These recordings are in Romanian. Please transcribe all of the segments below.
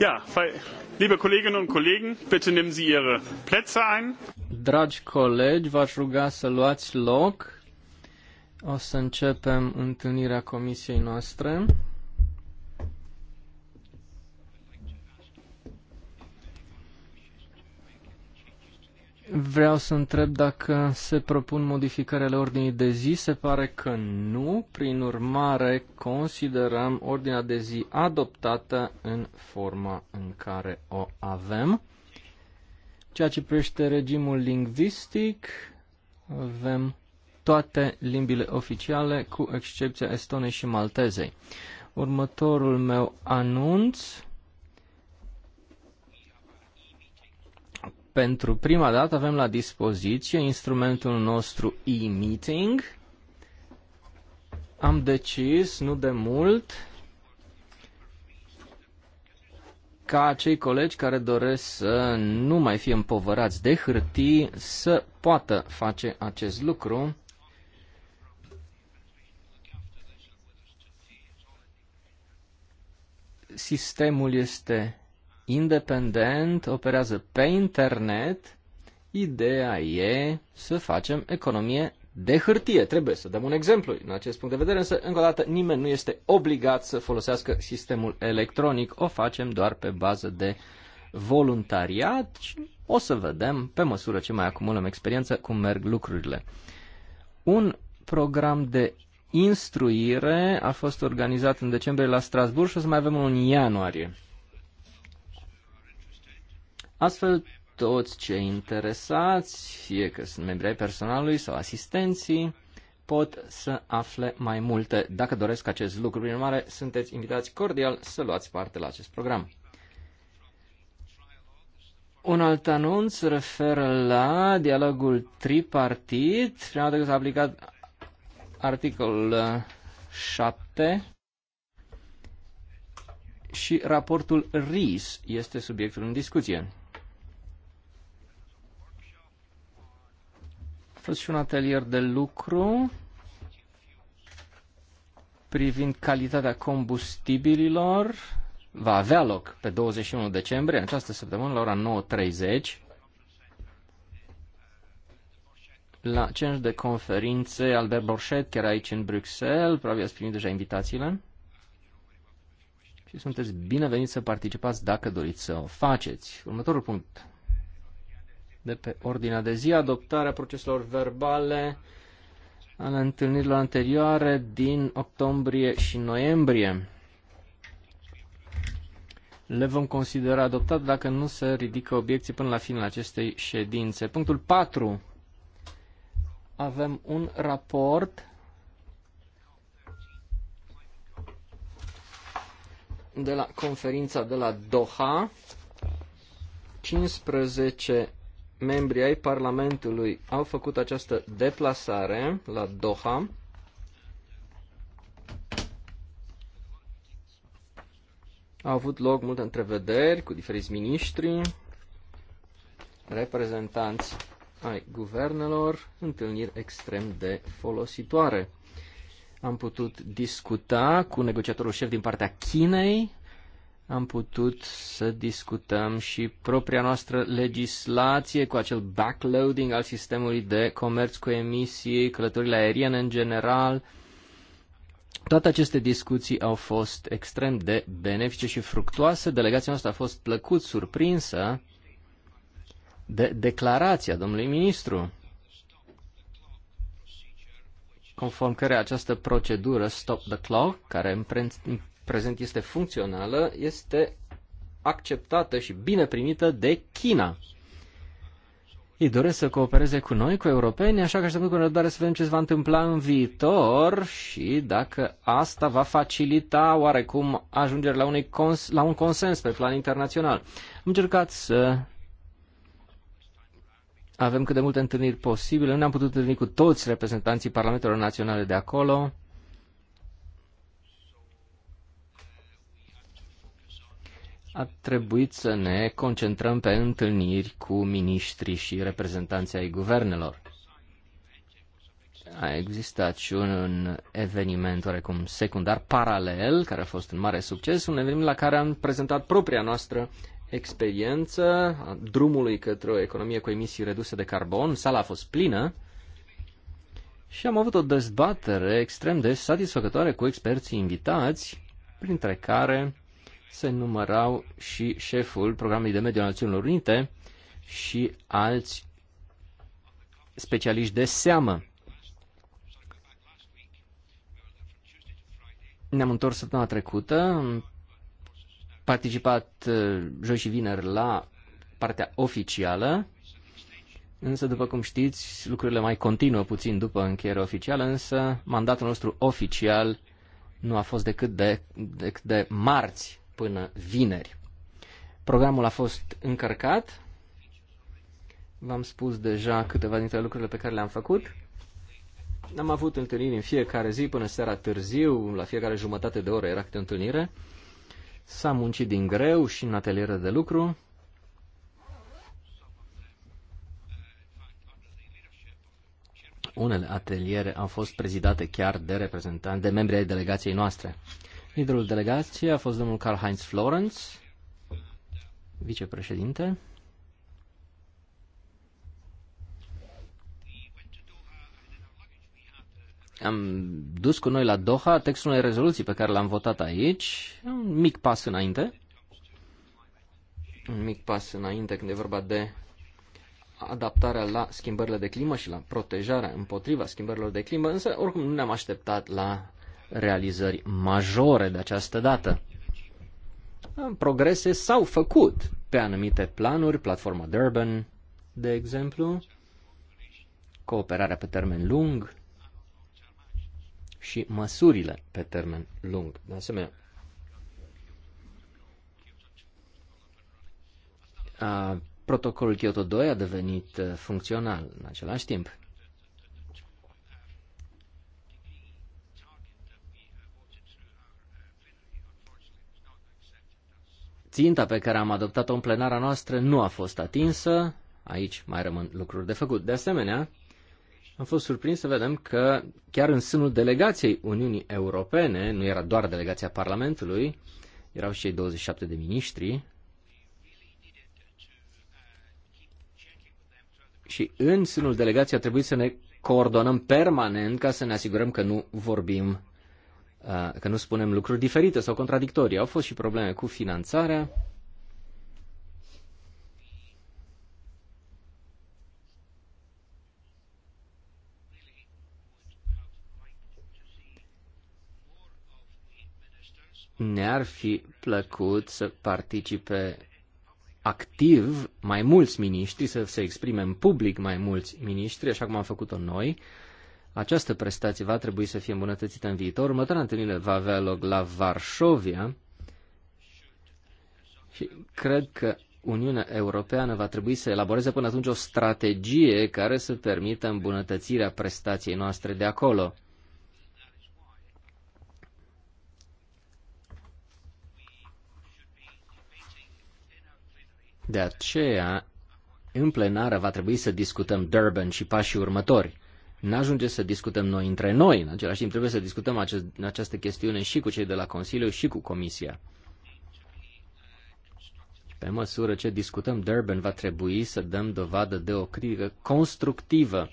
Ja, liebe Kolleginnen und Kollegen, bitte nehmen Sie Ihre Plätze ein. Dragi colegi, v-aș ruga să luați loc. O să începem întâlnirea comisiei noastre. Vreau să întreb dacă se propun modificările ordinii de zi. Se pare că nu. Prin urmare, considerăm ordinea de zi adoptată în forma în care o avem. Ceea ce privește regimul lingvistic, avem toate limbile oficiale, cu excepția estonei și maltezei. Următorul meu anunț pentru prima dată avem la dispoziție instrumentul nostru e-meeting. Am decis nu de mult ca acei colegi care doresc să nu mai fie împovărați de hârtii să poată face acest lucru. Sistemul este independent, operează pe internet. Ideea e să facem economie de hârtie. Trebuie să dăm un exemplu în acest punct de vedere, însă, încă o dată, nimeni nu este obligat să folosească sistemul electronic. O facem doar pe bază de voluntariat și o să vedem, pe măsură ce mai acumulăm experiență, cum merg lucrurile. Un program de instruire a fost organizat în decembrie la Strasburg și o să mai avem unul în ianuarie. Astfel, toți cei interesați, fie că sunt membri ai personalului sau asistenții, pot să afle mai multe. Dacă doresc acest lucru, prin urmare, sunteți invitați cordial să luați parte la acest program. Un alt anunț referă la dialogul tripartit. Prima dată că s-a aplicat articolul 7 uh, și raportul RIS este subiectul în discuție. fost și un atelier de lucru privind calitatea combustibililor. Va avea loc pe 21 decembrie, în această săptămână, la ora 9.30, la centru de conferințe Albert Borchet, chiar aici în Bruxelles. Probabil ați primit deja invitațiile. Și sunteți bineveniți să participați dacă doriți să o faceți. Următorul punct de pe ordinea de zi, adoptarea proceselor verbale ale întâlnirilor anterioare din octombrie și noiembrie. Le vom considera adoptat dacă nu se ridică obiecții până la finele acestei ședințe. Punctul 4. Avem un raport de la conferința de la Doha, 15 membrii ai Parlamentului au făcut această deplasare la Doha. Au avut loc multe întrevederi cu diferiți miniștri, reprezentanți ai guvernelor, întâlniri extrem de folositoare. Am putut discuta cu negociatorul șef din partea Chinei, am putut să discutăm și propria noastră legislație cu acel backloading al sistemului de comerț cu emisii, călătorile aeriene în general. Toate aceste discuții au fost extrem de benefice și fructoase. Delegația noastră a fost plăcut surprinsă de declarația domnului ministru, conform care această procedură Stop the Clock, care prezent este funcțională, este acceptată și bine primită de China. Ei doresc să coopereze cu noi, cu europeni, așa că așteptăm cu nerăbdare să vedem ce se va întâmpla în viitor și dacă asta va facilita oarecum ajungerea la, unui cons- la un consens pe plan internațional. Am încercat să avem cât de multe întâlniri posibile. Nu ne-am putut întâlni cu toți reprezentanții Parlamentelor Naționale de acolo. a trebuit să ne concentrăm pe întâlniri cu miniștri și reprezentanții ai guvernelor. A existat și un, un eveniment oarecum secundar, paralel, care a fost un mare succes, un eveniment la care am prezentat propria noastră experiență a drumului către o economie cu emisii reduse de carbon. Sala a fost plină și am avut o dezbatere extrem de satisfăcătoare cu experții invitați, printre care se numărau și șeful programului de mediu al Națiunilor Unite și alți specialiști de seamă. Ne-am întors săptămâna trecută, am participat uh, joi și vineri la partea oficială, însă, după cum știți, lucrurile mai continuă puțin după încheierea oficială, însă mandatul nostru oficial nu a fost decât de, decât de marți până vineri. Programul a fost încărcat. V-am spus deja câteva dintre lucrurile pe care le-am făcut. Am avut întâlniri în fiecare zi până seara târziu, la fiecare jumătate de oră era câte o întâlnire. S-a muncit din greu și în atelieră de lucru. Unele ateliere au fost prezidate chiar de reprezentanți, de membri ai delegației noastre. Liderul delegației a fost domnul Karl-Heinz Florenz, vicepreședinte. Am dus cu noi la Doha textul unei rezoluții pe care l-am votat aici, un mic pas înainte, un mic pas înainte când e vorba de adaptarea la schimbările de climă și la protejarea împotriva schimbărilor de climă, însă oricum nu ne-am așteptat la realizări majore de această dată. Progrese s-au făcut pe anumite planuri, platforma Durban, de exemplu, cooperarea pe termen lung și măsurile pe termen lung. De asemenea, protocolul Kyoto 2 a devenit uh, funcțional în același timp. Ținta pe care am adoptat-o în plenara noastră nu a fost atinsă, aici mai rămân lucruri de făcut. De asemenea, am fost surprins să vedem că chiar în sânul delegației Uniunii Europene, nu era doar delegația Parlamentului, erau și ei 27 de miniștri, și în sânul delegației a trebuit să ne coordonăm permanent ca să ne asigurăm că nu vorbim Uh, că nu spunem lucruri diferite sau contradictorii. Au fost și probleme cu finanțarea. Ne-ar fi plăcut să participe activ mai mulți miniștri, să se exprime în public mai mulți miniștri, așa cum am făcut-o noi, uh, această prestație va trebui să fie îmbunătățită în viitor. Următoarea întâlnire va avea loc la Varșovia și cred că Uniunea Europeană va trebui să elaboreze până atunci o strategie care să permită îmbunătățirea prestației noastre de acolo. De aceea, în plenară va trebui să discutăm Durban și pașii următori. N-ajunge să discutăm noi între noi, în același timp trebuie să discutăm acest, această chestiune și cu cei de la Consiliu și cu Comisia. Pe măsură ce discutăm Durban, va trebui să dăm dovadă de o critică constructivă,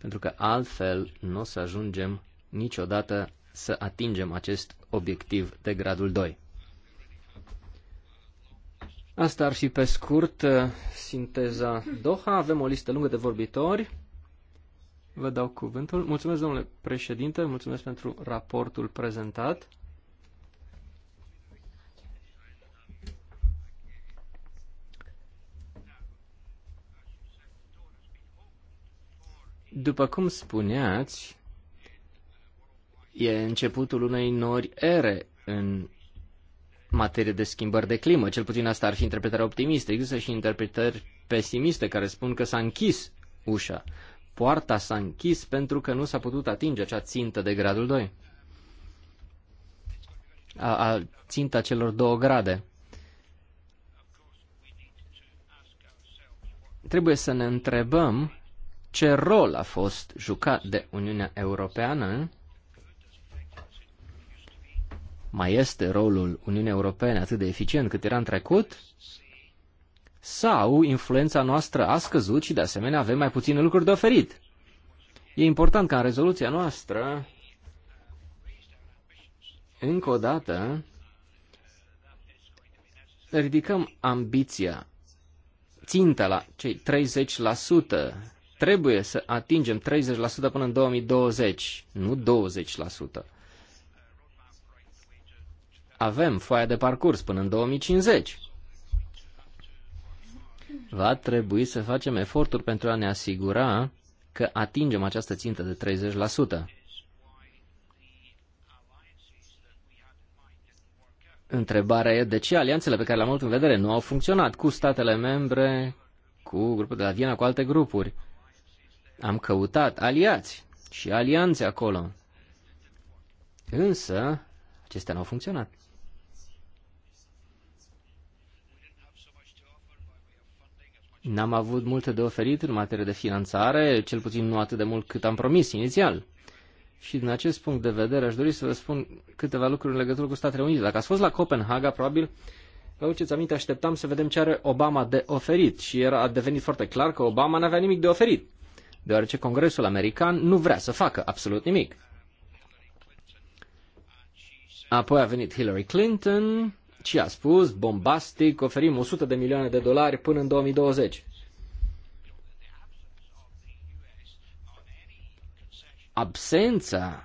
pentru că altfel nu o să ajungem niciodată să atingem acest obiectiv de gradul 2. Asta ar fi pe scurt uh, sinteza Doha. Avem o listă lungă de vorbitori. Vă dau cuvântul. Mulțumesc, domnule președinte, mulțumesc pentru raportul prezentat. După cum spuneați, e începutul unei nori ere în materie de schimbări de climă. Cel puțin asta ar fi interpretarea optimistă. Există și interpretări pesimiste care spun că s-a închis ușa poarta s-a închis pentru că nu s-a putut atinge acea țintă de gradul 2. A, a ținta celor două grade. Trebuie să ne întrebăm ce rol a fost jucat de Uniunea Europeană mai este rolul Uniunii Europene atât de eficient cât era în trecut sau influența noastră a scăzut și de asemenea avem mai puține lucruri de oferit. E important ca în rezoluția noastră, încă o dată, ridicăm ambiția, țintă la cei 30%. Trebuie să atingem 30% până în 2020, nu 20%. Avem foaia de parcurs până în 2050 va trebui să facem eforturi pentru a ne asigura că atingem această țintă de 30%. Întrebarea e de ce alianțele pe care le-am avut în vedere nu au funcționat cu statele membre, cu grupul de la Viena, cu alte grupuri. Am căutat aliați și alianțe acolo. Însă, acestea nu au funcționat. N-am avut multe de oferit în materie de finanțare, cel puțin nu atât de mult cât am promis inițial. Și din acest punct de vedere aș dori să vă spun câteva lucruri în legătură cu Statele Unite. Dacă ați fost la Copenhaga, probabil vă aduceți aminte, așteptam să vedem ce are Obama de oferit și era, a devenit foarte clar că Obama n-avea nimic de oferit, deoarece Congresul American nu vrea să facă absolut nimic. Apoi a venit Hillary Clinton și a spus, bombastic, oferim 100 de milioane de dolari până în 2020. Absența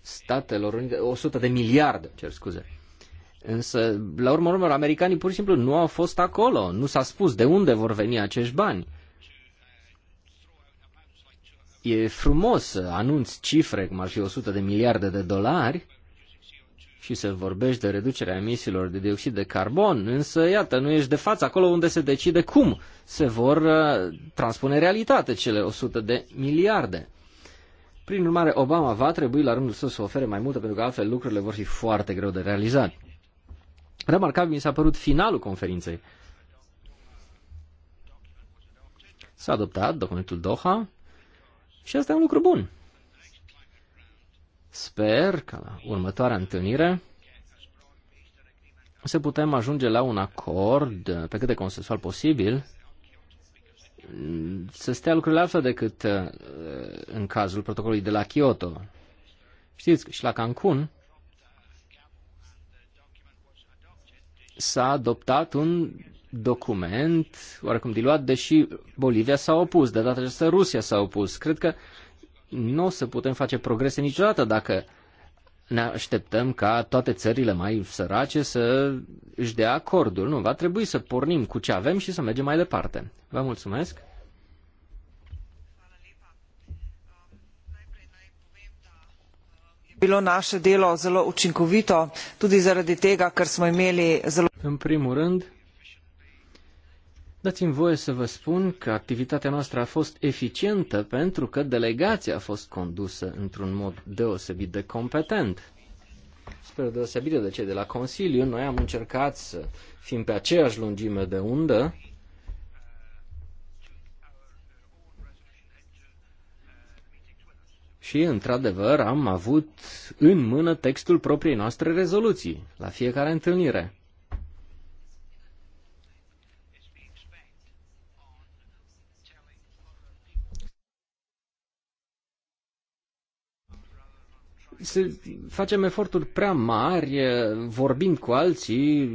Statelor Unite, 100 de miliarde, cer scuze. Însă, la urmă urmă, americanii pur și simplu nu au fost acolo. Nu s-a spus de unde vor veni acești bani. E frumos să anunți cifre, cum ar fi 100 de miliarde de dolari, și se vorbește de reducerea emisiilor de dioxid de carbon, însă, iată, nu ești de față acolo unde se decide cum se vor uh, transpune realitate cele 100 de miliarde. Prin urmare, Obama va trebui la rândul său să ofere mai multe, pentru că altfel lucrurile vor fi foarte greu de realizat. Remarcabil mi s-a părut finalul conferinței. S-a adoptat documentul Doha și asta e un lucru bun. Sper că la următoarea întâlnire să putem ajunge la un acord eh, pe cât de consensual posibil să stea lucrurile altfel decât eh, în cazul protocolului de la Kyoto. Știți că și la Cancun s-a adoptat un document oarecum diluat, deși Bolivia s-a opus, de data aceasta Rusia s-a opus. Cred că nu o să putem face progrese niciodată dacă ne așteptăm ca toate țările mai sărace să își dea acordul. Nu, va trebui să pornim cu ce avem și să mergem mai departe. Vă mulțumesc! bilo naše delo zelo učinkovito tudi zaradi tega ker smo imeli zelo. în primul rând Dați-mi voie să vă spun că activitatea noastră a fost eficientă pentru că delegația a fost condusă într-un mod deosebit de competent. Spre deosebire de cei de la Consiliu, noi am încercat să fim pe aceeași lungime de undă, Și, într-adevăr, am avut în mână textul propriei noastre rezoluții, la fiecare întâlnire. să facem eforturi prea mari eh, vorbim cu alții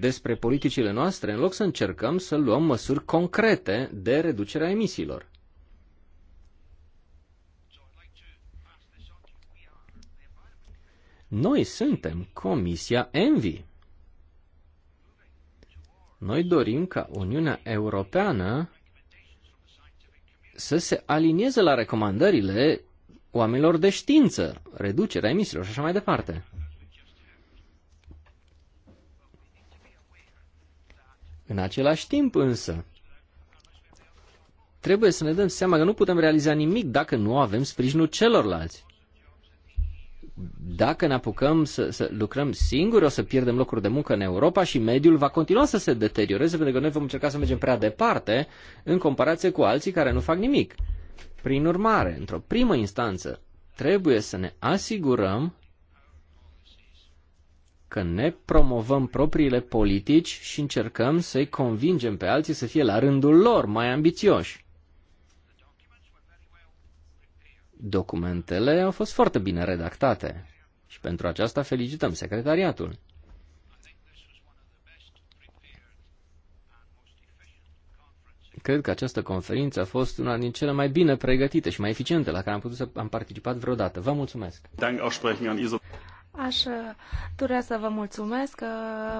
despre politicile noastre, în loc să încercăm să luăm măsuri concrete de reducerea emisiilor. Noi suntem Comisia Envi. Noi dorim ca Uniunea Europeană să se alinieze la recomandările oamenilor de știință, reducerea emisiilor și așa mai departe. În același timp însă, trebuie să ne dăm seama că nu putem realiza nimic dacă nu avem sprijinul celorlalți. Dacă ne apucăm să, să lucrăm singuri, o să pierdem locuri de muncă în Europa și mediul va continua să se deterioreze, pentru că noi vom încerca să mergem prea departe în comparație cu alții care nu fac nimic. Prin urmare, într-o primă instanță, trebuie să ne asigurăm că ne promovăm propriile politici și încercăm să-i convingem pe alții să fie la rândul lor mai ambițioși. Documentele au fost foarte bine redactate și pentru aceasta felicităm secretariatul. Cred că această conferință a fost una din cele mai bine pregătite și mai eficiente la care am putut să am participat vreodată. Vă mulțumesc! Aș uh, dorea să vă mulțumesc.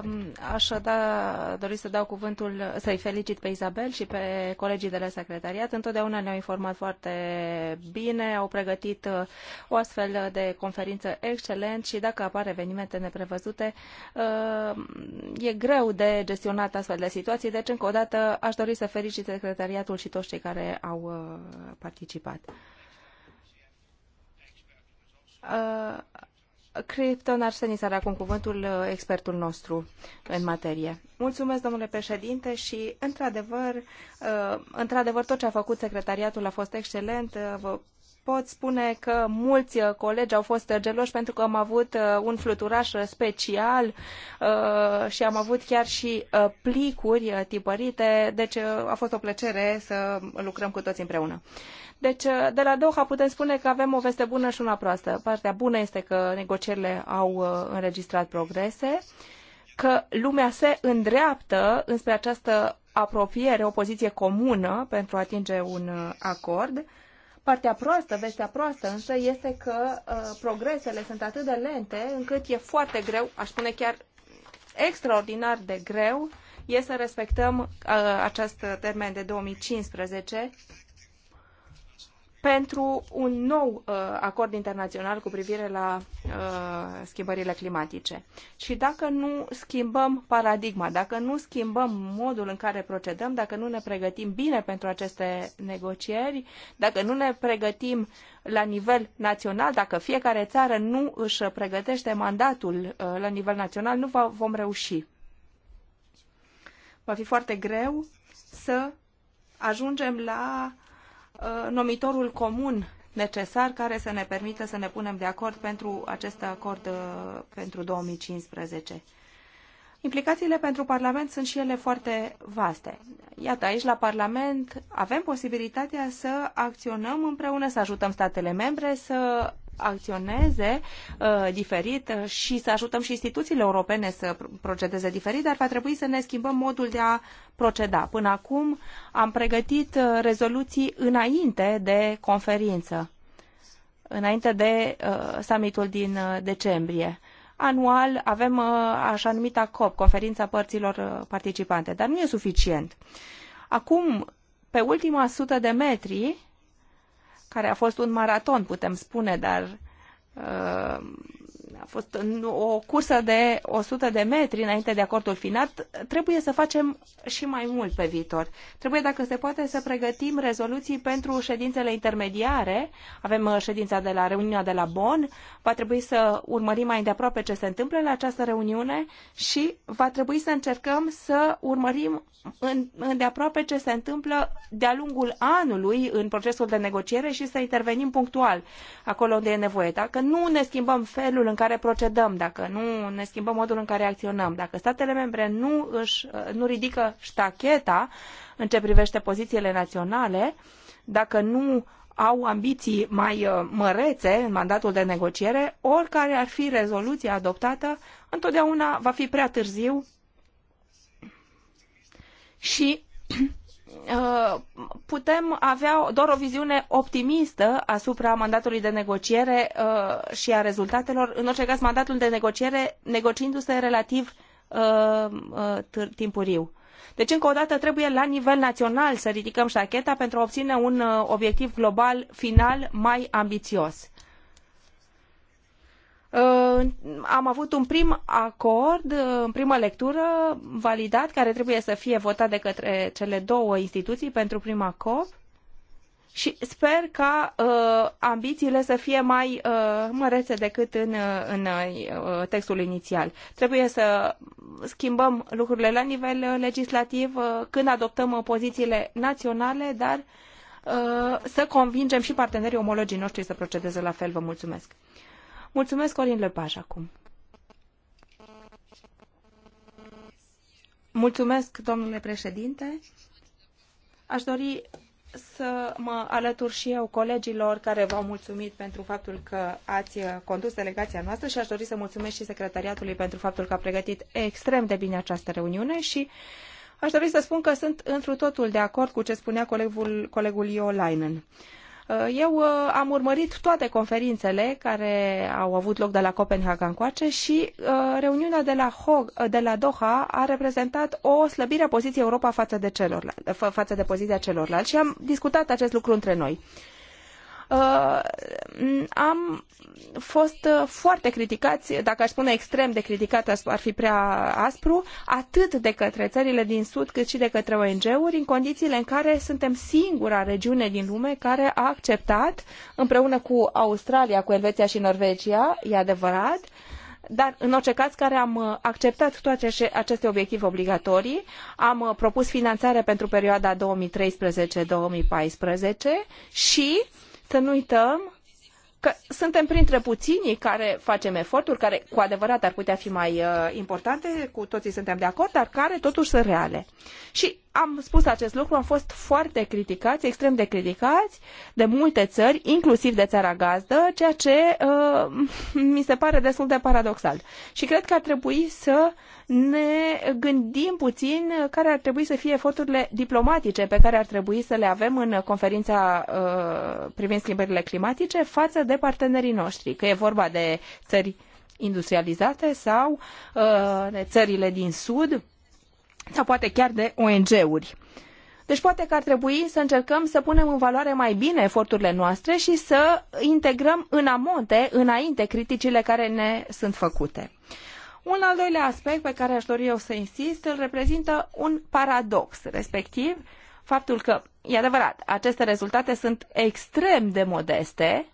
Uh, aș da, dori să dau cuvântul, să-i felicit pe Isabel și pe colegii de la secretariat. Întotdeauna ne-au informat foarte bine, au pregătit uh, o astfel de conferință excelent și dacă apar evenimente neprevăzute, e greu de gestionat astfel de situații. Deci, încă o dată, aș dori să felicit secretariatul și toți cei care au participat Cripton Arsenis are acum cuvântul uh, expertul nostru în materie. Mulțumesc, domnule președinte, și într-adevăr, uh, într-adevăr tot ce a făcut secretariatul a fost excelent. Uh, vă pot spune că mulți uh, colegi au fost uh, geloși pentru că am avut uh, un fluturaș special și am avut chiar și plicuri tipărite, deci a fost o plăcere să lucrăm cu toți împreună. Deci, de la Doha putem spune că avem o veste bună și una proastă. Partea bună este că negocierile au înregistrat progrese, că lumea se îndreaptă înspre această apropiere, o poziție comună pentru a atinge un acord Partea proastă, vestea proastă însă este că uh, progresele sunt atât de lente încât e foarte greu, aș spune chiar extraordinar de greu, e să respectăm uh, acest termen de 2015 pentru un nou uh, acord internațional cu privire la uh, schimbările climatice. Și dacă nu schimbăm paradigma, dacă nu schimbăm modul în care procedăm, dacă nu ne pregătim bine pentru aceste negocieri, dacă nu ne pregătim la nivel național, dacă fiecare țară nu își pregătește mandatul uh, la nivel național, nu va, vom reuși. Va fi foarte greu să ajungem la Uh, nomitorul comun necesar care să ne permită să ne punem de acord pentru acest acord uh, pentru 2015. Implicațiile pentru Parlament sunt și ele foarte vaste. Iată, aici la Parlament avem posibilitatea să acționăm împreună, să ajutăm statele membre să acționeze uh, diferit și să ajutăm și instituțiile europene să procedeze diferit, dar va trebui să ne schimbăm modul de a proceda. Până acum am pregătit uh, rezoluții înainte de conferință, înainte de uh, summitul din uh, decembrie anual avem uh, așa numita COP, conferința părților uh, participante, dar nu e suficient. Acum, pe ultima sută de metri, care a fost un maraton, putem spune, dar uh, fost o cursă de 100 de metri înainte de acordul final, trebuie să facem și mai mult pe viitor. Trebuie, dacă se poate, să pregătim rezoluții pentru ședințele intermediare. Avem uh, ședința de la reuniunea de la Bonn. Va trebui să urmărim mai de aproape ce se întâmplă la această reuniune și va trebui să încercăm să urmărim îndeaproape ce se întâmplă de-a lungul anului în procesul de negociere și să intervenim punctual acolo unde e nevoie. Dacă nu ne schimbăm felul în care procedăm, dacă nu ne schimbăm modul în care acționăm, dacă statele membre nu, își, uh, nu ridică ștacheta în ce privește pozițiile naționale, dacă nu au ambiții mai uh, mărețe în mandatul de negociere, oricare ar fi rezoluția adoptată, întotdeauna va fi prea târziu și Uh, putem avea doar o viziune optimistă asupra mandatului de negociere uh, și a rezultatelor. În orice caz, mandatul de negociere negociindu-se relativ uh, timpuriu. Deci, încă o dată, trebuie la nivel național să ridicăm ștacheta pentru a obține un obiectiv global final mai ambițios Uh, am avut un prim acord uh, în primă lectură validat care trebuie să fie votat de către cele două instituții pentru prima COP și sper ca uh, ambițiile să fie mai uh, mărețe decât în, uh, în uh, textul inițial. Trebuie să schimbăm lucrurile la nivel legislativ uh, când adoptăm uh, pozițiile naționale, dar uh, să convingem și partenerii omologii noștri să procedeze la fel. Vă mulțumesc! Mulțumesc, Colin Lepaș, acum. Mulțumesc, domnule președinte. Aș dori să mă alătur și eu colegilor care v-au mulțumit pentru faptul că ați condus delegația noastră și aș dori să mulțumesc și secretariatului pentru faptul că a pregătit extrem de bine această reuniune și aș dori să spun că sunt întru totul de acord cu ce spunea colegul, colegul Io Leinen. Uh, Uh, eu uh, am urmărit toate conferințele care au avut loc de la Copenhaga încoace și uh, reuniunea de la, Hog, de la Doha a reprezentat o slăbire a poziției Europa față de, celorlal, față de poziția celorlalți și am discutat acest lucru între noi. Uh, am fost uh, foarte criticați, dacă aș spune extrem de criticat, ar fi prea aspru, atât de către țările din Sud cât și de către ONG-uri, în condițiile în care suntem singura regiune din lume care a acceptat, împreună cu Australia, cu Elveția și Norvegia, e adevărat, dar în orice caz care am uh, acceptat toate aceste obiective obligatorii, am propus finanțare pentru perioada 2013-2014 și uh, să nu uităm că suntem printre puținii care facem eforturi care cu adevărat ar putea fi mai uh, importante, cu toții suntem de acord, dar care totuși sunt reale. Și am spus acest lucru, am fost foarte criticați, extrem de criticați de multe țări, inclusiv de țara gazdă, ceea ce uh, mi se pare destul de paradoxal. Și cred că ar trebui să ne gândim puțin care ar trebui să fie eforturile diplomatice pe care ar trebui să le avem în conferința uh, privind schimbările climatice față de partenerii noștri, că e vorba de țări industrializate sau uh, de țările din sud, sau poate chiar de ONG-uri. Deci poate că ar trebui să încercăm să punem în valoare mai bine eforturile noastre și să integrăm în amonte, înainte, criticile care ne sunt făcute. Un al doilea aspect pe care aș dori eu să insist îl reprezintă un paradox, respectiv faptul că, e adevărat, aceste rezultate sunt extrem de modeste,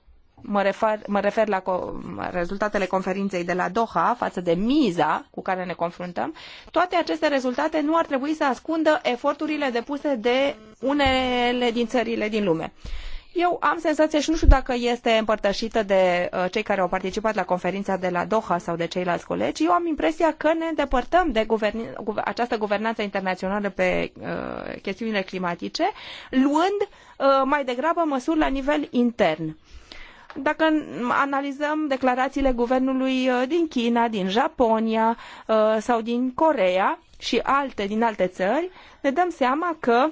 mă refer, mă refer la co- rezultatele conferinței de la Doha față de miza cu care ne confruntăm, toate aceste rezultate nu ar trebui să ascundă eforturile depuse de unele din țările din lume. Eu am senzația și nu știu dacă este împărtășită de uh, cei care au participat la conferința de la Doha sau de ceilalți colegi. Eu am impresia că ne îndepărtăm de această guvernanță internațională pe uh, chestiunile climatice, luând uh, mai degrabă măsuri la nivel intern. Uh, dacă analizăm declarațiile guvernului uh, din China, din Japonia uh, sau din Corea și alte din alte țări, ne dăm seama că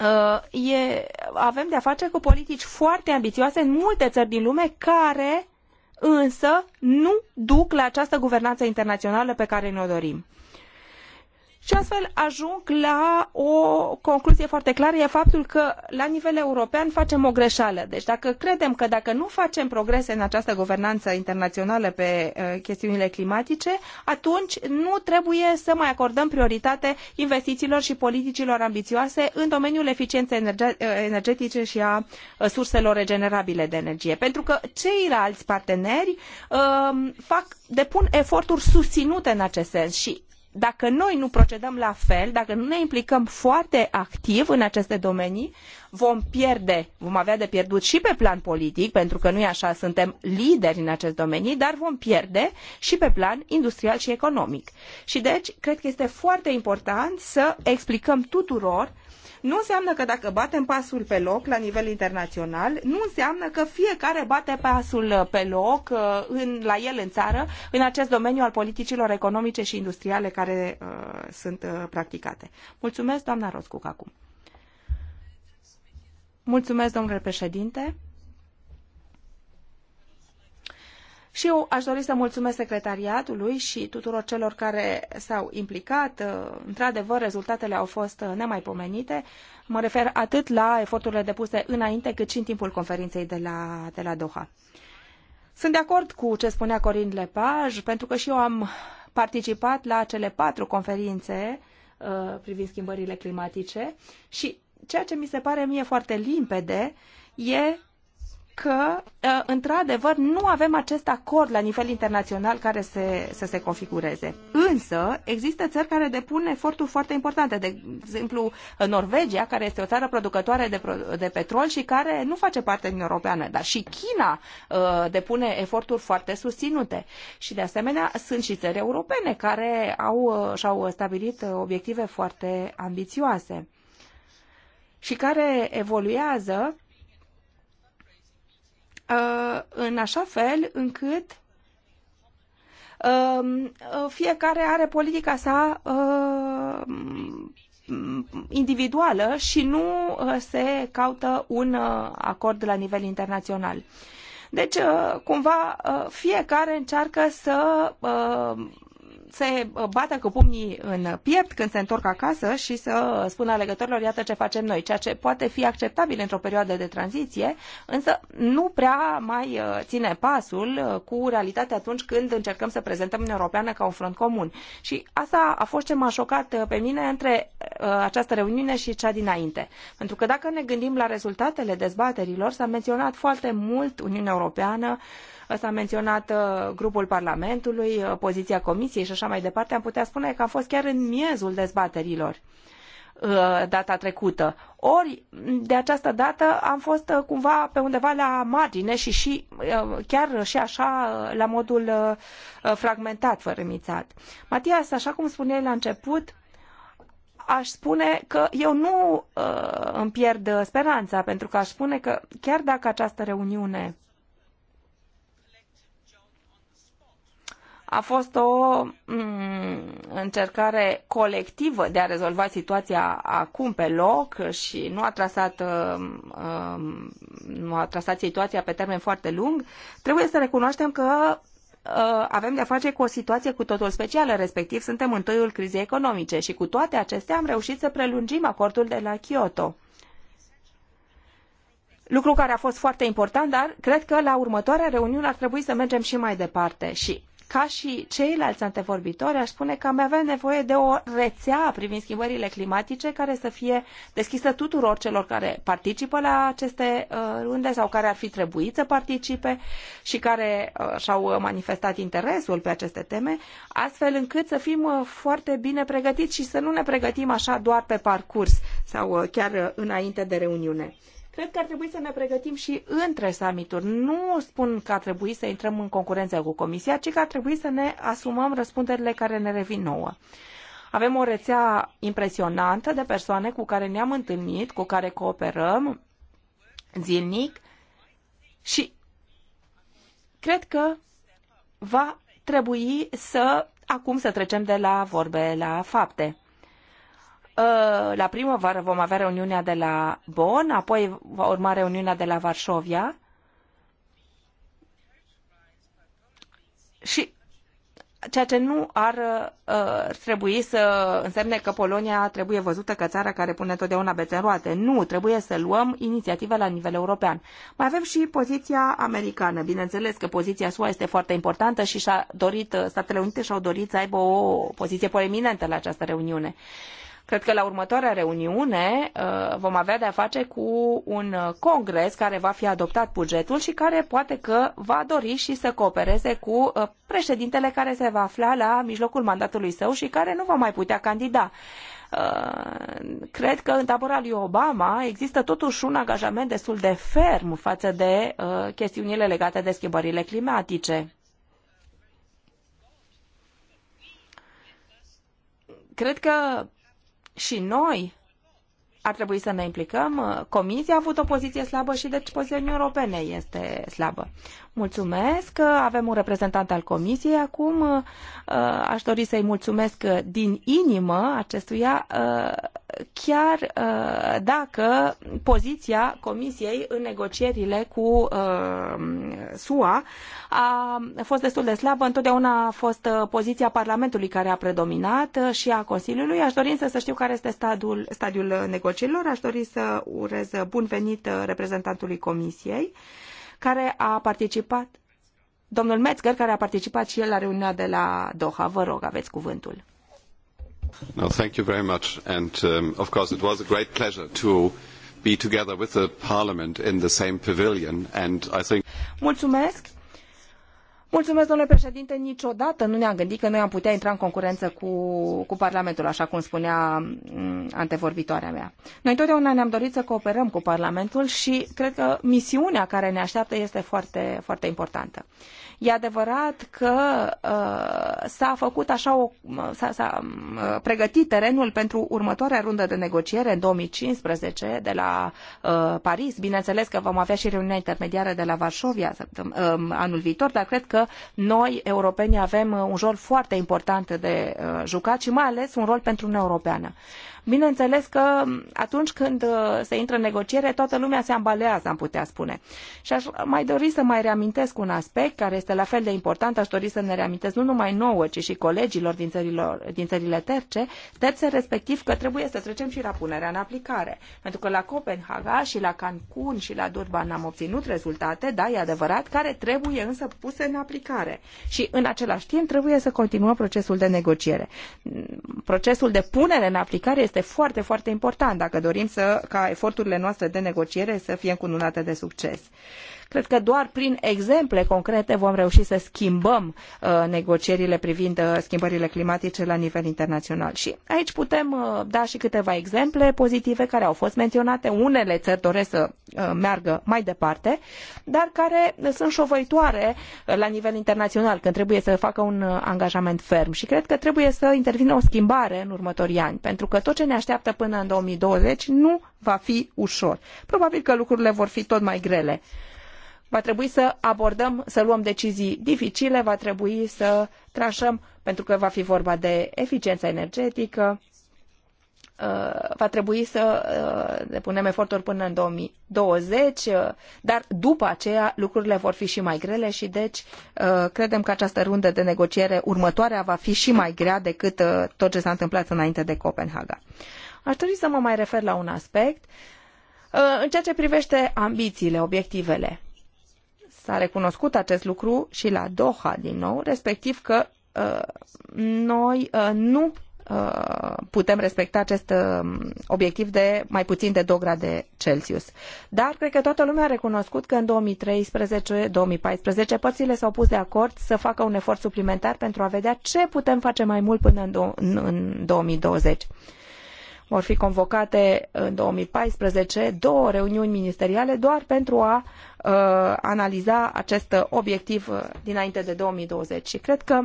uh, e, avem de-a face cu politici foarte ambițioase în multe țări din lume care însă nu duc la această guvernanță internațională pe care ne-o dorim. Și astfel ajung la o concluzie foarte clară, e faptul că la nivel european facem o greșeală. Deci dacă credem că dacă nu facem progrese în această guvernanță internațională pe chestiunile climatice, atunci nu trebuie să mai acordăm prioritate investițiilor și politicilor ambițioase în domeniul eficienței energetice și a surselor regenerabile de energie. Pentru că ceilalți parteneri fac, depun eforturi susținute în acest sens și dacă noi nu procedăm la fel, dacă nu ne implicăm foarte activ în aceste domenii, vom pierde, vom avea de pierdut și pe plan politic, pentru că nu e așa, suntem lideri în acest domeniu, dar vom pierde și pe plan industrial și economic. Și deci, cred că este foarte important să explicăm tuturor uh, nu înseamnă că dacă batem pasul pe loc la nivel internațional, nu înseamnă că fiecare bate pasul uh, pe loc uh, în, la el în țară, în acest domeniu al politicilor economice și industriale care uh, sunt uh, practicate. Mulțumesc, doamna Roscuc, acum. Mulțumesc, domnule președinte. Și eu aș dori să mulțumesc secretariatului și tuturor celor care s-au implicat. Într-adevăr, rezultatele au fost nemaipomenite. Mă refer atât la eforturile depuse înainte, cât și în timpul conferinței de la, de la Doha. Sunt de acord cu ce spunea Corin Lepaj, pentru că și eu am participat la cele patru conferințe uh, privind schimbările climatice și ceea ce mi se pare mie foarte limpede e că, uh, într-adevăr, nu avem acest acord la nivel internațional care se, să se configureze. Însă, există țări care depun eforturi foarte importante. De exemplu, uh, Norvegia, care este o țară producătoare de, de petrol și care nu face parte din Europeană, dar și China uh, depune eforturi foarte susținute. Și, de asemenea, sunt și țări europene care au, uh, și-au stabilit obiective foarte ambițioase și care evoluează Uh, în așa fel încât um, uh, fiecare are politica sa uh, individuală și nu se caută un acord la nivel internațional. Deci, cumva, fiecare încearcă să se bată cu pumnii în piept când se întorc acasă și să spună alegătorilor iată ce facem noi, ceea ce poate fi acceptabil într-o perioadă de tranziție, însă nu prea mai uh, ține pasul uh, cu realitatea atunci când încercăm să prezentăm Uniunea Europeană ca un front comun. Și asta a fost ce m-a șocat uh, pe mine între această reuniune și cea dinainte. Pentru că dacă ne gândim la rezultatele dezbaterilor, s-a menționat foarte mult Uniunea Europeană, S-a menționat uh, grupul Parlamentului, uh, poziția Comisiei și așa mai departe. Am putea spune că am fost chiar în miezul dezbaterilor uh, data trecută. Ori, de această dată, am fost cumva pe undeva la margine și, și chiar și așa la modul fragmentat, fărâmițat. Matias, așa cum spuneai la început, aș spune că eu nu îmi pierd speranța, pentru că aș spune că chiar dacă această reuniune a fost o mm, încercare colectivă de a rezolva situația acum pe loc și nu a trasat, um, um, nu a trasat situația pe termen foarte lung, trebuie să recunoaștem că uh, avem de-a face cu o situație cu totul specială, respectiv suntem în toiul crizei economice și cu toate acestea am reușit să prelungim acordul de la Kyoto lucru care a fost foarte important, dar cred că la următoarea reuniune ar trebui să mergem și mai departe și ca și ceilalți antevorbitori, aș spune că am avea nevoie de o rețea privind schimbările climatice care să fie deschisă tuturor celor care participă la aceste uh, runde sau care ar fi trebuit să participe și care uh, și-au manifestat interesul pe aceste teme, astfel încât să fim uh, foarte bine pregătiți și să nu ne pregătim așa doar pe parcurs sau chiar înainte de reuniune. Cred că ar trebui să ne pregătim și între summituri. Nu spun că ar trebui să intrăm în concurență cu Comisia, ci că ar trebui să ne asumăm răspunderile care ne revin nouă. Avem o rețea impresionantă de persoane cu care ne-am întâlnit, cu care cooperăm zilnic și cred că va trebui să acum să trecem de la vorbe la fapte. Uh, la primăvară vom avea reuniunea de la Bonn, apoi va urma reuniunea de la Varșovia. Și ceea ce nu ar uh, trebui să însemne că Polonia trebuie văzută ca țara care pune totdeauna bețe în roate. Nu, trebuie să luăm inițiative la nivel european. Mai avem și poziția americană. Bineînțeles că poziția SUA este foarte importantă și și-a dorit, uh, Statele Unite și-au dorit să aibă o poziție proeminentă la această reuniune. Uh, Cred că la următoarea reuniune uh, vom avea de-a face cu un congres care va fi adoptat bugetul și care poate că va dori și să coopereze cu uh, președintele care se va afla la mijlocul mandatului său și care nu va mai putea candida uh, cred că în tabăra lui Obama există totuși un angajament destul de ferm față de chestiunile legate de schimbările climatice. Cred că și noi ar trebui să ne implicăm. Comisia a avut o poziție slabă și deci poziția Uniunii Europene este slabă. Mulțumesc. Avem un reprezentant al Comisiei acum. Aș dori să-i mulțumesc din inimă acestuia chiar uh, dacă poziția Comisiei în negocierile cu uh, SUA a fost destul de slabă, întotdeauna a fost uh, poziția Parlamentului care a predominat și a Consiliului. Aș dori însă să știu care este stadiul, stadiul negocierilor. Aș dori să urez bun venit reprezentantului Comisiei care a participat, domnul Metzger, care a participat și el la reuniunea de la Doha. Vă rog, aveți cuvântul. No, thank you very much. And um, of course, it was a great pleasure to be together with the Parliament in the same pavilion. And I think. Mulțumesc. Mulțumesc, domnule președinte. Niciodată nu ne-am gândit că noi am putea intra în concurență cu, cu Parlamentul, așa cum spunea mm, antevorbitoarea mea. Noi totdeauna ne-am dorit să cooperăm cu Parlamentul și cred că misiunea care ne așteaptă este foarte, foarte importantă. Uh, E adevărat că uh, s-a făcut așa o, s-a, uh, pregătit terenul pentru următoarea rundă de negociere în 2015 de la uh, Paris. Bineînțeles că vom avea și reuniunea intermediară de la Varșovia uh, anul viitor, dar cred că noi, europenii, avem un rol foarte important de uh, jucat și mai ales un rol pentru Uniunea Europeană. Bineînțeles că atunci când uh, se intră în negociere, toată lumea se ambalează, am putea spune. Și aș mai dori să mai reamintesc un aspect care este la fel de important, aș dori să ne reamintesc nu numai nouă, ci și colegilor din, țărilor, din țările terce, terțe, respectiv că trebuie să trecem și la punerea în aplicare. Pentru că la Copenhaga și la Cancun și la Durban am obținut rezultate, da, e adevărat, care trebuie însă puse în aplicare. Și în același timp trebuie să continuăm procesul de negociere. Procesul de punere în aplicare este este foarte, foarte important dacă dorim să, ca eforturile noastre de negociere să fie încununate de succes. Cred că doar prin exemple concrete vom reuși să schimbăm uh, negocierile privind uh, schimbările climatice la nivel internațional. Și aici putem uh, da și câteva exemple pozitive care au fost menționate. Unele țări doresc să meargă mai departe, dar care sunt șovăitoare la nivel internațional când trebuie să facă un angajament ferm. Și cred că trebuie să intervină o schimbare în următorii ani, pentru că tot ce ne așteaptă până în 2020 nu va fi ușor. Probabil că lucrurile vor fi tot mai grele va trebui să abordăm, să luăm decizii dificile, va trebui să tranșăm, pentru că va fi vorba de eficiență energetică, uh, va trebui să depunem uh, eforturi până în 2020, uh, dar după aceea lucrurile vor fi și mai grele și deci credem că această rundă de negociere următoarea va fi și mai grea decât tot ce s-a întâmplat înainte de Copenhaga. Aș dori să mă mai refer la un aspect. În ceea ce privește ambițiile, obiectivele, S-a recunoscut acest lucru și la Doha din nou, respectiv că uh, noi uh, nu uh, putem respecta acest um, obiectiv de mai puțin de 2 grade Celsius. Dar cred că toată lumea a recunoscut că în 2013-2014 părțile s-au pus de acord să facă un efort suplimentar pentru a vedea ce putem face mai mult până în, în 2020 vor fi convocate în 2014 două reuniuni ministeriale doar pentru a uh, analiza acest obiectiv uh, dinainte de 2020. Și cred că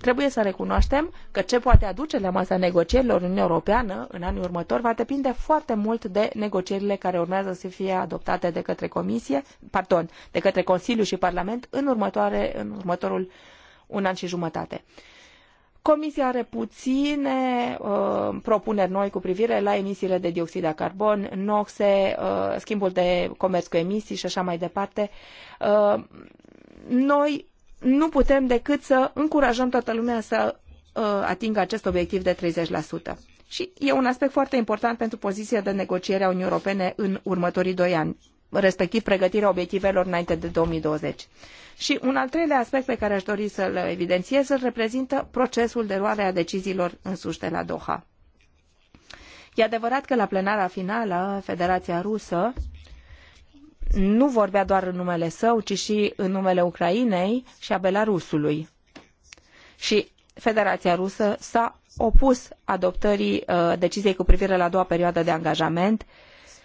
trebuie să recunoaștem că ce poate aduce la masa negocierilor Uniunea Europeană în anii următori va depinde foarte mult de negocierile care urmează să fie adoptate de către Comisie, pardon, de către Consiliu și Parlament în, următoare, în următorul un an și jumătate. Comisia are puține uh, propuneri noi cu privire la emisiile de dioxid de carbon, noxe, uh, schimbul de comerț cu emisii și așa mai departe. Uh, noi nu putem decât să încurajăm toată lumea să uh, atingă acest obiectiv de 30%. Și e un aspect foarte important pentru poziția de negociere a Uniunii Europene în următorii doi ani respectiv pregătirea obiectivelor înainte de 2020. Și un al treilea aspect pe care aș dori să-l evidențiez îl reprezintă procesul de luare a deciziilor însuși de la Doha. E adevărat că la plenara finală, Federația Rusă nu vorbea doar în numele său, ci și în numele Ucrainei și a Belarusului. Și Federația Rusă s-a opus adoptării uh, deciziei cu privire la a doua perioadă de angajament uh,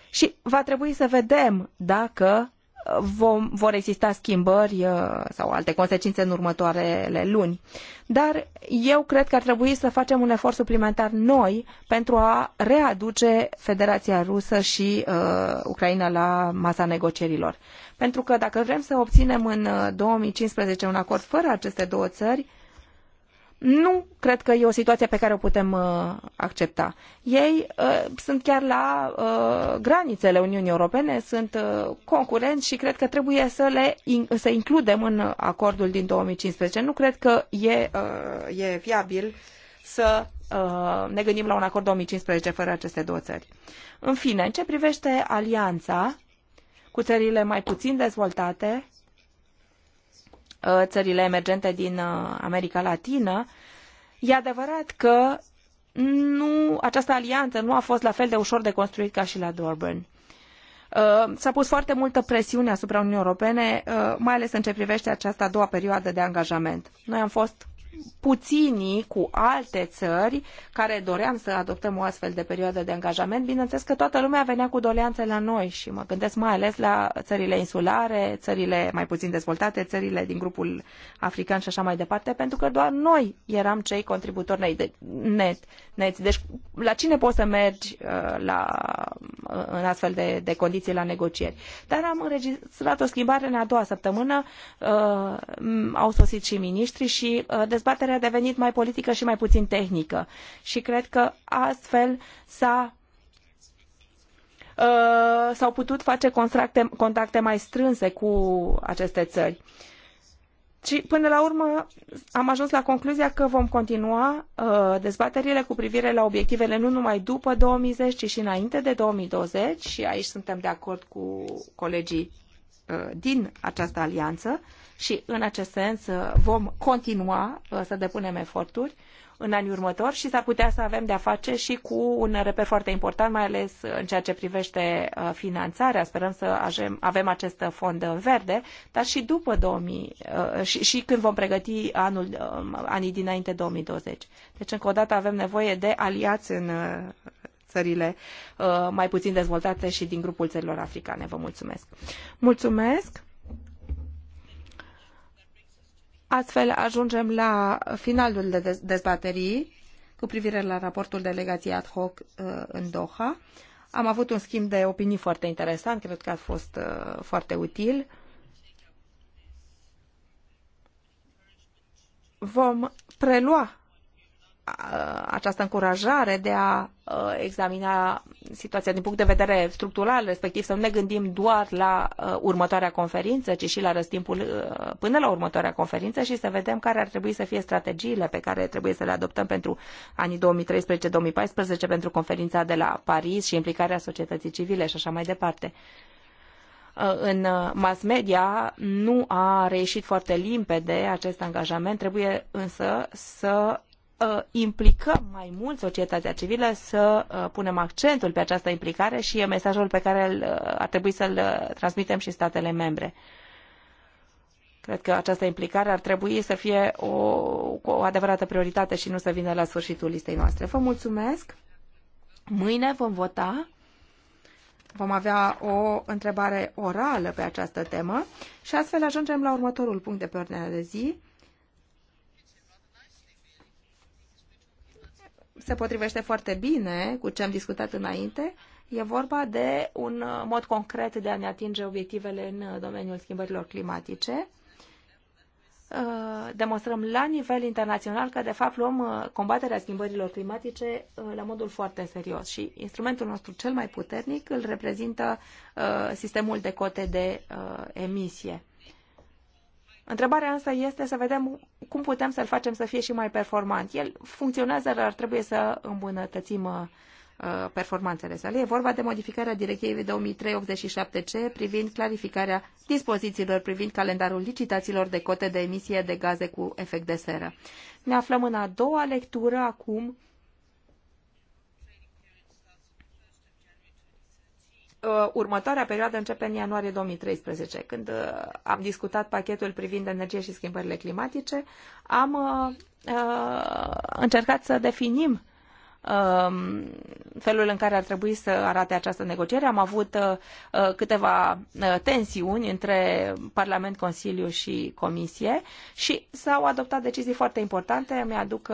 și va trebui să vedem dacă uh, vom, vor exista schimbări uh, sau alte consecințe în următoarele luni. Dar eu cred că ar trebui să facem un efort suplimentar noi pentru a readuce Federația Rusă și uh, Ucraina la masa negocierilor. Pentru că dacă vrem să obținem în 2015 uh, un acord fără aceste două țări, nu cred că e o situație pe care o putem uh, accepta. Ei uh, sunt chiar la uh, granițele Uniunii Europene, sunt concurenți și cred că trebuie să le să includem în acordul din 2015. Nu cred că e, e viabil să ne gândim la un acord 2015 fără aceste două țări. În fine, în ce privește alianța cu țările mai puțin dezvoltate, Uh, țările emergente din uh, America Latină, e adevărat că nu, această alianță nu a fost la fel de ușor de construit ca și la Durban. Uh, s-a pus foarte multă presiune asupra Uniunii Europene, mai ales în ce privește această a doua perioadă de angajament. Noi am fost puținii cu alte țări care doream să adoptăm o astfel de perioadă de angajament, bineînțeles că toată lumea venea cu doleanțe la noi și mă gândesc mai ales la țările insulare, țările mai puțin dezvoltate, țările din grupul african și așa mai departe, pentru că doar noi eram cei contributori net. net. Deci la cine poți să mergi uh, la, uh, în astfel de, de condiții la negocieri? Dar am înregistrat o schimbare în a doua săptămână, uh, au sosit și miniștri și de dezbatere a devenit mai politică și mai puțin tehnică. Și cred că astfel s uh, s-au putut face contacte mai strânse cu aceste țări. Și până la urmă am ajuns la concluzia că vom continua uh, dezbaterile cu privire la obiectivele nu numai după 2010, ci și înainte de 2020 și aici suntem de acord cu colegii uh, din această alianță. Uh, și în acest sens uh, vom continua uh, să depunem eforturi în anii următori și s-ar putea să avem de-a face și cu un reper foarte important, mai ales în ceea ce privește uh, finanțarea. Sperăm să avem acest fond verde, dar și după 2000 și, și când vom pregăti anul, anii dinainte 2020. Deci, încă o dată, avem nevoie de aliați în țările mai puțin dezvoltate și din grupul țărilor africane. Vă mulțumesc! Mulțumesc! Astfel ajungem la finalul de dezbaterii cu privire la raportul delegației ad hoc uh, în Doha. Am avut un schimb de opinii foarte interesant, cred că a fost uh, foarte util. Vom prelua această încurajare de a examina situația din punct de vedere structural, respectiv să nu ne gândim doar la următoarea conferință, ci și la răstimpul până la următoarea conferință și să vedem care ar trebui să fie strategiile pe care trebuie să le adoptăm pentru anii 2013-2014, pentru conferința de la Paris și implicarea societății civile și așa mai departe în mass media nu a reieșit foarte limpede acest angajament, trebuie însă să Uh, implicăm mai mult societatea civilă, să uh, punem accentul pe această implicare și e mesajul pe care uh, ar trebui să-l transmitem și statele membre. Cred că această implicare ar trebui să fie o, o adevărată prioritate și nu să vină la sfârșitul listei noastre. Vă mulțumesc! Mâine vom vota. Vom avea o întrebare orală pe această temă și astfel ajungem la următorul punct de pe ordinea de zi se potrivește foarte bine cu ce am discutat înainte. E vorba de un uh, mod concret de a ne atinge obiectivele în uh, domeniul schimbărilor climatice. Uh, demonstrăm la nivel internațional că, de fapt, luăm combaterea schimbărilor climatice la modul foarte serios și instrumentul nostru cel mai puternic îl reprezintă sistemul de cote de emisie. Întrebarea însă este să vedem cum putem să-l facem să fie și mai performant. El funcționează, dar trebuie să îmbunătățim uh, performanțele sale. E vorba de modificarea directivei 2387C privind clarificarea dispozițiilor privind calendarul licitațiilor de cote de emisie de gaze cu efect de seră. Ne aflăm în a doua lectură acum Uh, următoarea perioadă începe în ianuarie 2013. Când uh, am discutat pachetul privind energie și schimbările climatice, am uh, încercat să definim Um, felul în care ar trebui să arate această negociere. Am avut uh, uh, câteva uh, tensiuni între Parlament, Consiliu și Comisie și s-au adoptat decizii foarte importante. Mi-aduc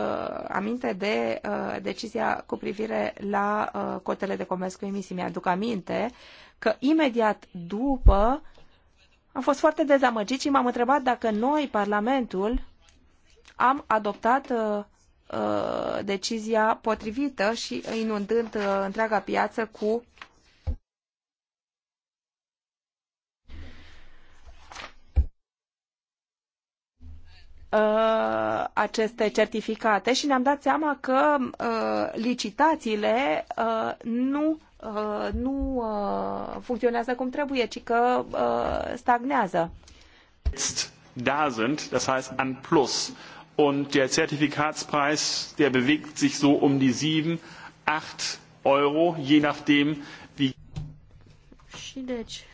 aminte de decizia cu privire la cotele de comerț cu emisii. Mi-aduc aminte că imediat după am fost foarte dezamăgit și m-am întrebat dacă noi, Parlamentul, am adoptat Uh, decizia potrivită și inundând uh, întreaga piață cu uh, aceste certificate și ne-am dat seama că licitațiile nu nu funcționează cum trebuie, ci că stagnează. Da das heißt an plus und der Zertifikatspreis, der bewegt sich so um die 7, 8 Euro, je nachdem wie... Și deci,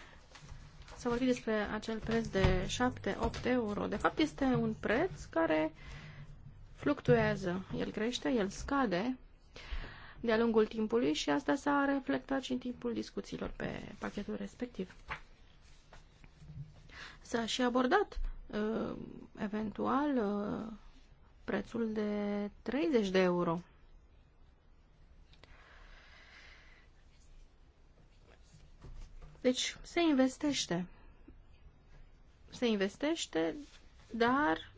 s-a vorbit despre acel preț de 7-8 euro. De fapt, este un preț care fluctuează. El crește, el scade de-a lungul timpului și asta s-a reflectat și în timpul discuțiilor pe pachetul respectiv. S-a și abordat uh, eventual uh, prețul de 30 de euro. Deci se investește. Se investește, dar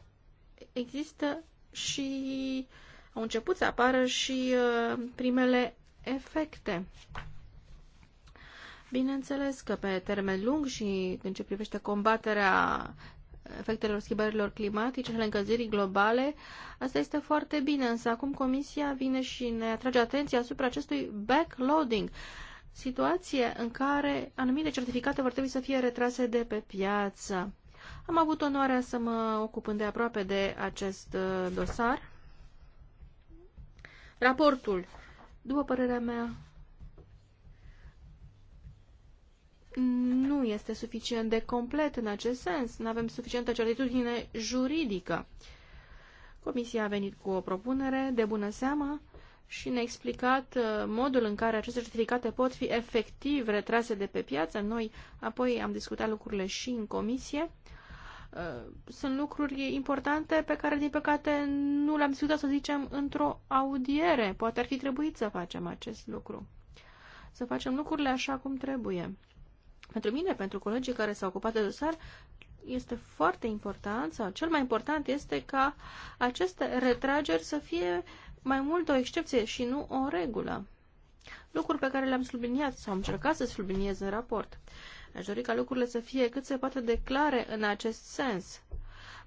există și au început să apară și uh, primele efecte. Bineînțeles că pe termen lung și în ce privește combaterea efectelor schimbărilor climatice și ale încălzirii globale. Asta este foarte bine, însă acum Comisia vine și ne atrage atenția asupra acestui backloading, situație în care anumite certificate vor trebui să fie retrase de pe piață. Am avut onoarea să mă ocup de aproape de acest uh, dosar. Raportul, după părerea mea, nu este suficient de complet în acest sens. Nu avem suficientă certitudine juridică. Comisia a venit cu o propunere de bună seamă și ne-a explicat uh, modul în care aceste certificate pot fi efectiv retrase de pe piață. Noi apoi am discutat lucrurile și în comisie. Uh, sunt lucruri importante pe care, din păcate, nu le-am discutat, să zicem, într-o audiere. Poate ar fi trebuit să facem acest lucru. Să facem lucrurile așa cum trebuie. Pentru mine, pentru colegii care s-au ocupat de dosar, este foarte important, sau cel mai important este ca aceste retrageri să fie mai mult o excepție și nu o regulă. Lucruri pe care le-am subliniat sau am încercat să subliniez în raport. Aș dori ca lucrurile să fie cât se poate de clare în acest sens.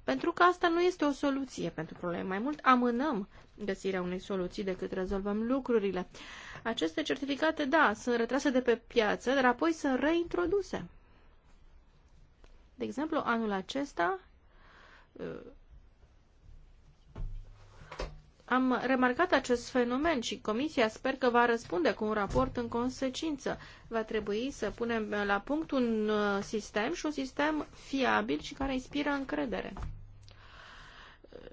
Pentru că asta nu este o soluție pentru probleme. Mai mult amânăm găsirea unei soluții decât rezolvăm lucrurile. Aceste certificate, da, sunt retrase de pe piață, dar apoi sunt reintroduse. De exemplu, anul acesta am remarcat acest fenomen și Comisia sper că va răspunde cu un raport în consecință. Va trebui să punem la punct un uh, sistem și un sistem fiabil și care inspiră încredere.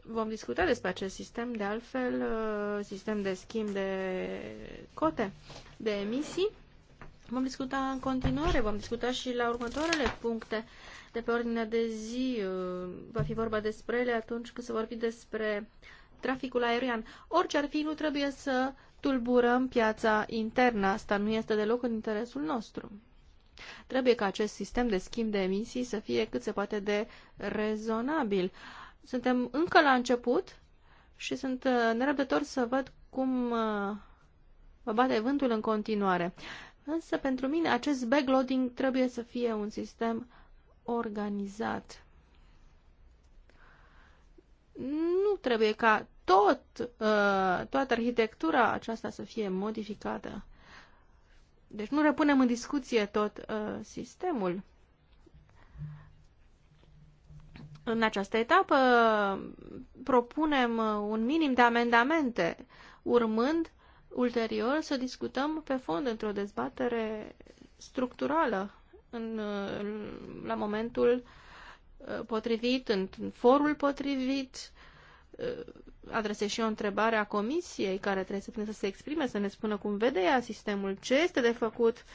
Vom discuta despre acest sistem, de altfel, uh, sistem de schimb de cote, de emisii. Vom discuta în continuare, vom discuta și la următoarele puncte de pe ordinea de zi. Uh, va fi vorba despre ele atunci când se vorbi despre uh, traficul aerian. Orice ar fi, nu trebuie să tulburăm piața internă. Asta nu este deloc în interesul nostru. Trebuie ca acest sistem de schimb de emisii să fie cât se poate de rezonabil. Suntem încă la început și sunt uh, nerăbdător să văd cum uh, vă bate vântul în continuare. Însă, pentru mine, acest backloading trebuie să fie un sistem organizat. Nu trebuie ca tot, uh, toată arhitectura aceasta să fie modificată. Deci nu repunem în discuție tot uh, sistemul. În această etapă uh, propunem un minim de amendamente, urmând ulterior să discutăm pe fond într-o dezbatere structurală în, la momentul potrivit, în, în forul potrivit, adresez și eu a comisiei care trebuie să, să se exprime, să ne spună cum vede ea sistemul, ce este de făcut.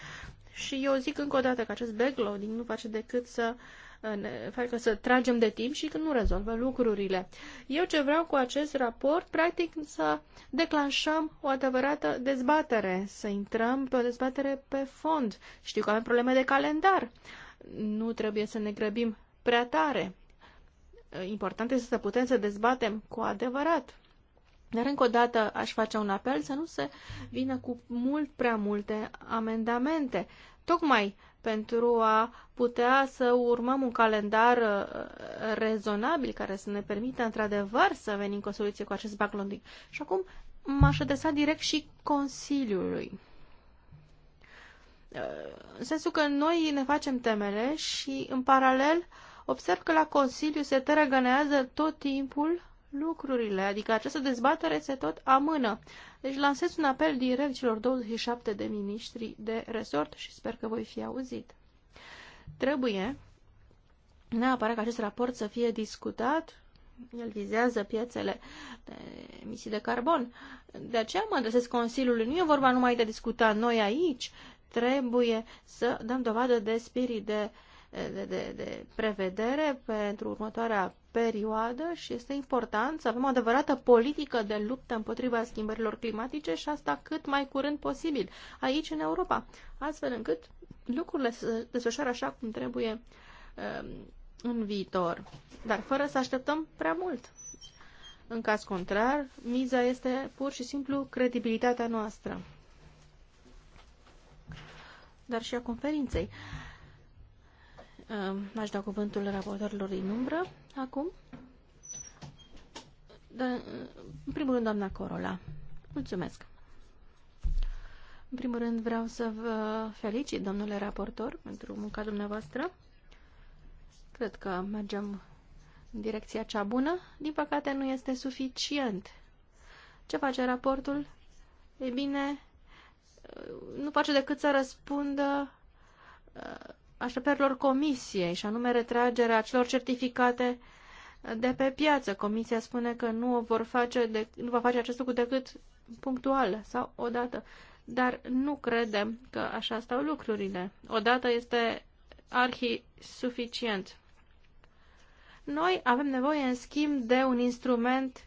Și eu zic încă o dată că acest backloading nu face decât să uh, ne facă să tragem de timp și că nu rezolvă lucrurile. Eu ce vreau cu acest raport, practic, să declanșăm o adevărată dezbatere, să intrăm pe o dezbatere pe fond. Știu că avem probleme de calendar. Nu trebuie să ne grăbim prea tare important este să putem să dezbatem cu adevărat. Dar încă o dată aș face un apel să nu se vină cu mult prea multe amendamente, tocmai pentru a putea să urmăm un calendar uh, rezonabil care să ne permită într-adevăr să venim cu o soluție cu acest backloading. Și acum m-aș adresa direct și Consiliului. Uh, în sensul că noi ne facem temele și în paralel uh, observ că la Consiliu se tărăgănează tot timpul lucrurile, adică această dezbatere se tot amână. Deci lansez un apel direct celor 27 de miniștri de resort și sper că voi fi auzit. Trebuie neapărat ca acest raport să fie discutat, el vizează piețele de emisii de carbon. De aceea mă adresez Consiliului. Nu e vorba numai de discuta noi aici, trebuie să dăm dovadă de spirit de uh, de, de, de prevedere pentru următoarea perioadă și este important să avem o adevărată politică de luptă împotriva schimbărilor climatice și asta cât mai curând posibil aici în Europa, astfel încât lucrurile se desfășoară așa cum trebuie um, în viitor, dar fără să așteptăm prea mult. În caz contrar, miza este pur și simplu credibilitatea noastră, dar și a conferinței. Uh, Aș da cuvântul raportorilor din umbră acum. Dar, în primul rând, doamna Corola. Mulțumesc. În primul rând vreau să vă felicit, domnule raportor, pentru munca dumneavoastră. Cred că mergem în direcția cea bună. Din păcate, nu este suficient. Ce face raportul? Ei bine, nu face decât să răspundă așteptărilor comisiei, și anume retragerea celor certificate de pe piață. Comisia spune că nu, o vor face de, nu va face acest lucru decât punctual sau odată. Dar nu credem că așa stau lucrurile. Odată este arhi suficient. Noi avem nevoie, în schimb, de un instrument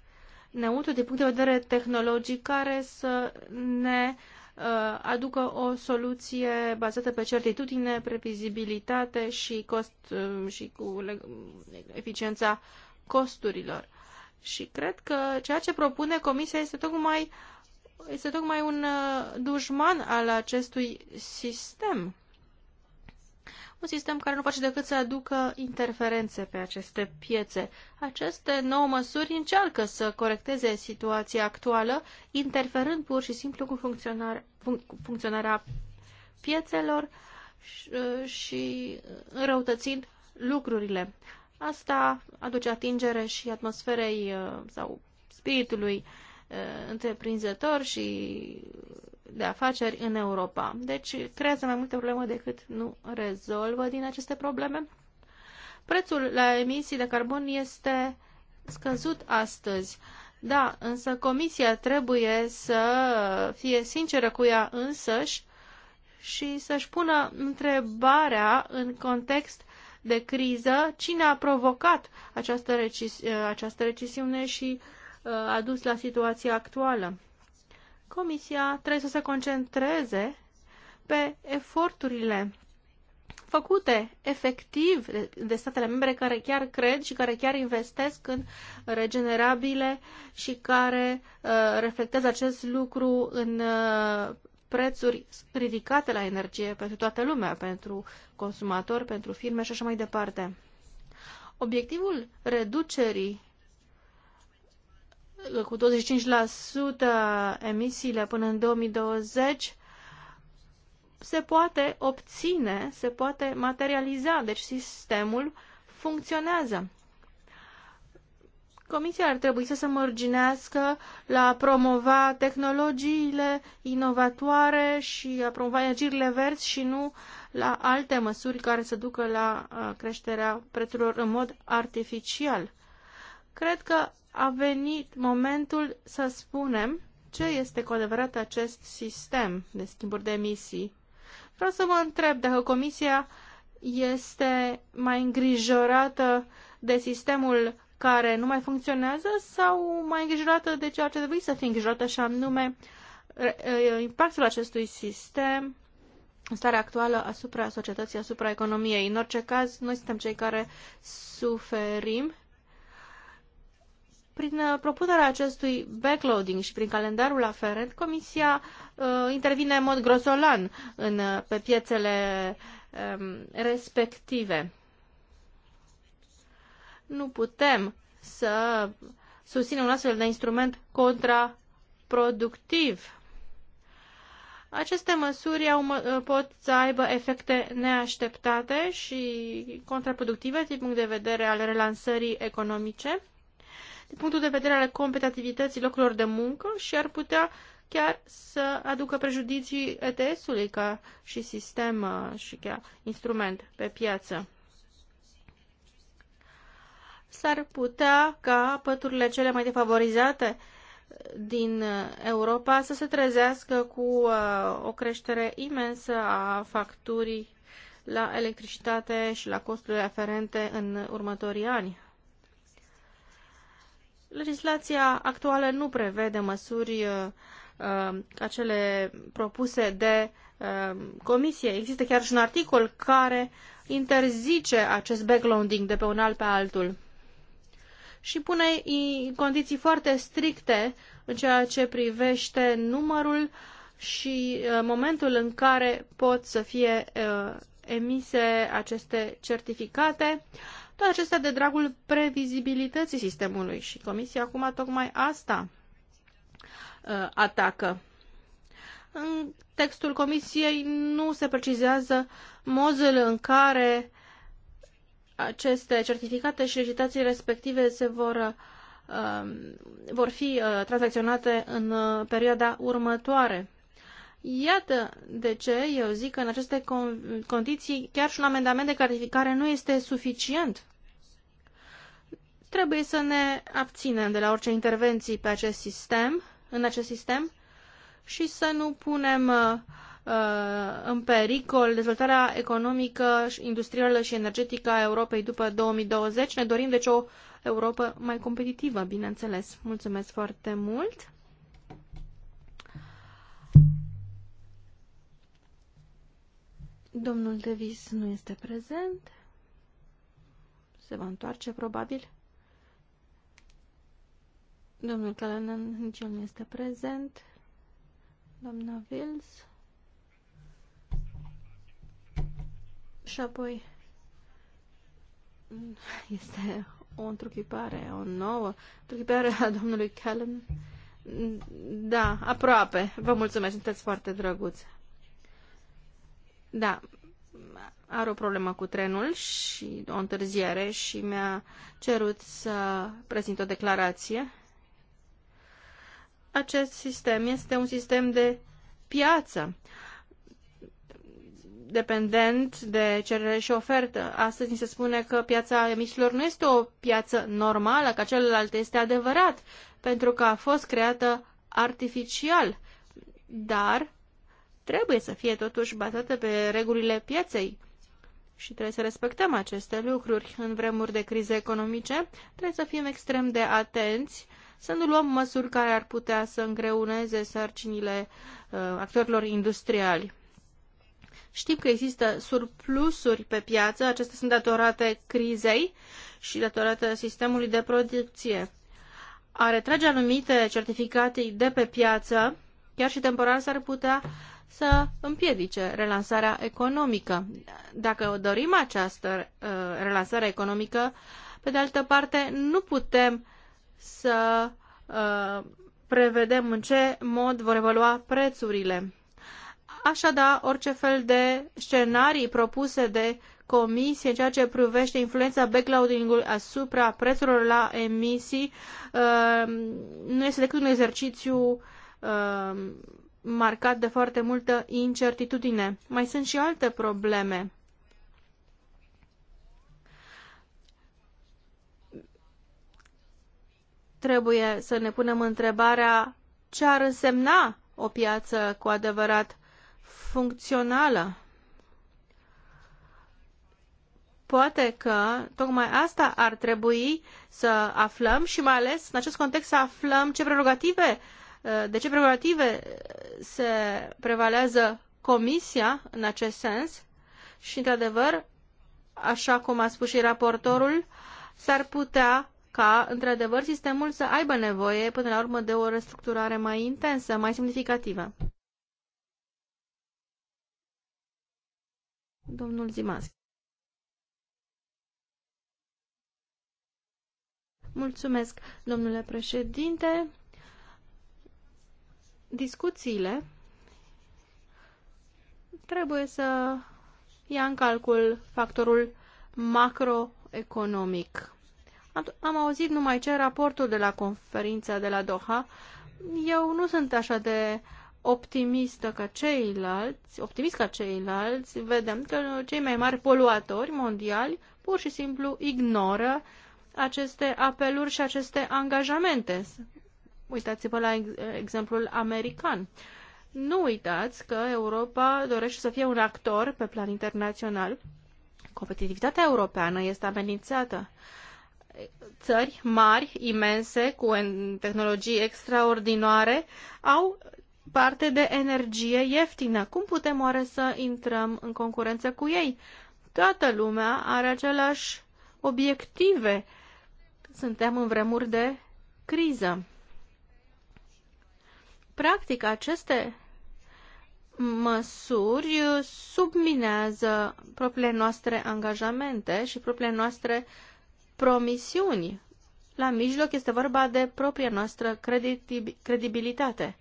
neutru din punct de vedere tehnologic care să ne uh, Uh, aducă o soluție bazată pe certitudine, previzibilitate și, cost, uh, și cu eficiența costurilor. Și cred că ceea ce propune Comisia este tocmai, este tocmai un uh, dușman al acestui sistem un sistem care nu face decât să aducă interferențe pe aceste piețe. Aceste nouă măsuri încearcă să corecteze situația actuală, interferând pur și simplu cu funcționarea, funcționarea piețelor și, și înrăutățind lucrurile. Asta aduce atingere și atmosferei uh, sau spiritului uh, întreprinzător și de afaceri în Europa. Deci creează mai multe probleme decât nu rezolvă din aceste probleme. Prețul la emisii de carbon este scăzut astăzi. Da, însă comisia trebuie să fie sinceră cu ea însăși și să-și pună întrebarea în context de criză cine a provocat această, recis această recisiune și uh, a dus la situația actuală. Comisia trebuie să se concentreze pe eforturile făcute efectiv de statele membre care chiar cred și care chiar investesc în regenerabile și care uh, reflectează acest lucru în uh, prețuri ridicate la energie pentru toată lumea, pentru consumatori, pentru firme și așa mai departe. Obiectivul reducerii cu 25% emisiile până în 2020 se poate obține, se poate materializa, deci sistemul funcționează. Comisia ar trebui să se mărginească la a promova tehnologiile inovatoare și a promova energiile verzi și nu la alte măsuri care să ducă la uh, creșterea prețurilor în mod artificial cred că a venit momentul să spunem ce este cu adevărat acest sistem de schimburi de emisii. Vreau să vă întreb dacă Comisia este mai îngrijorată de sistemul care nu mai funcționează sau mai îngrijorată de ceea ce trebuie să fie îngrijorată și anume impactul acestui sistem în starea actuală asupra societății, asupra economiei. În orice caz, noi suntem cei care suferim prin uh, propunerea acestui backloading și prin calendarul aferent, Comisia uh, intervine în mod grosolan în, uh, pe piețele um, respective. Nu putem să susținem un astfel de instrument contraproductiv. Aceste măsuri au, uh, pot să aibă efecte neașteptate și contraproductive din punct de vedere al relansării economice din punctul de vedere al competitivității locurilor de muncă și ar putea chiar să aducă prejudicii ETS-ului ca și sistem uh, și chiar instrument pe piață. S-ar putea ca păturile cele mai defavorizate din uh, Europa să se trezească cu uh, o creștere imensă a facturii la electricitate și la costurile aferente în următorii ani. Legislația actuală nu prevede măsuri uh, uh, ca cele propuse de uh, comisie. Există chiar și un articol care interzice acest backloading de pe un alt pe altul și pune condiții foarte stricte în ceea ce privește numărul și momentul în care pot să fie emise aceste certificate. Uh, toate acestea de dragul previzibilității sistemului și Comisia acum tocmai asta uh, atacă. În textul Comisiei nu se precizează modul în care aceste certificate și licitații respective se vor, uh, vor fi uh, tranzacționate în uh, perioada următoare. Iată de ce eu zic că în aceste condiții chiar și un amendament de clarificare nu este suficient. Trebuie să ne abținem de la orice intervenții pe acest sistem, în acest sistem și să nu punem uh, uh în pericol dezvoltarea economică, industrială și energetică a Europei după 2020. Ne dorim deci o Europa mai competitivă, bineînțeles. Mulțumesc foarte mult! Domnul Davis nu este prezent. Se va întoarce, probabil. Domnul Calanan nici el nu este prezent. Doamna Vils. Și apoi mm, este o întruchipare, o nouă întruchipare a domnului Callan. Da, aproape. Vă mulțumesc, sunteți foarte drăguți. Da, are o problemă cu trenul și o întârziere și mi-a cerut să prezint o declarație acest sistem este un sistem de piață dependent de cerere și ofertă. Astăzi ni se spune că piața emisiilor nu este o piață normală, ca celălalt este adevărat, pentru că a fost creată artificial, dar trebuie să fie totuși bazată pe regulile pieței. Și trebuie să respectăm aceste lucruri. În vremuri de crize economice, trebuie să fim extrem de atenți să nu luăm măsuri care ar putea să îngreuneze sarcinile uh, actorilor industriali. Știm că există surplusuri pe piață, acestea sunt datorate crizei și datorate sistemului de producție. A retrage anumite certificate de pe piață, chiar și temporar, s-ar putea să împiedice relansarea economică. Dacă o dorim această uh, relansare economică, pe de altă parte, nu putem uh, să uh, prevedem în ce mod vor evolua prețurile. Așadar, orice fel de scenarii propuse de comisie în ceea ce privește influența backloading-ului asupra prețurilor la emisii uh, nu este decât un exercițiu uh, marcat de foarte multă incertitudine. Mai sunt și alte probleme trebuie să ne punem întrebarea ce ar însemna o piață cu adevărat funcțională. Poate că tocmai asta ar trebui să aflăm și mai ales în acest context să aflăm ce prerogative, de ce prerogative se prevalează Comisia în acest sens și, într-adevăr, așa cum a spus și raportorul, s-ar putea ca, într-adevăr, sistemul să aibă nevoie, până la urmă, de o restructurare mai intensă, mai semnificativă. Domnul Zimaschi. Mulțumesc, domnule președinte. Discuțiile trebuie să ia în calcul factorul macroeconomic. Am auzit numai ce raportul de la conferința de la Doha. Eu nu sunt așa de optimistă ca ceilalți, optimist ca ceilalți, vedem că cei mai mari poluatori mondiali pur și simplu ignoră aceste apeluri și aceste angajamente. Uitați-vă la exemplul american. Nu uitați că Europa dorește să fie un actor pe plan internațional. Competitivitatea europeană este amenințată. Uh, țări mari, imense, cu tehnologii extraordinare, au parte de energie ieftină. Cum putem oare să intrăm în concurență cu ei? Toată lumea are aceleași obiective. Suntem în vremuri de criză. Practic, aceste măsuri subminează propriile noastre angajamente și propriile noastre uh, promisiuni. La mijloc este vorba de propria noastră credibilitate.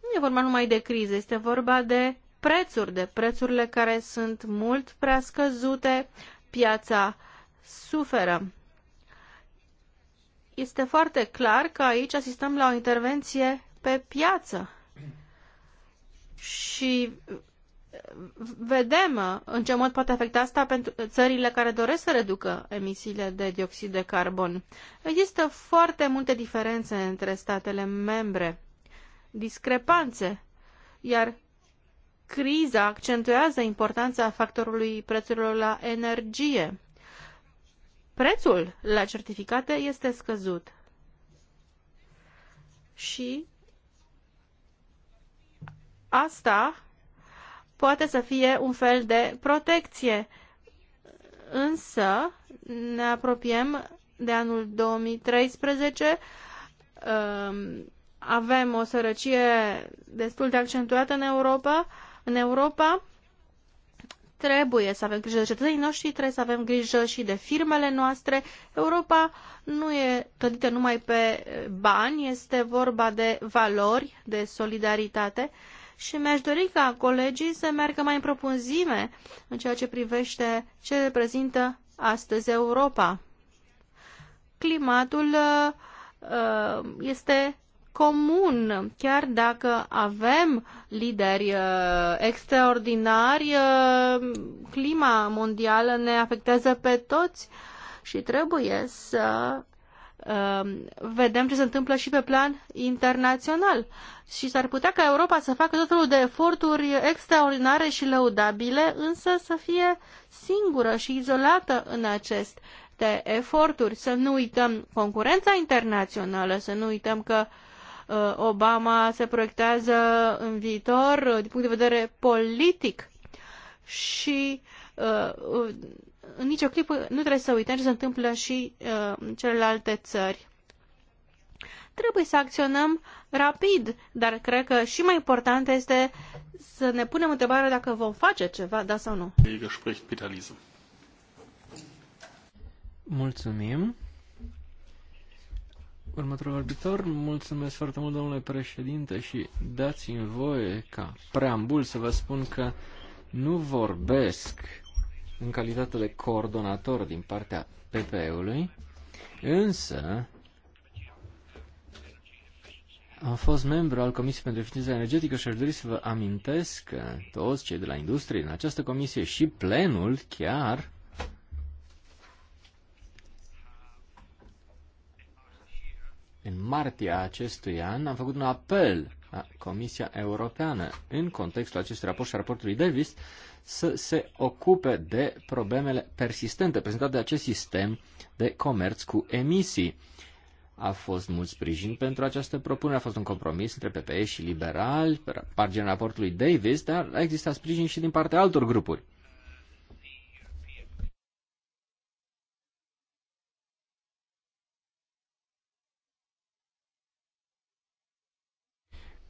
Nu e vorba numai de crize, este vorba de prețuri, de prețurile care sunt mult prea scăzute, piața suferă. Este foarte clar că aici asistăm la o intervenție pe piață. Și vedem uh, în ce mod poate afecta asta pentru țările care doresc să reducă emisiile de dioxid de carbon. Există foarte multe diferențe între statele membre, discrepanțe, iar criza accentuează importanța factorului prețurilor la energie. Prețul la certificate este scăzut și asta poate să fie un fel de protecție. Însă ne apropiem de anul 2013, um, avem o sărăcie destul de accentuată în Europa, în Europa trebuie să avem grijă de cetățenii noștri, trebuie să avem grijă și de firmele noastre. Europa nu e clădită numai pe bani, este vorba de valori, de solidaritate. Uh, și mi-aș dori ca colegii să meargă mai în propunzime în ceea ce privește ce reprezintă astăzi Europa. Climatul uh, este comun, chiar dacă avem lideri uh, extraordinari, uh, clima mondială ne afectează pe toți și trebuie să Um, vedem ce se întâmplă și pe plan internațional. Și s-ar putea ca Europa să facă tot felul de eforturi extraordinare și lăudabile, însă să fie singură și izolată în aceste eforturi. Să nu uităm concurența internațională, să nu uităm că uh, Obama se proiectează în viitor uh, din punct de vedere politic și uh, în nicio clipă nu trebuie să uităm ce se întâmplă și uh, în celelalte țări. Trebuie să acționăm rapid, dar cred că și mai important este să ne punem întrebarea dacă vom face ceva, da sau nu. Mulțumim. Următorul vorbitor, mulțumesc foarte mult, domnule președinte, și dați-mi voie ca preambul să vă spun că nu vorbesc în calitate de coordonator din partea PPE-ului, însă am fost membru al Comisiei pentru Eficiență Energetică și aș dori să vă amintesc că toți cei de la industrie în această comisie și plenul chiar în martie acestui an am făcut un apel la Comisia Europeană în contextul acestui raport și raportului Davis să se ocupe de problemele persistente prezentate de acest sistem de comerț cu emisii. A fost mult sprijin pentru această propunere, a fost un compromis între PPE și liberal, partea raportului Davis, dar a existat sprijin și din partea altor grupuri.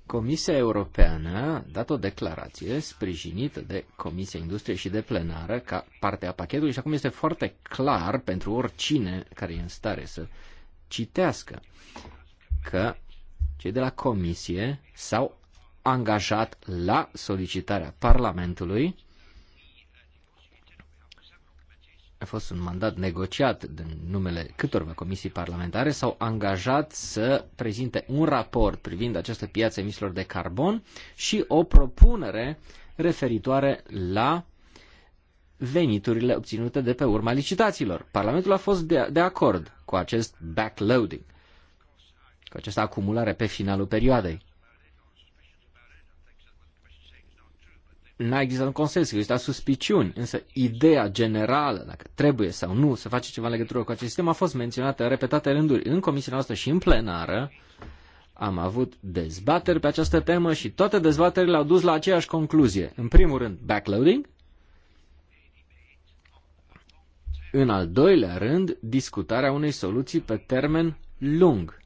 Comisia Europeană a dat o declarație sprijinită de Comisia Industrie și de plenară ca parte a pachetului și acum este foarte clar pentru oricine care e în stare să citească că cei de la Comisie s-au angajat la solicitarea Parlamentului a fost un mandat negociat din numele câtorva comisii parlamentare, s-au angajat să prezinte un raport privind această piață emisilor de carbon și o propunere referitoare la veniturile obținute de pe urma licitațiilor. Parlamentul a fost de, de acord cu acest backloading, cu această acumulare pe finalul perioadei. n-a existat un consens, existau suspiciuni, însă ideea generală, dacă trebuie sau nu să face ceva în legătură cu acest sistem, a fost menționată în repetate rânduri în comisia noastră și în plenară. Am avut dezbateri pe această temă și toate dezbaterile au dus la aceeași concluzie. În primul rând, backloading. În al doilea rând, discutarea unei soluții pe termen lung.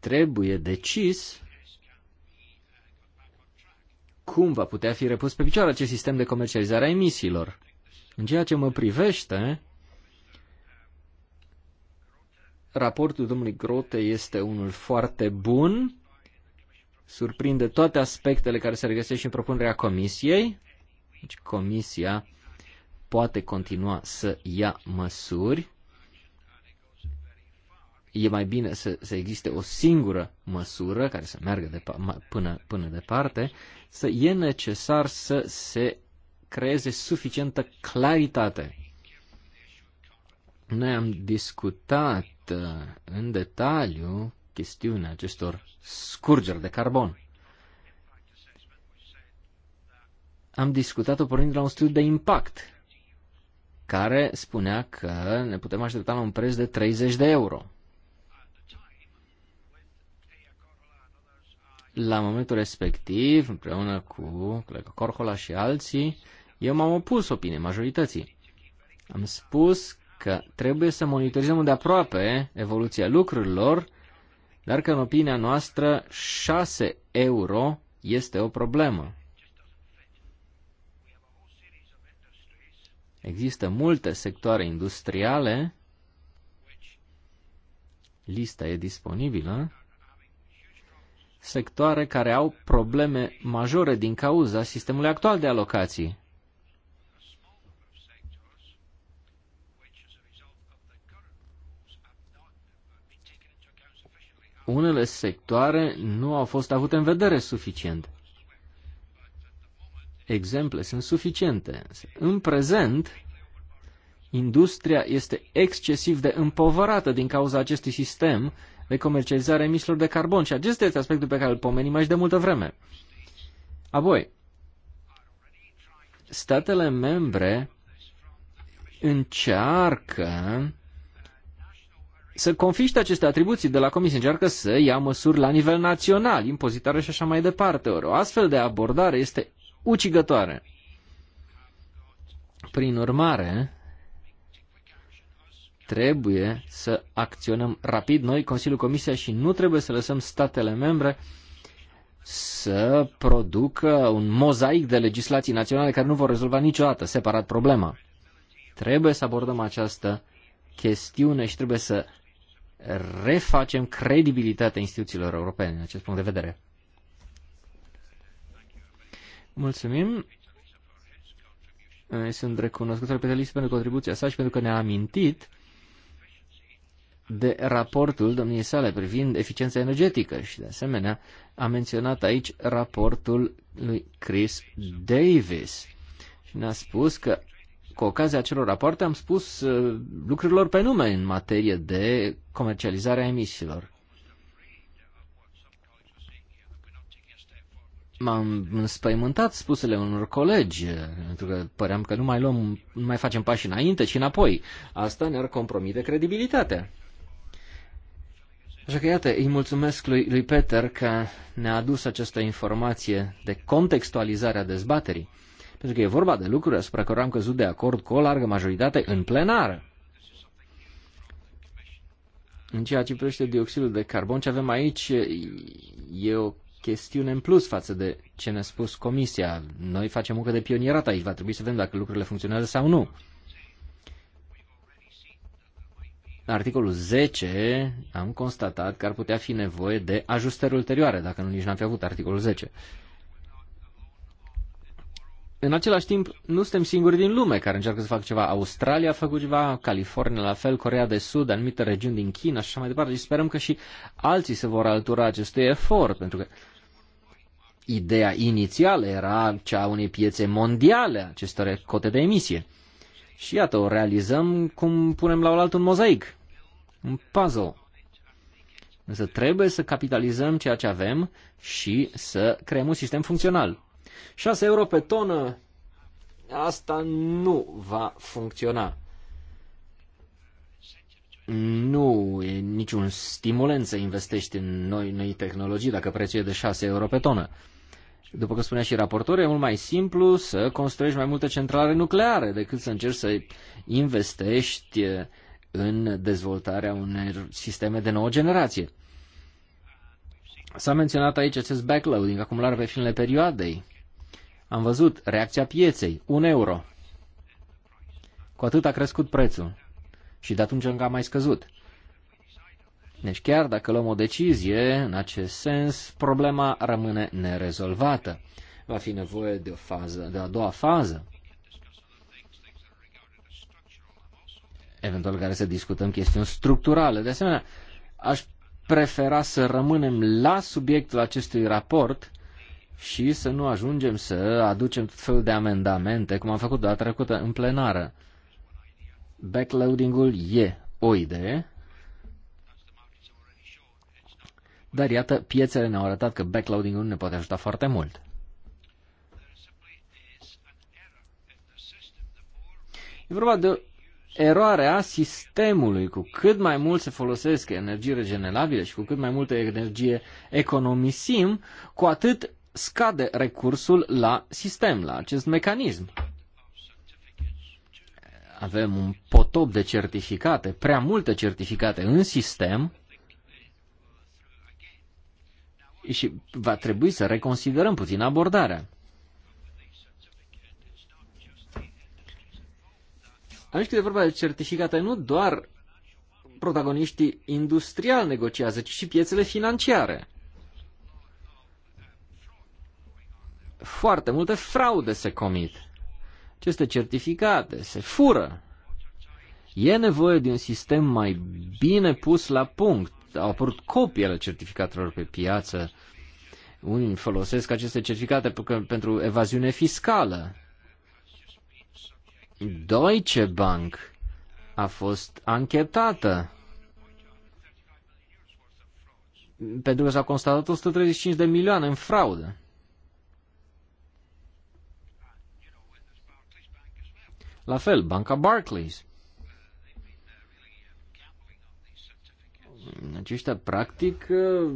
Trebuie decis cum va putea fi repus pe picioare acest sistem de comercializare a emisiilor. În ceea ce mă privește, raportul domnului Grote este unul foarte bun, surprinde toate aspectele care se regăsesc și în propunerea comisiei. Deci comisia poate continua să ia măsuri e mai bine să, să existe o singură măsură care să meargă de, până, până departe, să e necesar să se creeze suficientă claritate. Noi am discutat uh, în detaliu chestiunea acestor scurgeri de carbon. Am discutat-o pornind de la un studiu de impact, care spunea că ne putem aștepta la un preț de 30 de euro. La momentul respectiv, împreună cu colega Corhola și alții, eu m-am opus opinie majorității. Am spus că trebuie să monitorizăm de aproape evoluția lucrurilor, dar că în opinia noastră 6 euro este o problemă. Există multe sectoare industriale, lista e disponibilă, sectoare care au probleme majore din cauza sistemului actual de alocații. Unele sectoare nu au fost avute în vedere suficient. Exemple sunt suficiente. În prezent, industria este excesiv de împovărată din cauza acestui sistem de comercializare a emisiilor de carbon și acesta este aspectul pe care îl mai și de multă vreme. Apoi, statele membre încearcă să confiște aceste atribuții de la Comisie, încearcă să ia măsuri la nivel național, impozitare și așa mai departe. Ori o astfel de abordare este ucigătoare. Prin urmare, Trebuie să acționăm rapid noi, Consiliul Comisia, și nu trebuie să lăsăm statele membre să producă un mozaic de legislații naționale care nu vor rezolva niciodată separat problema. Trebuie să abordăm această chestiune și trebuie să refacem credibilitatea instituțiilor europene în acest punct de vedere. Mulțumim. Sunt recunoscător pe pentru contribuția sa și pentru că ne-a amintit de raportul domniei sale privind eficiența energetică și, de asemenea, a menționat aici raportul lui Chris Davis și ne-a spus că cu ocazia acelor rapoarte am spus uh, lucrurilor pe nume în materie de comercializare a emisiilor. M-am înspăimântat spusele unor colegi, uh, pentru că păream că nu mai luăm, nu mai facem pași înainte, ci înapoi. Asta ne-ar compromite credibilitatea. Așa că, iată, îi mulțumesc lui, lui Peter că ne-a adus această informație de contextualizare a dezbaterii. Pentru că e vorba de lucruri asupra care am căzut de acord cu o largă majoritate în plenară. În ceea ce privește dioxidul de carbon, ce avem aici e o chestiune în plus față de ce ne-a spus Comisia. Noi facem muncă de pionierat aici, va trebui să vedem dacă lucrurile funcționează sau nu. În articolul 10 am constatat că ar putea fi nevoie de ajustări ulterioare, dacă nu nici n-am fi avut articolul 10. În același timp, nu suntem singuri din lume care încearcă să facă ceva. Australia a făcut ceva, California la fel, Corea de Sud, anumite regiuni din China și așa mai departe. Și deci sperăm că și alții se vor altura acestui efort, pentru că ideea inițială era cea a unei piețe mondiale a acestor cote de emisie. Și iată, o realizăm cum punem la oaltă un mozaic, un puzzle. Însă trebuie să capitalizăm ceea ce avem și să creăm un sistem funcțional. 6 euro pe tonă, asta nu va funcționa. Nu e niciun stimulent să investești în noi, noi tehnologii dacă prețul e de 6 euro pe tonă. După cum spunea și raportorul, e mult mai simplu să construiești mai multe centrale nucleare decât să încerci să investești în dezvoltarea unor sisteme de nouă generație. S-a menționat aici acest backloading, acumulare pe finele perioadei. Am văzut reacția pieței, un euro. Cu atât a crescut prețul și de atunci încă a mai scăzut. Deci chiar dacă luăm o decizie în acest sens, problema rămâne nerezolvată. Va fi nevoie de o fază, de a doua fază. Eventual care să discutăm chestiuni structurale. De asemenea, aș prefera să rămânem la subiectul acestui raport și să nu ajungem să aducem tot felul de amendamente, cum am făcut data trecută în plenară. Backloading-ul e o idee, Dar iată, piețele ne-au arătat că backloading-ul ne poate ajuta foarte mult. E vorba de eroarea sistemului. Cu cât mai mult se folosesc energii regenerabile și cu cât mai multă energie economisim, cu atât scade recursul la sistem, la acest mecanism. Avem un potop de certificate, prea multe certificate în sistem, și va trebui să reconsiderăm puțin abordarea. Aici când e vorba de certificate, nu doar protagoniștii industrial negociază, ci și piețele financiare. Foarte multe fraude se comit. Aceste certificate se fură. E nevoie de un sistem mai bine pus la punct au apărut copii ale certificatelor pe piață. Unii folosesc aceste certificate pentru evaziune fiscală. Deutsche Bank a fost anchetată pentru că s-a constatat 135 de milioane în fraudă. La fel, Banca Barclays. Aceștia, practic, ă,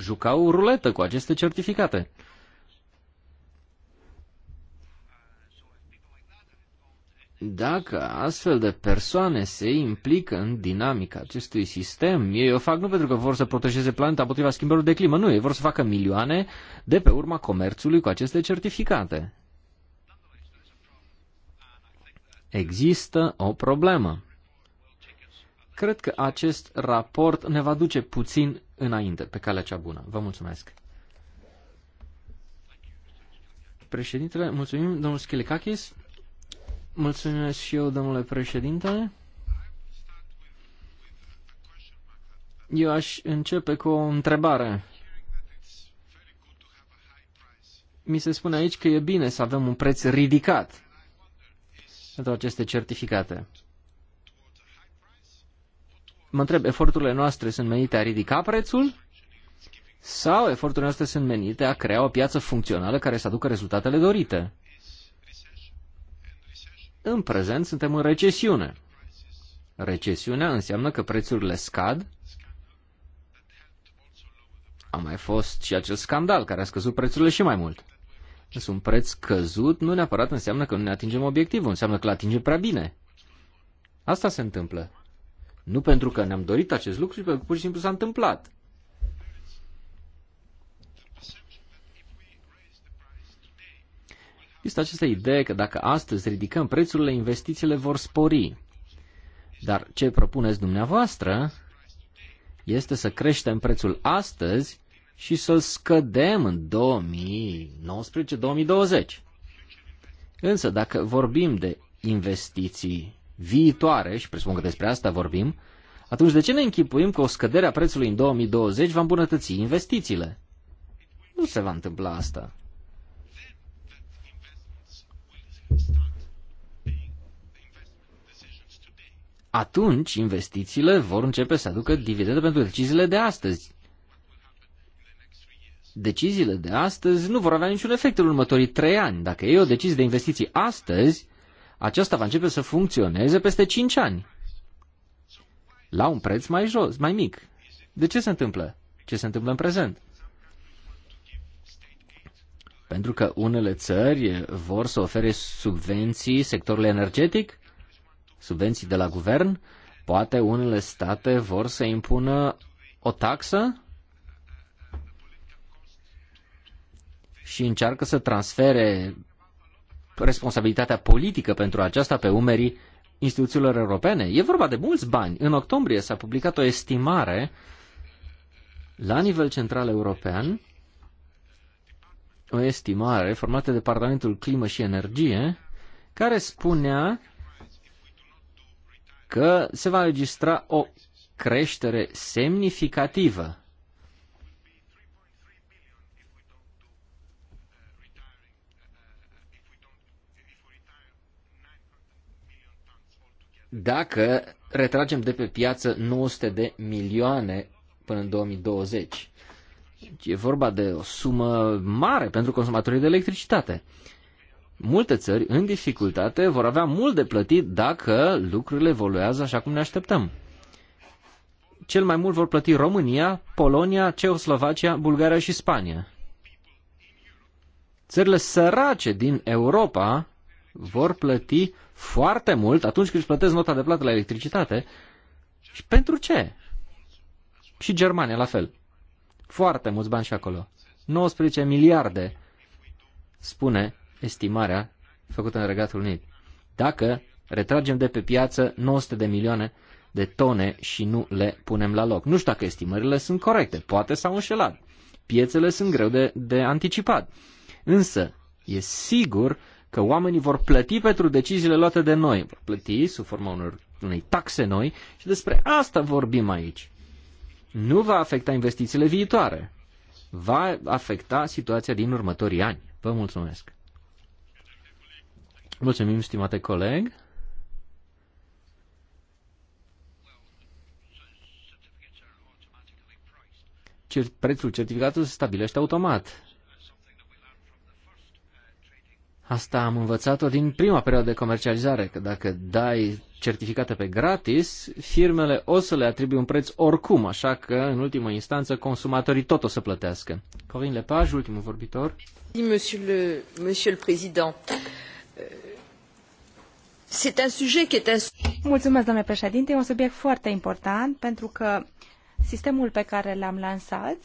jucau ruletă cu aceste certificate. Dacă astfel de persoane se implică în dinamica acestui sistem, ei o fac nu pentru că vor să protejeze planeta împotriva schimbărilor de climă, nu, ei vor să facă milioane de pe urma comerțului cu aceste certificate. Există o problemă. Cred că acest raport ne va duce puțin înainte, pe calea cea bună. Vă mulțumesc. Președintele, mulțumim, domnul Schilikakis. Mulțumesc și eu, domnule președinte. Eu aș începe cu o întrebare. Mi se spune aici că e bine să avem un preț ridicat pentru aceste certificate mă întreb, eforturile noastre sunt menite a ridica prețul sau eforturile noastre sunt menite a crea o piață funcțională care să aducă rezultatele dorite? În prezent suntem în recesiune. Recesiunea înseamnă că prețurile scad. A mai fost și acel scandal care a scăzut prețurile și mai mult. Însă un preț căzut nu neapărat înseamnă că nu ne atingem obiectivul, înseamnă că îl atingem prea bine. Asta se întâmplă. Nu pentru că ne-am dorit acest lucru, ci pentru că pur și simplu s-a întâmplat. Este această idee că dacă astăzi ridicăm prețurile, investițiile vor spori. Dar ce propuneți dumneavoastră este să creștem prețul astăzi și să-l scădem în 2019-2020. Însă, dacă vorbim de investiții viitoare, și presupun că despre asta vorbim, atunci de ce ne închipuim că o scădere a prețului în 2020 va îmbunătăți investițiile? Nu se va întâmpla asta. Atunci investițiile vor începe să aducă dividende pentru deciziile de astăzi. Deciziile de astăzi nu vor avea niciun efect în următorii trei ani. Dacă eu decizie de investiții astăzi, aceasta va începe să funcționeze peste 5 ani, la un preț mai jos, mai mic. De ce se întâmplă? Ce se întâmplă în prezent? Pentru că unele țări vor să ofere subvenții sectorului energetic, subvenții de la guvern, poate unele state vor să impună o taxă și încearcă să transfere responsabilitatea politică pentru aceasta pe umerii instituțiilor europene. E vorba de mulți bani. În octombrie s-a publicat o estimare la nivel central european, o estimare formată de Parlamentul Climă și Energie, care spunea că se va registra o creștere semnificativă dacă retragem de pe piață 900 de milioane până în 2020. E vorba de o sumă mare pentru consumatorii de electricitate. Multe țări în dificultate vor avea mult de plătit dacă lucrurile evoluează așa cum ne așteptăm. Cel mai mult vor plăti România, Polonia, Ceoslovacia, Bulgaria și Spania. Țările sărace din Europa vor plăti foarte mult atunci când își plătesc nota de plată la electricitate. Și pentru ce? Și Germania, la fel. Foarte mulți bani și acolo. 19 miliarde, spune estimarea făcută în Regatul Unit. Dacă retragem de pe piață 900 de milioane de tone și nu le punem la loc. Nu știu dacă estimările sunt corecte, poate s-au înșelat. Piețele sunt greu de, de anticipat. Însă, e sigur că oamenii vor plăti pentru deciziile luate de noi, vor plăti sub forma unor, unei taxe noi și despre asta vorbim aici. Nu va afecta investițiile viitoare, va afecta situația din următorii ani. Vă mulțumesc! Mulțumim, stimate coleg! Prețul certificatului se stabilește automat Asta am învățat-o din prima perioadă de comercializare, că dacă dai certificate pe gratis, firmele o să le atribuie un preț oricum, așa că, în ultimă instanță, consumatorii tot o să plătească. Corinne Lepaj, ultimul vorbitor. Monsieur le, monsieur le Président, euh, c'est un sujet qui est un... Mulțumesc, domnule președinte, e un subiect foarte important pentru că sistemul pe care l-am lansat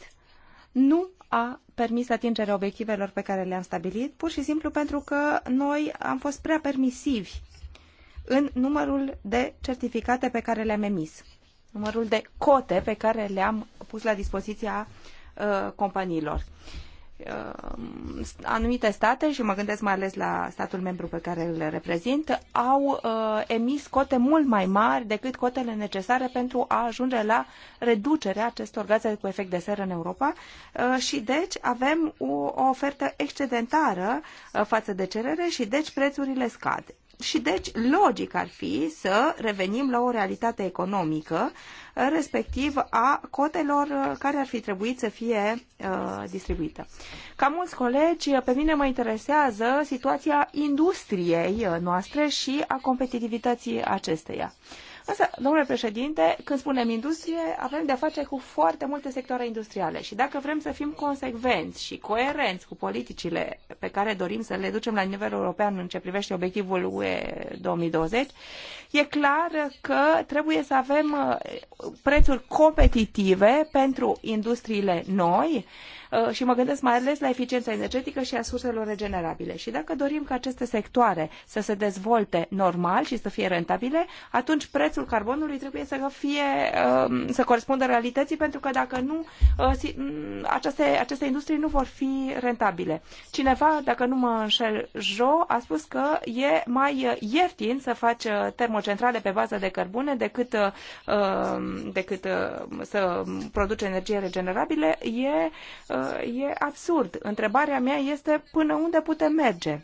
nu a permis atingerea obiectivelor pe care le-am stabilit, pur și simplu pentru că noi am fost prea permisivi în numărul de certificate pe care le-am emis, numărul de cote pe care le-am pus la dispoziția uh, companiilor. Uh, Um, anumite state, și mă gândesc mai ales la statul membru pe care îl reprezint, au uh, emis cote mult mai mari decât cotele necesare pentru a ajunge la reducerea acestor gaze cu efect de seră în Europa uh, și deci avem o, ofertă excedentară uh, față de cerere și deci prețurile scad. Și deci logic ar fi să revenim la o realitate economică, respectiv a cotelor care ar fi trebuit să fie uh, distribuită. Ca mulți colegi, pe mine mă interesează situația industriei uh, noastre și a competitivității acesteia. Uh, Asta, domnule președinte, când spunem industrie, avem de-a face cu foarte multe sectoare industriale și dacă vrem să fim consecvenți și coerenți cu politicile pe care dorim să le ducem la nivel european în ce privește obiectivul UE 2020, e clar că trebuie să avem uh, prețuri competitive pentru industriile noi, Uh, și mă gândesc mai ales la eficiența energetică și a surselor regenerabile. Și dacă dorim ca aceste sectoare să se dezvolte normal și să fie rentabile, atunci prețul carbonului trebuie să fie um, să corespundă realității, pentru că dacă nu, uh, aceste, aceste industrii nu vor fi rentabile. Cineva, dacă nu mă înșel, Jo, a spus că e mai uh, ieftin să faci termocentrale pe bază de cărbune decât, um, decât să produce energie regenerabile. E e absurd. Întrebarea mea este până unde putem merge?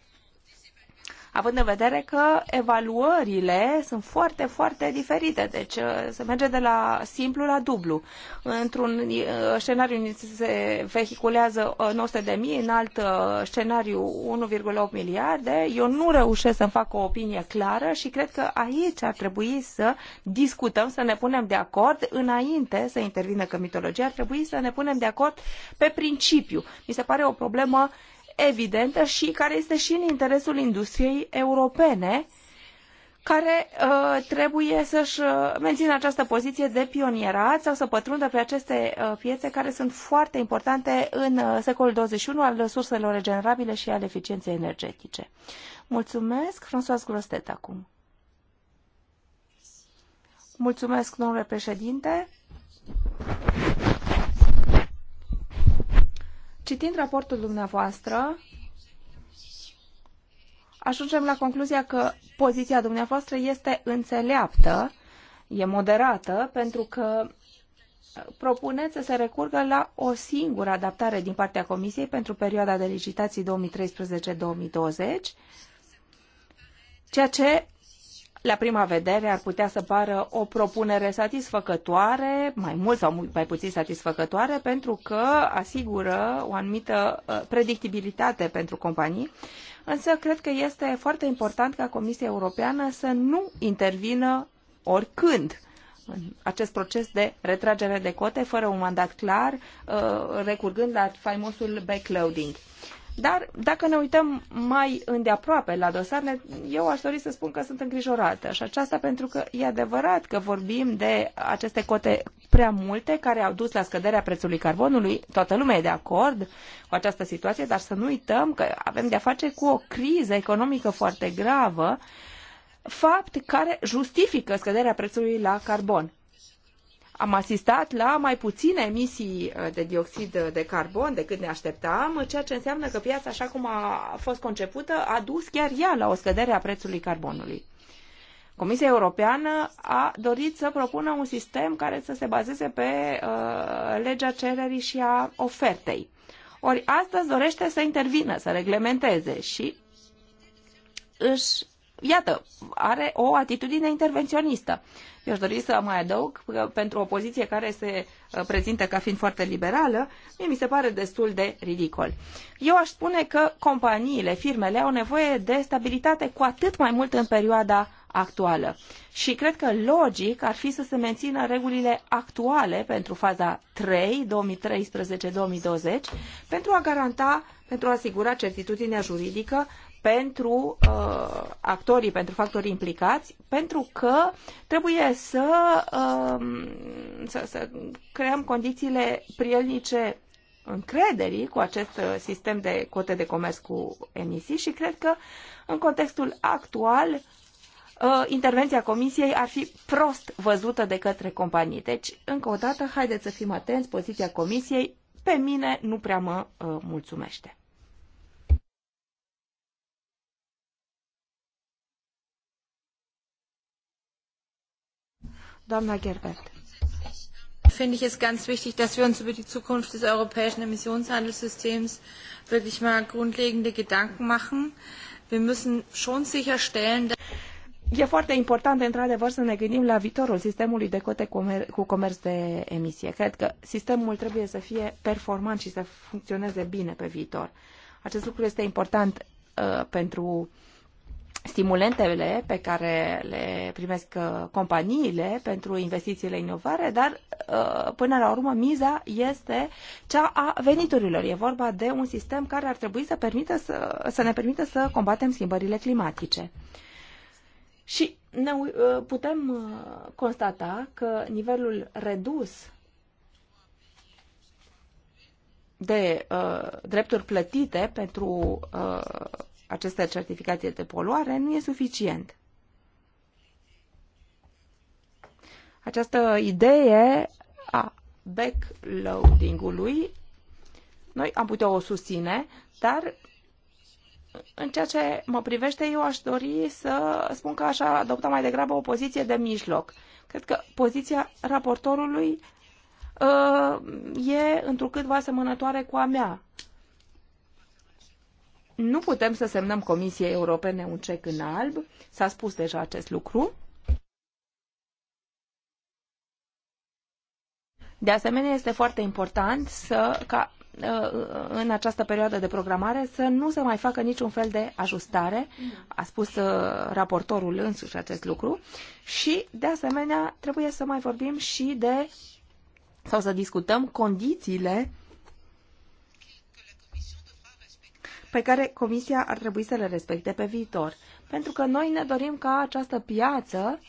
având în vedere că evaluările sunt foarte, foarte diferite, deci uh, se merge de la simplu la dublu. Într-un uh, scenariu se vehiculează 900 uh, de mii, în alt scenariu 1,8 miliarde. Eu nu reușesc să-mi fac o opinie clară și cred că aici ar trebui să discutăm, să ne punem de acord înainte să intervină că mitologia, ar trebui să ne punem de acord pe principiu. Mi se pare o problemă evidentă și care este și în interesul industriei europene, care uh, trebuie să-și uh, mențină această poziție de pionierat sau să pătrundă pe aceste uh, piețe care sunt foarte importante în uh, secolul 21 al resurselor regenerabile și al eficienței energetice. Mulțumesc, François Grostet acum. Mulțumesc, domnule președinte. Citind raportul dumneavoastră, ajungem la concluzia că poziția dumneavoastră este înțeleaptă, e moderată, pentru că propuneți să se recurgă la o singură adaptare din partea Comisiei pentru perioada de licitații 2013-2020, ceea ce la prima vedere ar putea să pară o propunere satisfăcătoare, mai mult sau mai puțin satisfăcătoare, pentru că asigură o anumită uh, predictibilitate pentru companii, însă cred că este foarte important ca Comisia Europeană să nu intervină oricând în acest proces de retragere de cote fără un mandat clar, uh, recurgând la faimosul backloading. Dar dacă ne uităm mai îndeaproape la dosar, eu aș dori să spun că sunt îngrijorată. Și aceasta pentru că e adevărat că vorbim de aceste cote prea multe care au dus la scăderea prețului carbonului. Toată lumea e de acord cu această situație, dar să nu uităm că avem de-a face cu o criză economică foarte gravă, fapt care justifică scăderea prețului la carbon am asistat la mai puține emisii uh, de dioxid de carbon decât ne așteptam, ceea ce înseamnă că piața, așa cum a fost concepută, a dus chiar ea la o scădere a prețului carbonului. Comisia Europeană a dorit să propună un sistem care să se bazeze pe uh, legea cererii și a ofertei. Ori astăzi dorește să intervină, să reglementeze și își iată, are o atitudine intervenționistă. Eu aș dori să mai adaug că pentru o poziție care se uh, prezintă ca fiind foarte liberală, mie mi se pare destul de ridicol. Eu aș spune că companiile, firmele au nevoie de stabilitate cu atât mai mult în perioada actuală. Și cred că logic ar fi să se mențină regulile actuale pentru faza 3, 2013-2020, pentru a garanta, pentru a asigura certitudinea juridică, pentru uh, actorii, pentru factorii implicați, pentru că trebuie să, uh, să, să creăm condițiile prielnice încrederii cu acest uh, sistem de cote de comerț cu emisii și cred că în contextul actual uh, intervenția comisiei ar fi prost văzută de către companii. Deci, încă o dată, haideți să fim atenți, poziția comisiei pe mine nu prea mă uh, mulțumește. Doamna Gerbert finde ich es ganz wichtig, dass wir uns über die Zukunft des europäischen Emissionshandelssystems wirklich mal grundlegende Gedanken machen. Wir müssen schon sicherstellen, dass E foarte important, într-adevăr, să ne gândim la viitorul sistemului de cote cu comerț de emisie. Cred că sistemul trebuie să fie performant și să funcționeze bine pe viitor. Acest lucru este important uh, pentru uh, stimulentele pe care le primesc uh, companiile pentru investițiile inovare, dar uh, până la urmă miza este cea a veniturilor. E vorba de un sistem care ar trebui să, permită să, să ne permită să combatem schimbările climatice. Și ne uh, putem constata că nivelul redus de uh, drepturi plătite pentru uh, aceste certificate de poluare nu e suficient. Această idee a backloading-ului, noi am putea o susține, dar în ceea ce mă privește, eu aș dori să spun că aș adopta mai degrabă o poziție de mijloc. Cred că poziția raportorului uh, e întrucâtva asemănătoare cu a mea nu putem să semnăm Comisiei Europene un cec în alb, s-a spus deja acest lucru. De asemenea, este foarte important să, ca ă, ă, în această perioadă de programare să nu se mai facă niciun fel de ajustare. A spus ă, raportorul însuși acest lucru. Și, de asemenea, trebuie să mai vorbim și de sau să discutăm condițiile pe care Comisia ar trebui să le respecte pe viitor. Pentru că noi ne dorim ca această piață,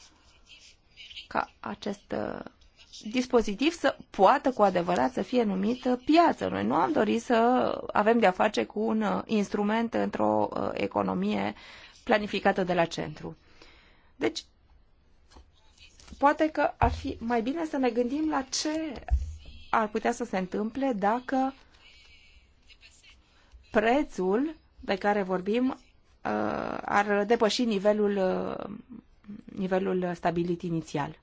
ca acest uh, dispozitiv să poată cu adevărat să fie numit uh, piață. Noi nu am dorit să avem de-a face cu un uh, instrument într-o economie planificată de la centru. Deci, poate că ar fi mai bine să ne gândim la ce ar putea să se întâmple dacă prețul de care vorbim uh, ar depăși nivelul, uh, nivelul stabilit inițial.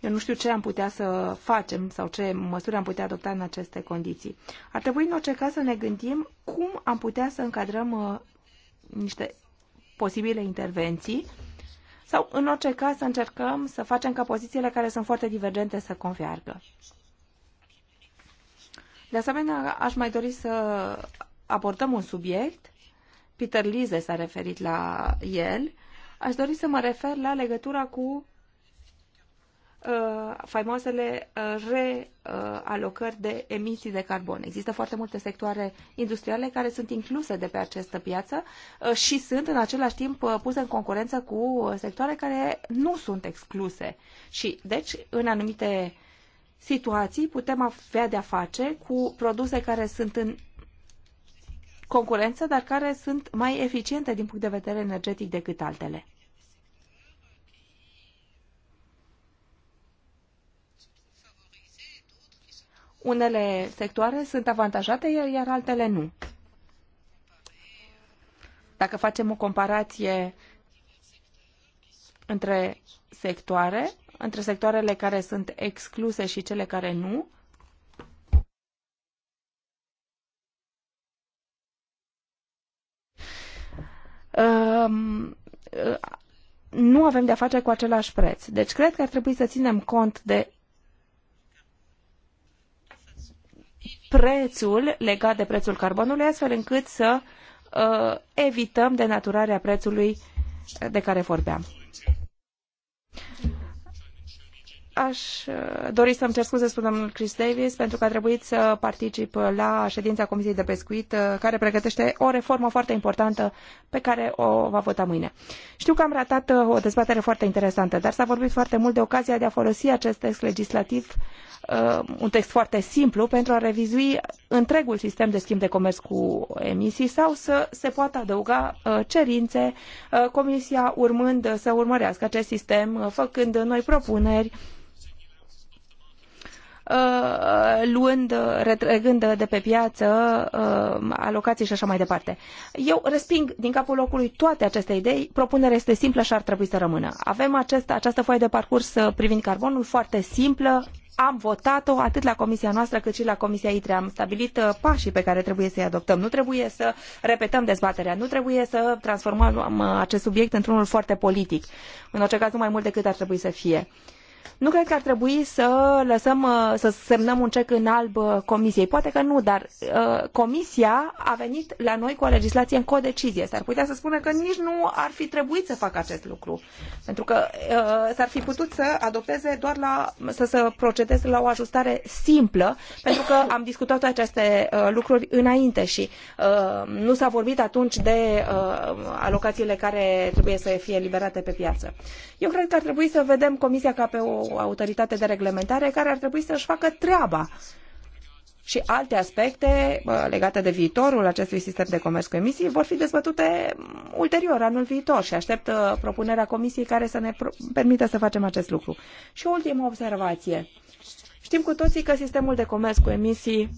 Eu nu știu ce am putea să facem sau ce măsuri am putea adopta în aceste condiții. Ar trebui în orice caz să ne gândim cum am putea să încadrăm uh, niște posibile intervenții sau, în orice caz, să încercăm să facem ca pozițiile care sunt foarte divergente să convergă. De asemenea, aș mai dori să abordăm un subiect. Peter Lise s-a referit la el. Aș dori să mă refer la legătura cu Uh, faimoasele uh, realocări de emisii de carbon. Există foarte multe sectoare industriale care sunt incluse de pe această piață uh, și sunt în același timp puse în concurență cu sectoare care nu sunt excluse. Și deci, în anumite situații, putem avea de-a face cu produse care sunt în concurență, dar care sunt mai eficiente din punct de vedere energetic decât altele. Unele sectoare sunt avantajate, iar altele nu. Dacă facem o comparație între sectoare, între sectoarele care sunt excluse și cele care nu, um, uh, nu avem de-a face cu același preț. Deci cred că ar trebui să ținem cont de prețul legat de prețul carbonului, astfel încât să uh, evităm denaturarea prețului de care vorbeam. Aș uh, dori să-mi cer scuze, spune domnul Chris Davis, pentru că a trebuit să particip la ședința Comisiei de Pescuit, uh, care pregătește o reformă foarte importantă pe care o va vota mâine. Știu că am ratat uh, o dezbatere foarte interesantă, dar s-a vorbit foarte mult de ocazia de a folosi acest text legislativ, un text foarte simplu, pentru a revizui întregul sistem de schimb de comerț cu emisii sau să se poată adăuga cerințe, Comisia urmând să urmărească acest sistem, făcând noi propuneri, Uh, luând, uh, retrăgând de pe piață uh, alocații și așa mai departe. Eu resping din capul locului toate aceste idei, propunerea este simplă și ar trebui să rămână. Avem acest, această foaie de parcurs privind carbonul foarte simplă, am votat-o atât la comisia noastră cât și la comisia ITRE. Am stabilit pașii pe care trebuie să-i adoptăm. Nu trebuie să repetăm dezbaterea, nu trebuie să transformăm acest subiect într-unul foarte politic. În orice caz, nu mai mult decât ar trebui să fie. Uh, nu cred că ar trebui să lăsăm, uh, să semnăm un cec în alb uh, comisiei. Poate că nu, dar uh, comisia a venit la noi cu o legislație în codecizie. S-ar putea să spună că nici nu ar fi trebuit să facă acest lucru. Pentru că uh, s-ar fi putut să adopteze doar la, să, procedeze la o ajustare simplă, pentru că am discutat aceste uh, lucruri înainte și uh, nu s-a vorbit atunci de alocațiile care trebuie să fie eliberate pe piață. Eu cred că ar trebui să vedem comisia ca pe o autoritate de reglementare care ar trebui să-și facă treaba și alte aspecte uh, legate de viitorul acestui sistem de comerț cu emisii vor fi dezbătute mm, ulterior, anul viitor și aștept uh, propunerea comisiei care să ne permită să facem acest lucru. Și o ultimă observație. Știm cu toții că sistemul de comerț cu emisii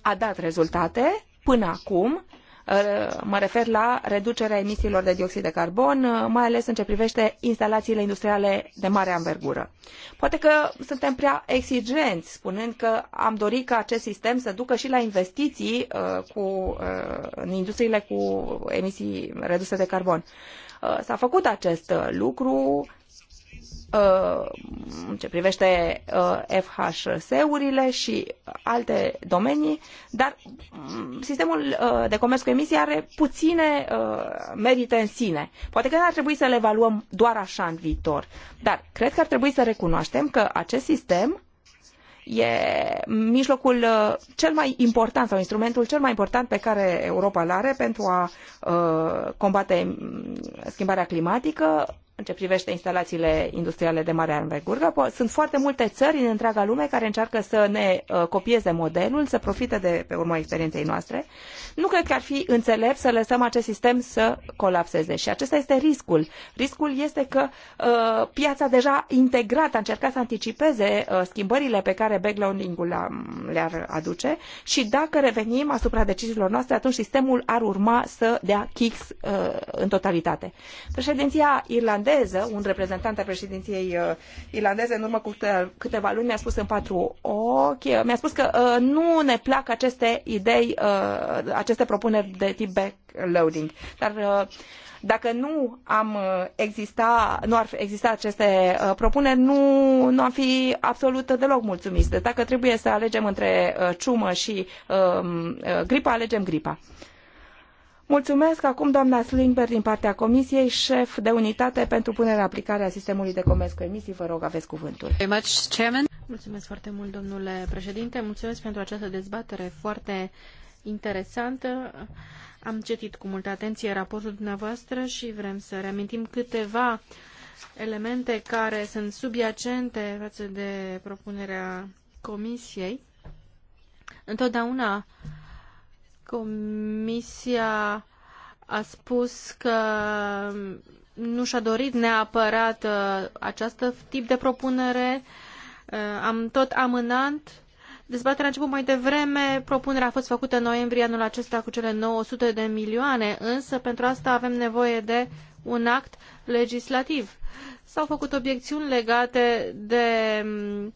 a dat rezultate până acum Ă, mă refer la reducerea emisiilor de dioxid de carbon, ă, mai ales în ce privește instalațiile industriale de mare anvergură. Poate că suntem prea exigenți, spunând că am dorit ca acest sistem să ducă și la investiții ă, cu, în industriile cu emisii reduse de carbon. S-a făcut acest lucru, Uh, în ce privește uh, FHS-urile și alte domenii, dar mm, sistemul uh, de comerț cu emisii are puține merite în sine. Poate că nu ar trebui să le evaluăm doar așa în viitor, dar cred că ar trebui să recunoaștem că acest sistem e mijlocul cel mai important sau instrumentul cel mai important pe care Europa îl are pentru a combate mm, schimbarea climatică, în ce privește instalațiile industriale de mare anvergură. Sunt foarte multe țări în întreaga lume care încearcă să ne uh, copieze modelul, să profite de pe urma experienței noastre. Nu cred că ar fi înțelept să lăsăm acest sistem să colapseze și acesta este riscul. Riscul este că uh, piața deja integrată a încercat să anticipeze uh, schimbările pe care backloading-ul le-ar aduce și dacă revenim asupra deciziilor noastre, atunci sistemul ar urma să dea kicks uh, în totalitate. Președinția irlandeză irlandeză, un reprezentant al președinției uh, irlandeze în urmă cu câteva luni mi-a spus în patru ochi, uh, mi-a spus că uh, nu ne plac aceste idei, uh, aceste propuneri de tip backloading. Dar uh, dacă nu am uh, exista, nu ar exista aceste propuneri, nu, nu am fi absolut deloc mulțumiți. Deci, dacă trebuie să alegem între ciumă și um, gripa, alegem gripa. Mulțumesc acum doamna Slingberg din partea Comisiei, șef de unitate pentru punerea aplicare a sistemului de comerț cu emisii. Vă rog, aveți cuvântul. Mulțumesc foarte mult, domnule președinte. Mulțumesc pentru această dezbatere foarte interesantă. Am citit cu multă atenție raportul dumneavoastră și vrem să reamintim câteva elemente care sunt subiacente față de propunerea Comisiei. Întotdeauna Comisia a spus că nu și-a dorit neapărat uh, acest tip de propunere. Uh, am tot amânant. Dezbaterea a început mai devreme, propunerea a fost făcută în noiembrie anul acesta cu cele 900 de milioane, însă pentru asta avem nevoie de un act legislativ. S-au făcut obiecțiuni legate de mm,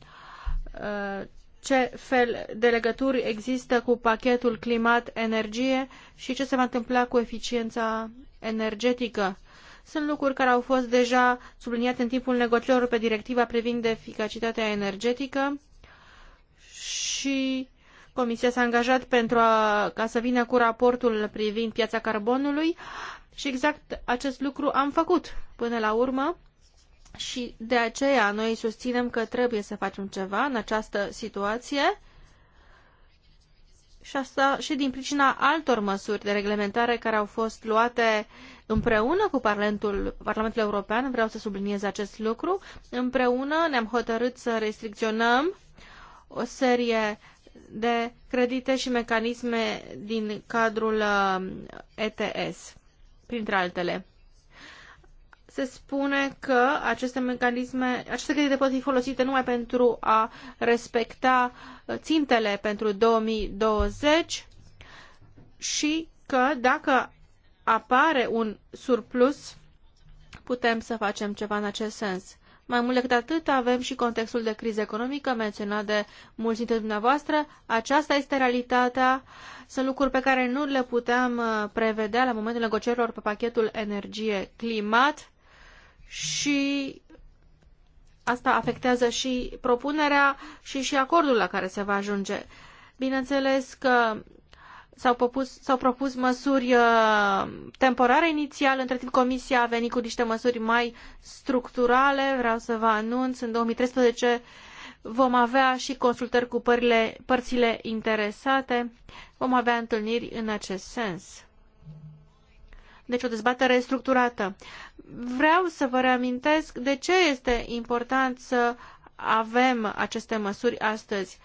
uh, ce fel de legături există cu pachetul climat-energie și ce se va întâmpla cu eficiența energetică. Sunt lucruri care au fost deja subliniate în timpul negocierilor pe directiva privind eficacitatea energetică și Comisia s-a angajat pentru a, ca să vină cu raportul privind piața carbonului și exact acest lucru am făcut până la urmă și de aceea noi susținem că trebuie să facem ceva în această situație și asta și din pricina altor măsuri de reglementare care au fost luate împreună cu Parlamentul, Parlamentul European, vreau să subliniez acest lucru, împreună ne-am hotărât să restricționăm o serie de credite și mecanisme din cadrul uh, ETS, printre altele se spune că aceste mecanisme, aceste credite pot fi folosite numai pentru a respecta uh, țintele pentru 2020 și că dacă apare un surplus, putem să facem ceva în acest sens. Mai mult decât atât, avem și contextul de criză economică menționat de mulți dintre dumneavoastră. Aceasta este realitatea. Sunt lucruri pe care nu le puteam uh, prevedea la momentul negocierilor pe pachetul energie-climat și asta afectează și propunerea și și acordul la care se va ajunge. Bineînțeles că s-au propus, s-au propus măsuri uh, temporare inițial, între timp Comisia a venit cu niște măsuri mai structurale, vreau să vă anunț, în 2013 vom avea și consultări cu pările, părțile interesate, vom avea întâlniri în acest sens. Deci o dezbatere structurată. Vreau să vă reamintesc de ce este important să avem aceste măsuri astăzi.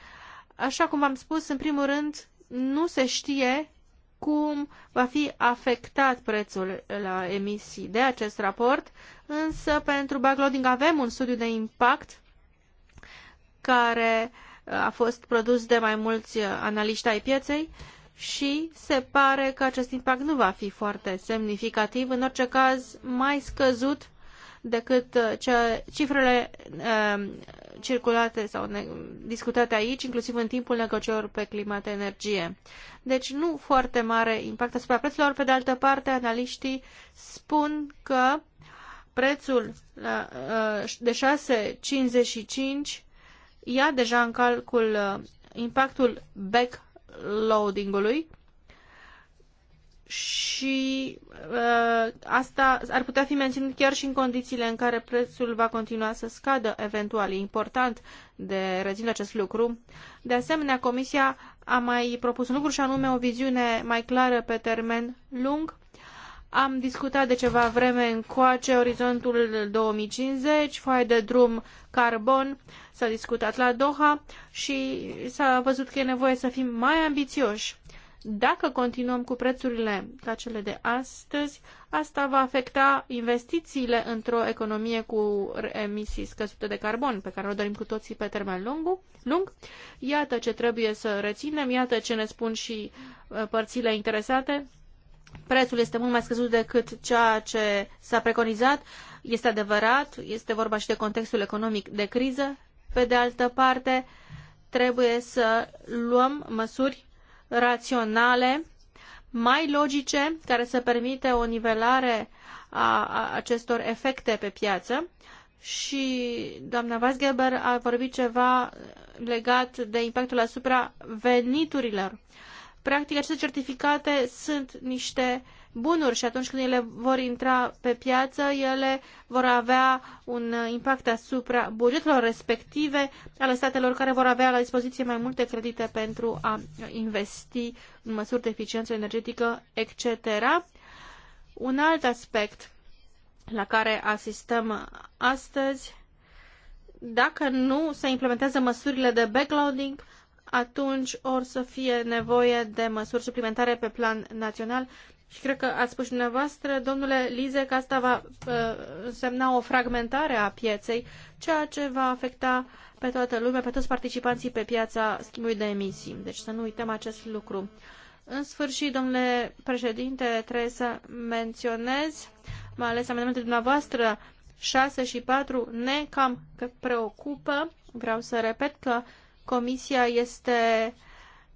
Așa cum am spus, în primul rând, nu se știe cum va fi afectat prețul la emisii de acest raport, însă pentru backloading avem un studiu de impact care a fost produs de mai mulți analiști ai pieței și se pare că acest impact nu va fi foarte semnificativ, în orice caz mai scăzut decât uh, ce, cifrele uh, circulate sau ne, discutate aici, inclusiv în timpul negocierilor pe climat-energie. Deci nu foarte mare impact asupra prețurilor. Pe de altă parte, analiștii spun că prețul uh, uh de 6,55 ia deja în calcul uh, impactul back loadingului și uh, asta ar putea fi menținut chiar și în condițiile în care prețul va continua să scadă eventual. E important de reținut acest lucru. De asemenea, Comisia a mai propus un lucru și anume o viziune mai clară pe termen lung am discutat de ceva vreme încoace orizontul 2050, foaie de drum carbon, s-a discutat la Doha și s-a văzut că e nevoie să fim mai ambițioși. Dacă continuăm cu prețurile ca cele de astăzi, asta va afecta investițiile într-o economie cu emisii scăzute de carbon, pe care o dorim cu toții pe termen lung. lung. Iată ce trebuie să reținem, iată ce ne spun și uh, părțile interesate prețul este mult mai scăzut decât ceea ce s-a preconizat. Este adevărat, este vorba și de contextul economic de criză. Pe de altă parte, trebuie să luăm măsuri raționale, mai logice, care să permite o nivelare a acestor efecte pe piață. Și doamna Weisgeber a vorbit ceva legat de impactul asupra veniturilor. Uh, Practic, aceste certificate sunt niște bunuri și atunci când ele vor intra pe piață, ele vor avea un impact asupra bugetelor respective ale statelor care vor avea la dispoziție mai multe credite pentru a investi în măsuri de eficiență energetică, etc. Un alt aspect la care asistăm astăzi, dacă nu se implementează măsurile de backloading, atunci or să fie nevoie de măsuri suplimentare pe plan național. Și cred că ați spus și dumneavoastră, domnule Lize, că asta va uh, însemna o fragmentare a pieței, ceea ce va afecta pe toată lumea, pe toți participanții pe piața schimbului de emisii. Deci să nu uităm acest lucru. În sfârșit, domnule președinte, trebuie să menționez, mai ales amendamentele dumneavoastră 6 și 4 ne cam preocupă. Vreau să repet că Comisia este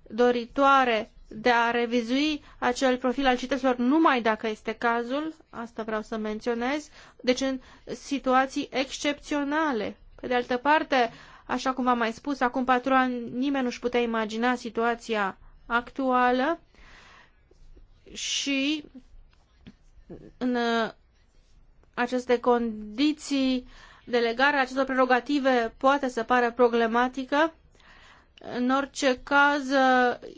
doritoare de a revizui acel profil al cititorilor numai dacă este cazul, asta vreau să menționez, deci în situații excepționale. Pe de altă parte, așa cum v-am mai spus, acum patru ani nimeni nu-și putea imagina situația actuală și în uh, aceste condiții delegarea acestor prerogative poate să pară problematică în orice caz,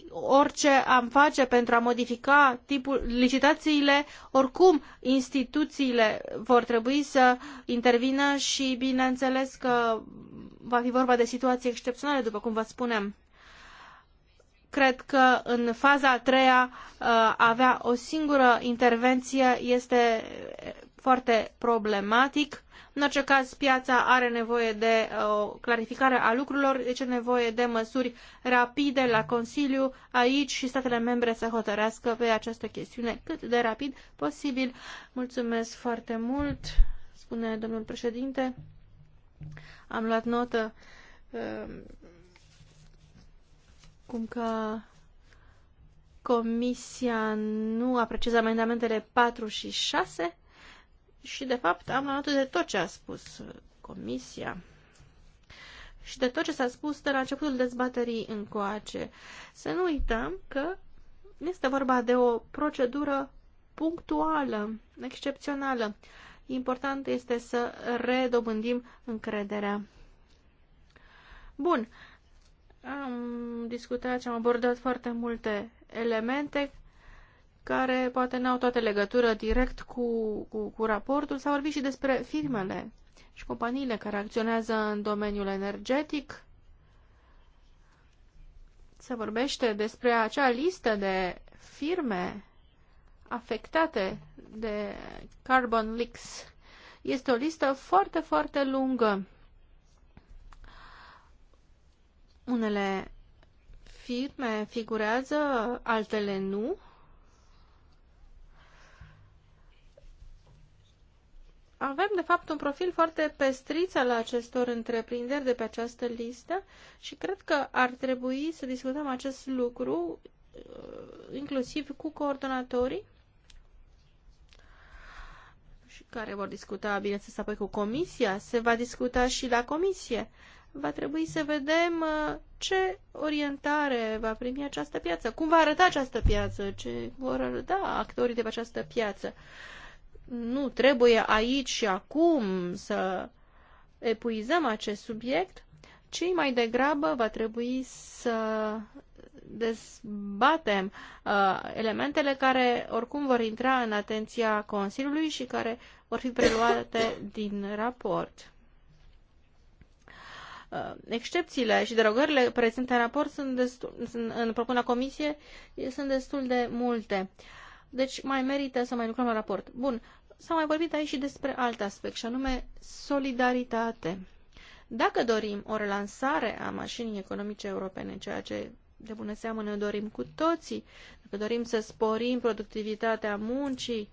orice am face pentru a modifica tipul licitațiile, oricum instituțiile vor trebui să intervină și bineînțeles că va fi vorba de situații excepționale, după cum vă spunem cred că în faza a treia uh, avea o singură intervenție este foarte problematic în orice caz, piața are nevoie de uh, o clarificare a lucrurilor, deci e nevoie de măsuri rapide la Consiliu aici și statele membre să hotărească pe această chestiune cât de rapid posibil. Mulțumesc foarte mult, spune domnul președinte. Am luat notă um, cum că Comisia nu a precizat amendamentele 4 și 6 și, de fapt, am luat de tot ce a spus uh, Comisia și de tot ce s-a spus de la începutul dezbaterii încoace. Să nu uităm că este vorba de o procedură punctuală, excepțională. Important este să redobândim încrederea. Bun, am discutat și am abordat foarte multe elemente care poate n-au toate legătură direct cu, cu, cu raportul. S-a vorbit și despre firmele și companiile care acționează în domeniul energetic. Se vorbește despre acea listă de firme afectate de carbon leaks. Este o listă foarte, foarte lungă. Unele firme figurează, altele nu. Avem, de fapt, un profil foarte pestriț al acestor întreprinderi de pe această listă și cred că ar trebui să discutăm acest lucru uh, inclusiv cu coordonatorii și care vor discuta, bineînțeles, apoi cu comisia. Se va discuta și la comisie. Va trebui să vedem uh, ce orientare va primi această piață, cum va arăta această piață, ce vor arăta actorii de pe această piață. Uh, nu trebuie aici și acum să epuizăm acest subiect, ci mai degrabă va trebui să dezbatem uh, elementele care oricum vor intra în atenția Consiliului și care vor fi preluate din raport. Uh, excepțiile și derogările prezente în raport sunt, destul, sunt în propuna comisie sunt destul de multe. Uh, deci mai merită să mai lucrăm la raport. Bun, s-a mai vorbit aici și despre alt aspect, și anume solidaritate. Dacă dorim o relansare a mașinii economice europene, ceea ce de bună seamă ne dorim cu toții, dacă dorim să sporim productivitatea muncii,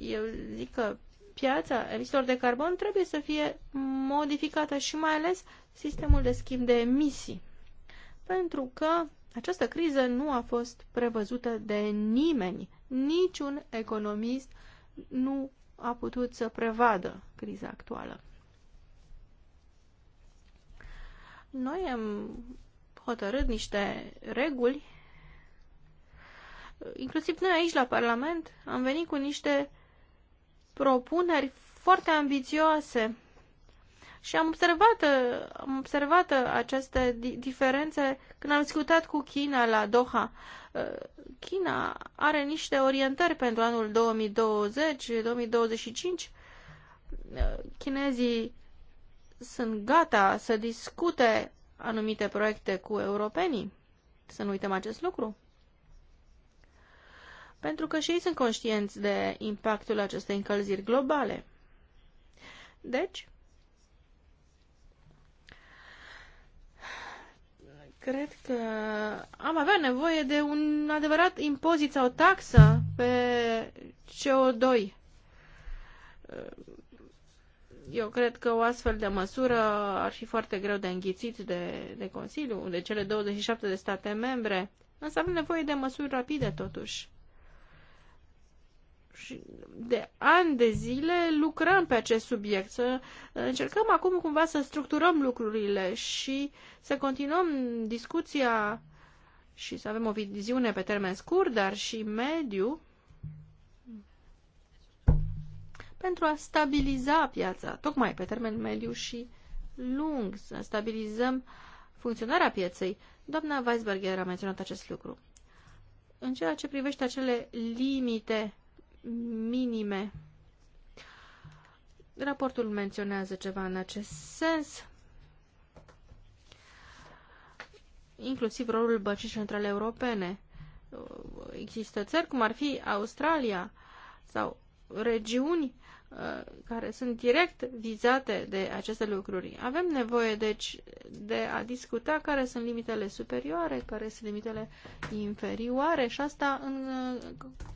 eu zic că piața emisiilor de carbon trebuie să fie modificată și mai ales sistemul de schimb de emisii. Pentru că această criză nu a fost prevăzută de nimeni. Niciun economist nu a putut să prevadă criza actuală. Noi am hotărât niște reguli, inclusiv noi aici la Parlament am venit cu niște propuneri foarte ambițioase și am observat, am observat aceste diferențe când am discutat cu China la Doha. Uh, China are niște orientări pentru anul 2020-2025. Uh, chinezii sunt gata să discute anumite proiecte cu europenii. Să nu uităm acest lucru. Pentru că și ei sunt conștienți de impactul acestei încălziri globale. Deci, Cred că am avea nevoie de un adevărat impozit sau taxă pe CO2. Eu cred că o astfel de măsură ar fi foarte greu de înghițit de, de Consiliu, de cele 27 de state membre. Însă avem nevoie de măsuri rapide, totuși și de ani de zile lucrăm pe acest subiect, să încercăm acum cumva să structurăm lucrurile și să continuăm discuția și să avem o viziune pe termen scurt, dar și mediu, pentru a stabiliza piața, tocmai pe termen mediu și lung, să stabilizăm funcționarea pieței. Doamna Weisberger a menționat acest lucru. În ceea ce privește acele limite minime. Raportul menționează ceva în acest sens, inclusiv rolul Băncii Centrale Europene. Există țări, cum ar fi Australia sau regiuni Uh, care sunt direct vizate de aceste lucruri. Avem nevoie, deci, de a discuta care sunt limitele superioare, care sunt limitele inferioare și asta în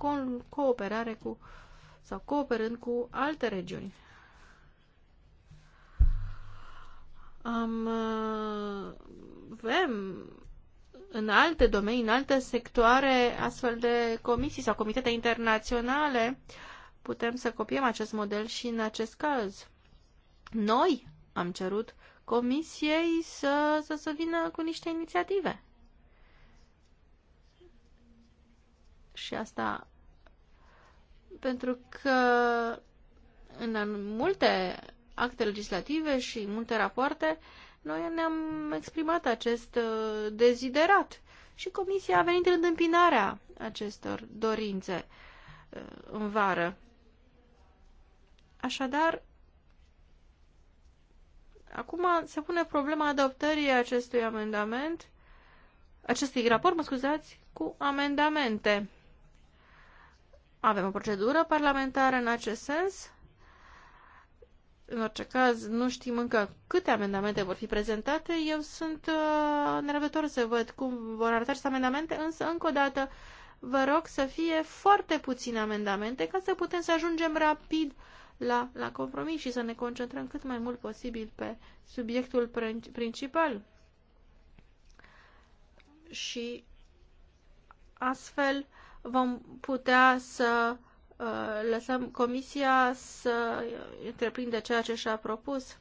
uh, cooperare cu sau cooperând cu alte regiuni. Am, uh, avem în alte domenii, în alte sectoare, astfel de comisii sau comitete internaționale uh, putem să copiem acest model și în acest caz. Noi am cerut comisiei să, să, să vină cu niște inițiative. Și asta pentru că în multe acte legislative și multe rapoarte noi ne-am exprimat acest uh, deziderat și comisia a venit în întâmpinarea acestor dorințe uh, în vară. Așadar, acum se pune problema adoptării acestui amendament, acestui raport, mă scuzați, cu amendamente. Avem o procedură parlamentară în acest sens. În orice caz, nu știm încă câte amendamente vor fi prezentate. Eu sunt uh, nerăbdător să văd cum vor arăta aceste amendamente, însă, încă o dată, vă rog să fie foarte puține amendamente ca să putem să ajungem rapid la, la compromis și să ne concentrăm cât mai mult posibil pe subiectul principal. Și astfel vom putea să uh, lăsăm comisia să întreprinde ceea ce și-a propus.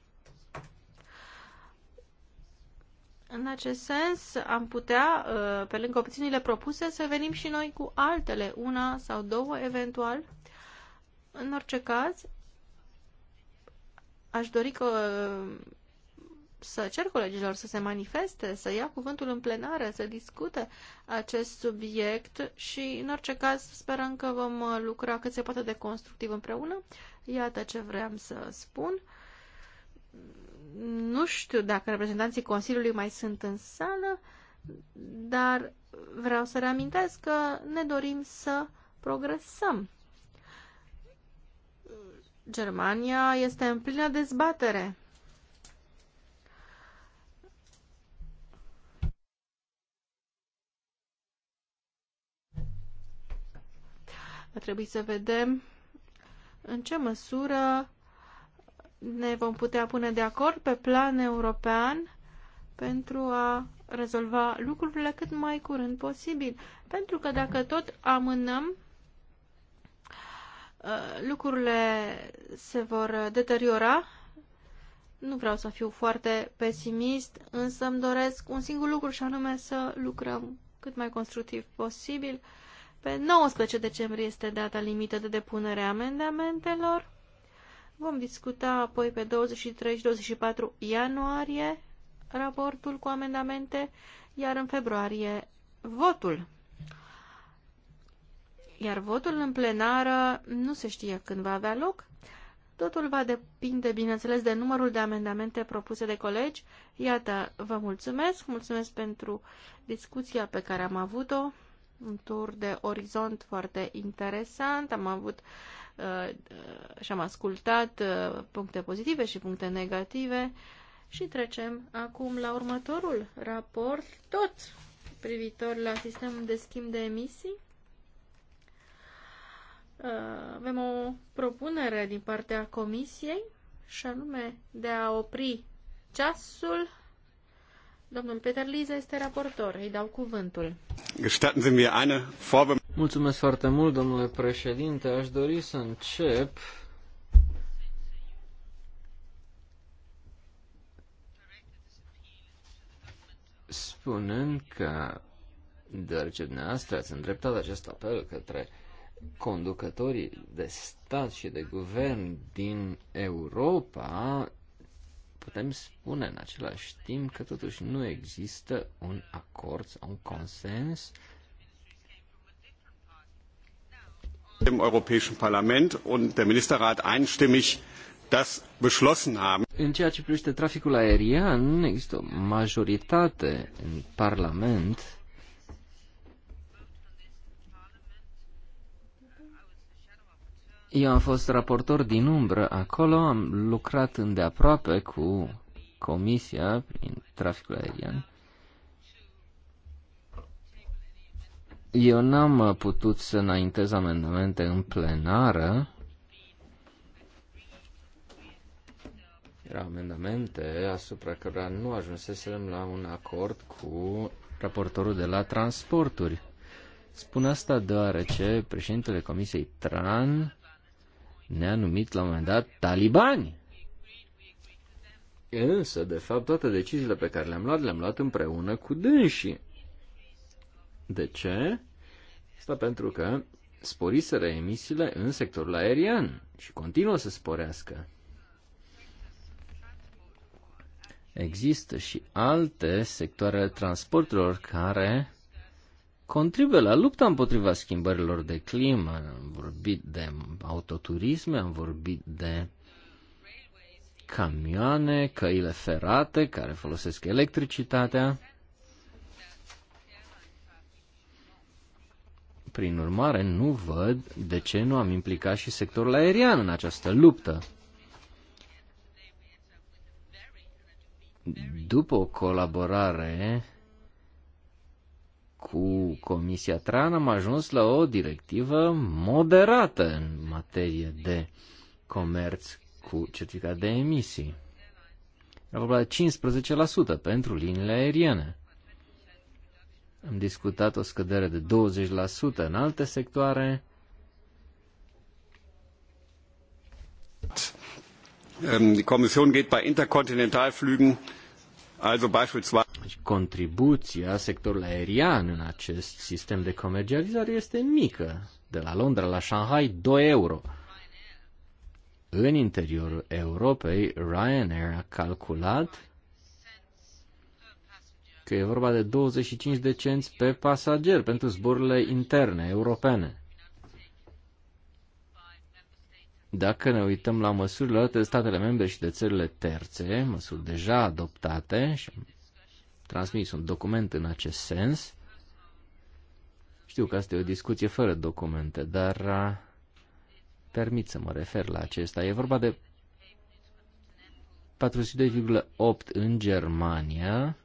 În acest sens, am putea, uh, pe lângă opțiunile propuse, să venim și noi cu altele, una sau două eventual. În orice caz, Aș dori că, să cer colegilor să se manifeste, să ia cuvântul în plenară, să discute acest subiect și, în orice caz, sperăm că vom uh, lucra cât se poate de constructiv împreună. Iată ce vreau să spun. Nu știu dacă reprezentanții Consiliului mai sunt în sală, dar vreau să reamintesc că ne dorim să progresăm Germania este în plină dezbatere. Va trebui să vedem în ce măsură ne vom putea pune de acord pe plan european pentru a rezolva lucrurile cât mai curând posibil. Pentru că dacă tot amânăm Uh, lucrurile se vor deteriora. Nu vreau să fiu foarte pesimist, însă îmi doresc un singur lucru și anume să lucrăm cât mai constructiv posibil. Pe 19 decembrie este data limită de depunere a amendamentelor. Vom discuta apoi pe 23 și 24 ianuarie raportul cu amendamente, iar în februarie votul. Iar votul în plenară nu se știe când va avea loc. Totul va depinde, bineînțeles, de numărul de amendamente propuse de colegi. Iată, vă mulțumesc, mulțumesc pentru discuția pe care am avut-o, un tur de orizont foarte interesant. Am avut uh, și am ascultat uh, puncte pozitive și puncte negative și trecem acum la următorul raport, tot privitor la sistemul de schimb de emisii. Uh, avem o propunere din partea Comisiei și anume de a opri ceasul. Domnul Peter Liza este raportor. Îi dau cuvântul. Mulțumesc foarte mult, domnule președinte. Aș dori să încep spunând că deoarece dumneavoastră ați îndreptat acest apel către uh, conducătorii de stat și de guvern din Europa, putem spune în același timp că totuși nu există un acord sau un consens im Europäischen Parlament und der Ministerrat einstimmig das beschlossen haben. În ceea ce privește traficul aerian, există o majoritate în Parlament Eu am fost raportor din umbră acolo, am lucrat îndeaproape cu comisia prin traficul aerian. Eu n-am putut să înaintez amendamente în plenară. Erau amendamente asupra cărora nu ajunsesem la un acord cu raportorul de la transporturi. Spun asta deoarece președintele Comisiei TRAN ne-a numit la un moment dat talibani. Însă, de fapt, toate deciziile pe care le-am luat, le-am luat împreună cu dânsii. De ce? Asta pentru că sporiseră emisiile în sectorul aerian și continuă să sporească. Există și alte sectoare transporturilor care contribuie la lupta împotriva schimbărilor de climă. Am vorbit de autoturisme, am vorbit de camioane, căile ferate care folosesc electricitatea. Prin urmare, nu văd de ce nu am implicat și sectorul aerian în această luptă. După o colaborare cu Comisia Tran am ajuns la o directivă moderată în materie de comerț cu certificat de emisii. Era vorba de 15% pentru liniile aeriene. Am discutat o scădere de 20% în alte sectoare. Ähm, die Kommission geht bei Interkontinentalflügen deci contribuția sectorului aerian în acest sistem de comercializare este mică. De la Londra la Shanghai, 2 euro. În interiorul Europei, Ryanair a calculat că e vorba de 25 de cenți pe pasager pentru zborurile interne europene. Dacă ne uităm la măsurile de statele membre și de țările terțe, măsuri deja adoptate și transmis un document în acest sens, știu că asta e o discuție fără documente, dar permit să mă refer la acesta. E vorba de 42,8 în Germania,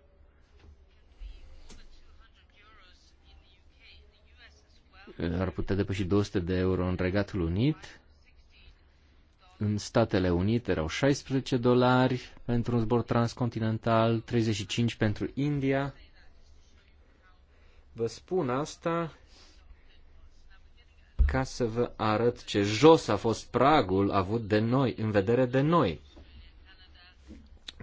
ar putea depăși 200 de euro în Regatul Unit în Statele Unite erau 16 dolari pentru un zbor transcontinental, 35 pentru India. Vă spun asta ca să vă arăt ce jos a fost pragul avut de noi, în vedere de noi.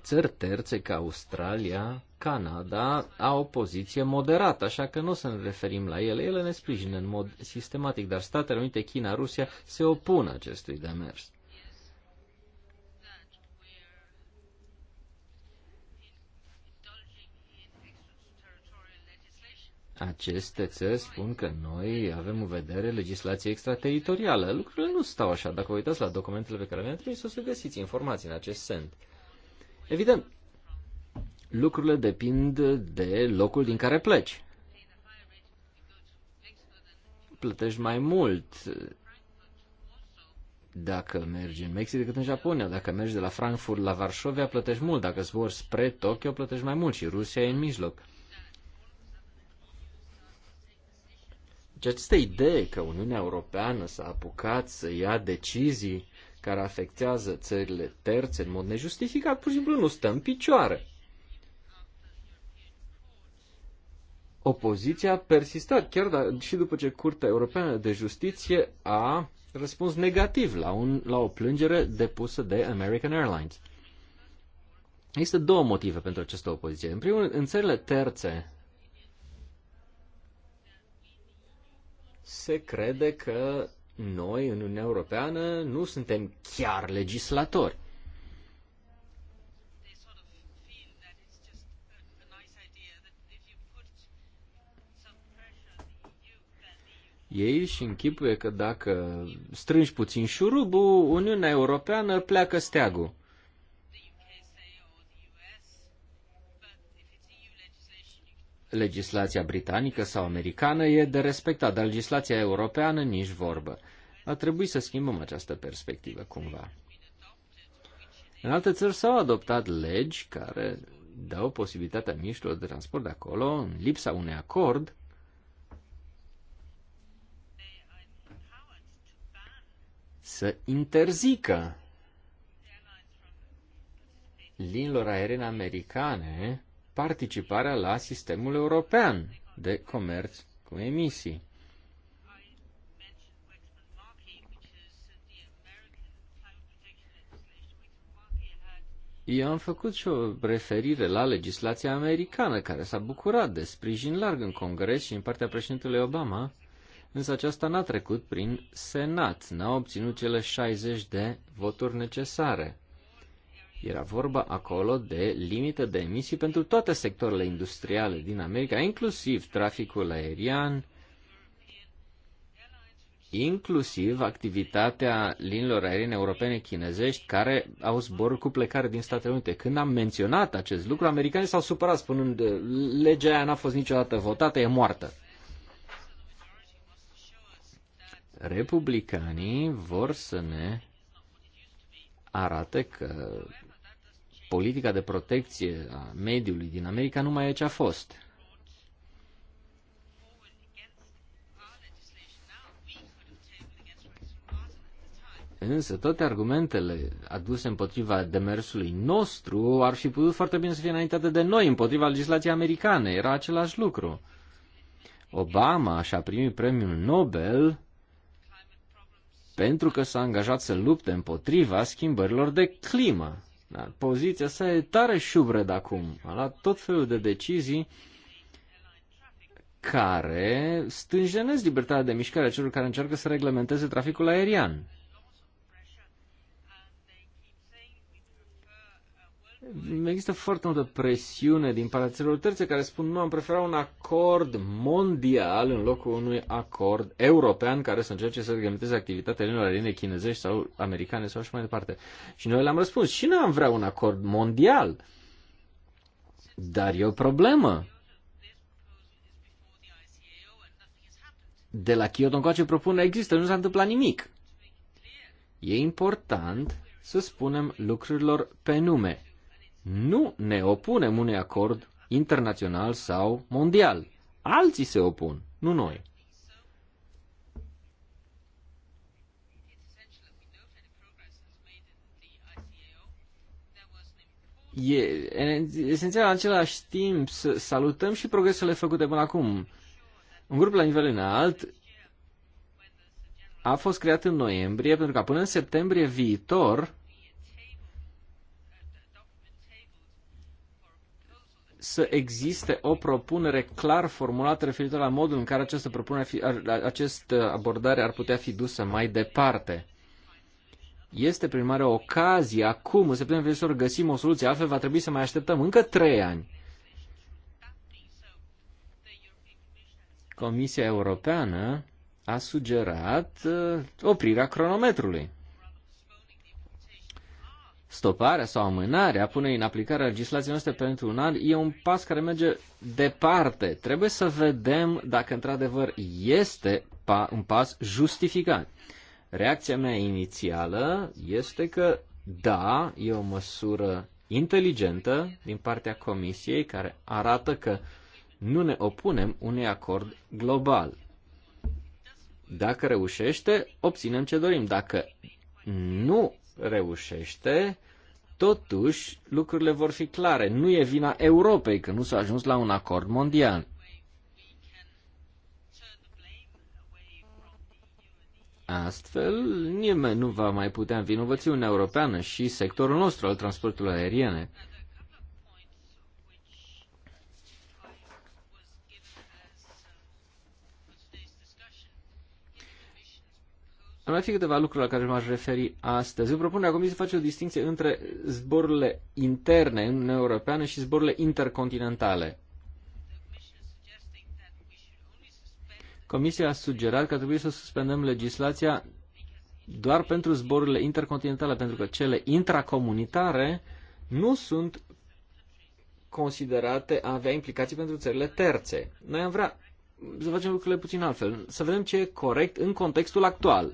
Țări terțe ca Australia, Canada au o poziție moderată, așa că nu o să ne referim la ele. Ele ne sprijină în mod sistematic, dar Statele Unite, China, Rusia se opun acestui demers. Aceste țări spun că noi avem în vedere legislație extrateritorială. Lucrurile nu stau așa. Dacă vă uitați la documentele pe care le-am trimis, o să găsiți informații în acest sens. Evident, lucrurile depind de locul din care pleci. Plătești mai mult dacă mergi în Mexic decât în Japonia. Dacă mergi de la Frankfurt la Varșovia, plătești mult. Dacă zbori spre Tokyo, plătești mai mult și Rusia e în mijloc. Deci această idee că Uniunea Europeană s-a apucat să ia decizii care afectează țările terțe în mod nejustificat, pur și simplu nu stă în picioare. Opoziția a persistat, chiar da, și după ce Curtea Europeană de Justiție a răspuns negativ la, un, la o plângere depusă de American Airlines. Există două motive pentru această opoziție. În primul rând, în țările terțe, se crede că noi, în Uniunea Europeană, nu suntem chiar legislatori. Ei și închipuie că dacă strângi puțin șurubul, Uniunea Europeană pleacă steagul. legislația britanică sau americană e de respectat, dar legislația europeană nici vorbă. A trebuit să schimbăm această perspectivă cumva. În alte țări s-au adoptat legi care dau posibilitatea miștilor de transport de acolo, în lipsa unui acord, să interzică linilor aeriene americane participarea la sistemul european de comerț cu emisii. Eu am făcut și o referire la legislația americană, care s-a bucurat de sprijin larg în Congres și în partea președintelui Obama, însă aceasta n-a trecut prin Senat, n-a obținut cele 60 de voturi necesare. Era vorba acolo de limită de emisii pentru toate sectoarele industriale din America, inclusiv traficul aerian, inclusiv activitatea linilor aeriene europene chinezești care au zboruri cu plecare din Statele Unite. Când am menționat acest lucru, americanii s-au supărat spunând legea aia n-a fost niciodată votată, e moartă. Republicanii vor să ne arate că politica de protecție a mediului din America nu mai e ce a fost. Însă toate argumentele aduse împotriva demersului nostru ar fi putut foarte bine să fie înaintate de noi împotriva legislației americane. Era același lucru. Obama și-a primit premiul Nobel pentru că s-a angajat să lupte împotriva schimbărilor de climă. Dar poziția sa e tare șubred acum. A luat tot felul de decizii care stânjenesc libertatea de mișcare a celor care încearcă să reglementeze traficul aerian. Există foarte multă presiune din partea țărilor terțe care spun nu, am preferat un acord mondial în locul unui acord european care să încerce să reglementeze activitatea linilor aeriene chinezești sau americane sau așa mai departe. Și noi le-am răspuns și nu am vrea un acord mondial. Dar e o problemă. De la Kyoto încoace propune, există, nu s-a întâmplat nimic. E important să spunem lucrurilor pe nume nu ne opunem unui acord internațional sau mondial. Alții se opun, nu noi. E esențial în același timp să salutăm și progresele făcute până acum. Un grup la nivel înalt a fost creat în noiembrie pentru că până în septembrie viitor să existe o propunere clar formulată referitor la modul în care această propunere, această abordare ar putea fi dusă mai departe. Este, prin mare ocazie, acum, în septembrie viitor, găsim o soluție, altfel va trebui să mai așteptăm încă trei ani. Comisia Europeană a sugerat uh, oprirea cronometrului stoparea sau amânarea punerii în aplicare a legislației noastre pentru un an e un pas care merge departe. Trebuie să vedem dacă într-adevăr este un pas justificat. Reacția mea inițială este că da, e o măsură inteligentă din partea Comisiei care arată că nu ne opunem unui acord global. Dacă reușește, obținem ce dorim. Dacă nu reușește, totuși lucrurile vor fi clare. Nu e vina Europei că nu s-a ajuns la un acord mondial. Astfel, nimeni nu va mai putea învinovăți Uniunea Europeană și sectorul nostru al transportului aeriene. Ar mai fi câteva lucruri la care m-aș referi astăzi. Eu propun acum să face o distinție între zborurile interne în Uniunea Europeană și zborurile intercontinentale. Comisia a sugerat că trebuie să suspendăm legislația doar pentru zborurile intercontinentale, pentru că cele intracomunitare nu sunt considerate a avea implicații pentru țările terțe. Noi am vrea să facem lucrurile puțin altfel, să vedem ce e corect în contextul actual.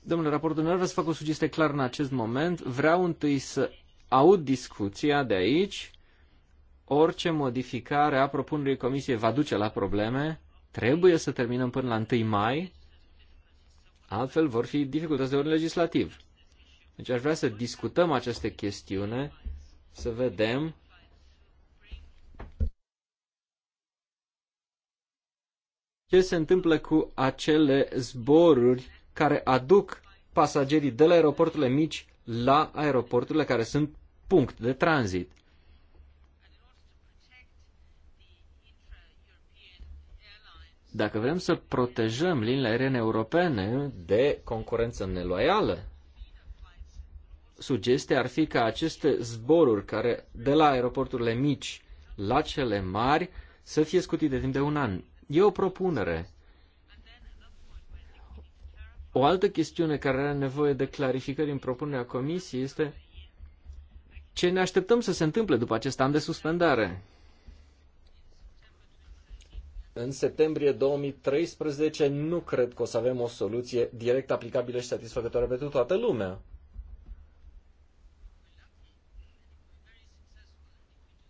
Domnule raportor, vreau să fac o sugestie clar în acest moment. Vreau întâi să aud discuția de aici. Orice modificare a propunerii comisiei va duce la probleme. Trebuie să terminăm până la 1 mai, altfel vor fi dificultăți de ordin legislativ. Deci aș vrea să discutăm aceste chestiune, să vedem ce se întâmplă cu acele zboruri care aduc pasagerii de la aeroporturile mici la aeroporturile care sunt punct de tranzit. Dacă vrem să protejăm liniile aeriene europene de concurență neloială, sugestia ar fi ca aceste zboruri care de la aeroporturile mici la cele mari să fie scutite timp de un an. E o propunere o altă chestiune care are nevoie de clarificări în propunerea comisiei este ce ne așteptăm să se întâmple după acest an de suspendare. În septembrie 2013 nu cred că o să avem o soluție direct aplicabilă și satisfăcătoare pentru toată lumea.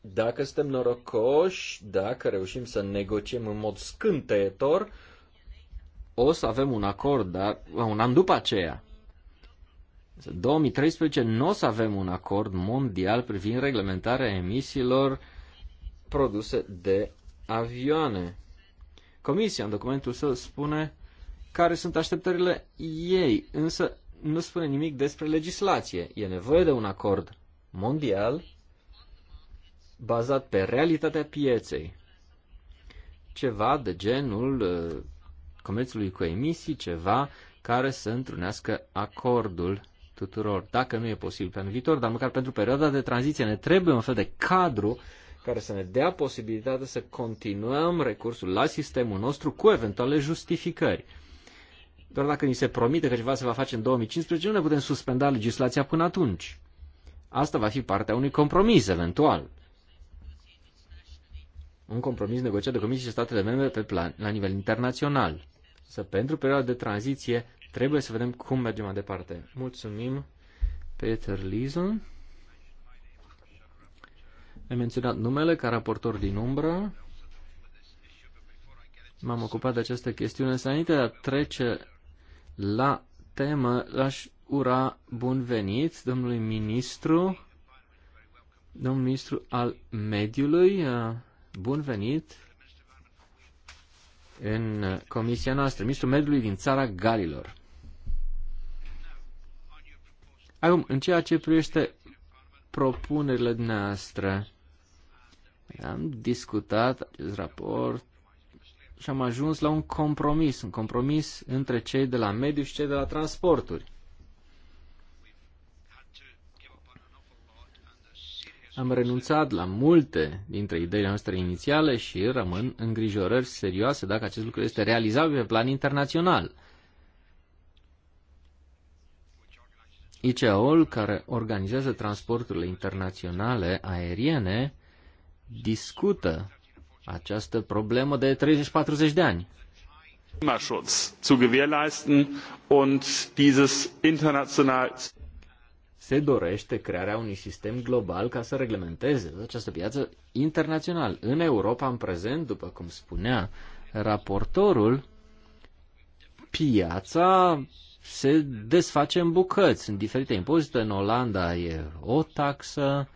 Dacă suntem norocoși, dacă reușim să negociem în mod scânteitor, o să avem un acord, dar un an după aceea. 2013 nu o să avem un acord mondial privind reglementarea emisiilor produse de avioane. Comisia, în documentul său, spune care sunt așteptările ei, însă nu spune nimic despre legislație. E nevoie de un acord mondial bazat pe realitatea pieței. Ceva de genul uh, comerțului cu emisii ceva care să întrunească acordul tuturor, dacă nu e posibil pe anul viitor, dar măcar pentru perioada de tranziție ne trebuie un fel de cadru care să ne dea posibilitatea să continuăm recursul la sistemul nostru cu eventuale justificări. Doar dacă ni se promite că ceva se va face în 2015, nu ne putem suspenda legislația până atunci. Asta va fi partea unui compromis, eventual. Un compromis negociat de Comisie și statele membre pe plan, la nivel internațional. Să pentru perioada de tranziție trebuie să vedem cum mergem mai departe. Mulțumim, Peter Lison. Ai menționat numele ca raportor din umbră. M-am ocupat de această chestiune. Să înainte de a trece la temă, aș ura bun venit domnului ministru, domnul ministru al mediului. Bun venit în comisia noastră, ministrul mediului din țara Galilor. Acum, în ceea ce privește propunerile noastre, am discutat acest raport și am ajuns la un compromis, un compromis între cei de la mediu și cei de la transporturi. Am renunțat la multe dintre ideile noastre inițiale și rămân îngrijorări serioase dacă acest lucru este realizabil pe plan internațional. ICAO-ul, care organizează transporturile internaționale aeriene, discută această problemă de 30-40 de ani. Klimaschutz zu gewährleisten und dieses international se dorește crearea unui sistem global ca să reglementeze această piață internațional. În Europa, în prezent, după cum spunea raportorul, piața se desface în bucăți. Sunt diferite impozite. În Olanda e o taxă,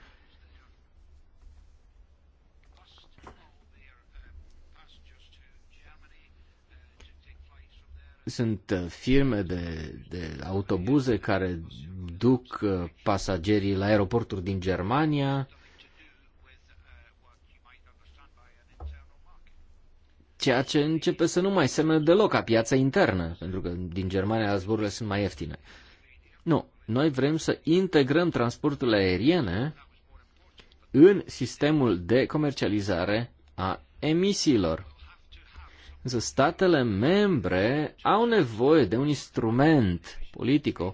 Sunt uh, firme de, de autobuze care duc uh, pasagerii la aeroporturi din Germania. Ceea ce începe să nu mai semne deloc a piața internă, pentru că din Germania zborurile sunt mai ieftine. Nu, noi vrem să integrăm transporturile aeriene în sistemul de comercializare a emisiilor. Însă statele membre au nevoie de un instrument politic, o,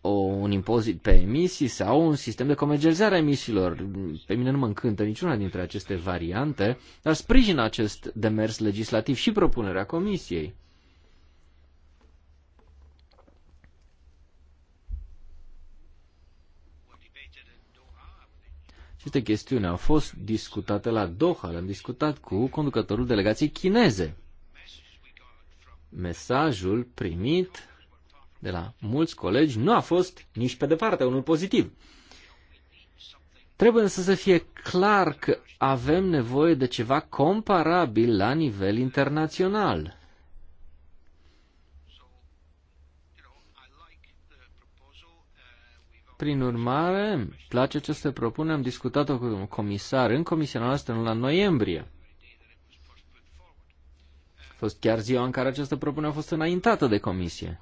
o, un impozit pe emisii sau un sistem de comercializare a emisiilor. Pe mine nu mă încântă niciuna dintre aceste variante, dar sprijin acest demers legislativ și propunerea Comisiei. Aceste chestiuni au fost discutate la Doha, le-am discutat cu conducătorul delegației chineze. Mesajul primit de la mulți colegi nu a fost nici pe departe unul pozitiv. Trebuie însă să fie clar că avem nevoie de ceva comparabil la nivel internațional. Prin urmare, place ce se propune, am discutat-o cu un comisar în comisia noastră în la noiembrie. A fost chiar ziua în care această propunere a fost înaintată de comisie.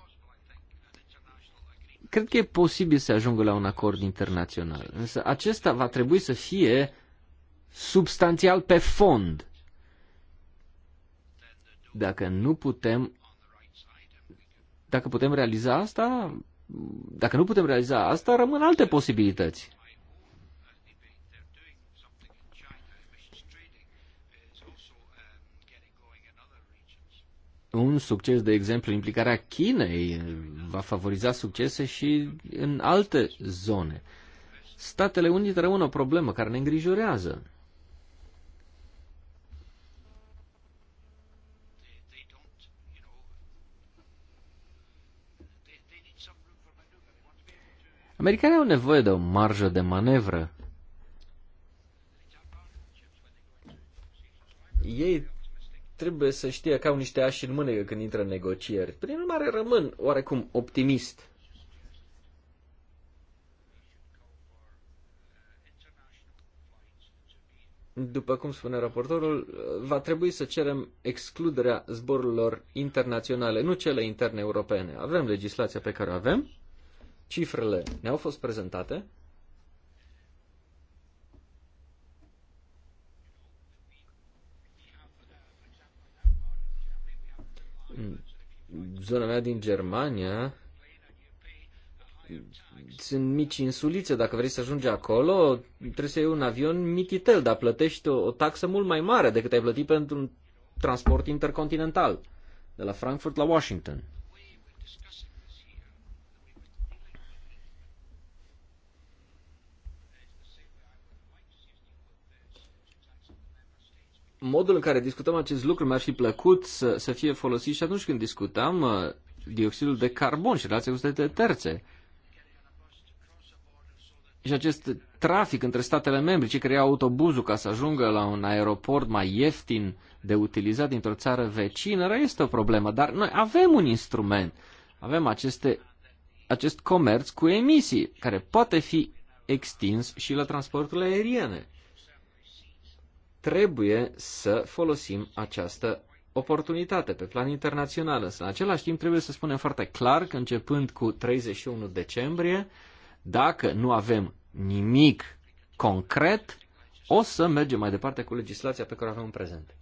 Cred că e posibil să ajungă la un acord internațional, însă acesta va trebui să fie substanțial pe fond. Dacă nu putem, dacă putem realiza asta, dacă nu putem realiza asta, rămân alte posibilități. Un succes, de exemplu, implicarea Chinei va favoriza succese și în alte zone. Statele Unite rămân o problemă care ne îngrijorează. Americanii au nevoie de o marjă de manevră. Ei trebuie să știe că au niște ași în mânecă când intră în negocieri. Prin urmare, rămân oarecum optimist. După cum spune raportorul, va trebui să cerem excluderea zborurilor internaționale, nu cele interne europene. Avem legislația pe care o avem Cifrele ne-au fost prezentate. În zona mea din Germania sunt mici insulițe, dacă vrei să ajungi acolo, trebuie să iei un avion mititel, dar plătești o, o taxă mult mai mare decât ai plătit pentru un transport intercontinental de la Frankfurt la Washington. modul în care discutăm acest lucru mi-ar fi plăcut să, să fie folosit și atunci când discutam uh, dioxidul de carbon și relația cu statele terțe. Și acest trafic între statele membre, ce crea autobuzul ca să ajungă la un aeroport mai ieftin de utilizat dintr-o țară vecină, este o problemă. Dar noi avem un instrument, avem aceste, acest comerț cu emisii, care poate fi extins și la transporturile aeriene. Trebuie să folosim această oportunitate pe plan internațional, însă în același timp trebuie să spunem foarte clar că începând cu 31 decembrie, dacă nu avem nimic concret, o să mergem mai departe cu legislația pe care o avem în prezent.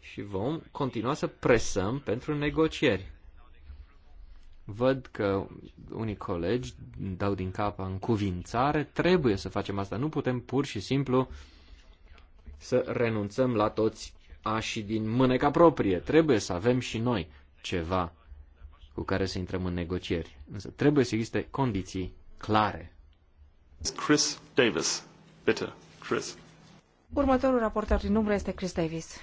Și vom continua să presăm pentru negocieri. Văd că unii colegi dau din cap în cuvințare, trebuie să facem asta, nu putem pur și simplu să renunțăm la toți ași din mâneca proprie, trebuie să avem și noi ceva cu care să intrăm în negocieri, însă trebuie să existe condiții clare. Chris Davis, bitte, Chris. Următorul raportor din umbră este Chris Davis.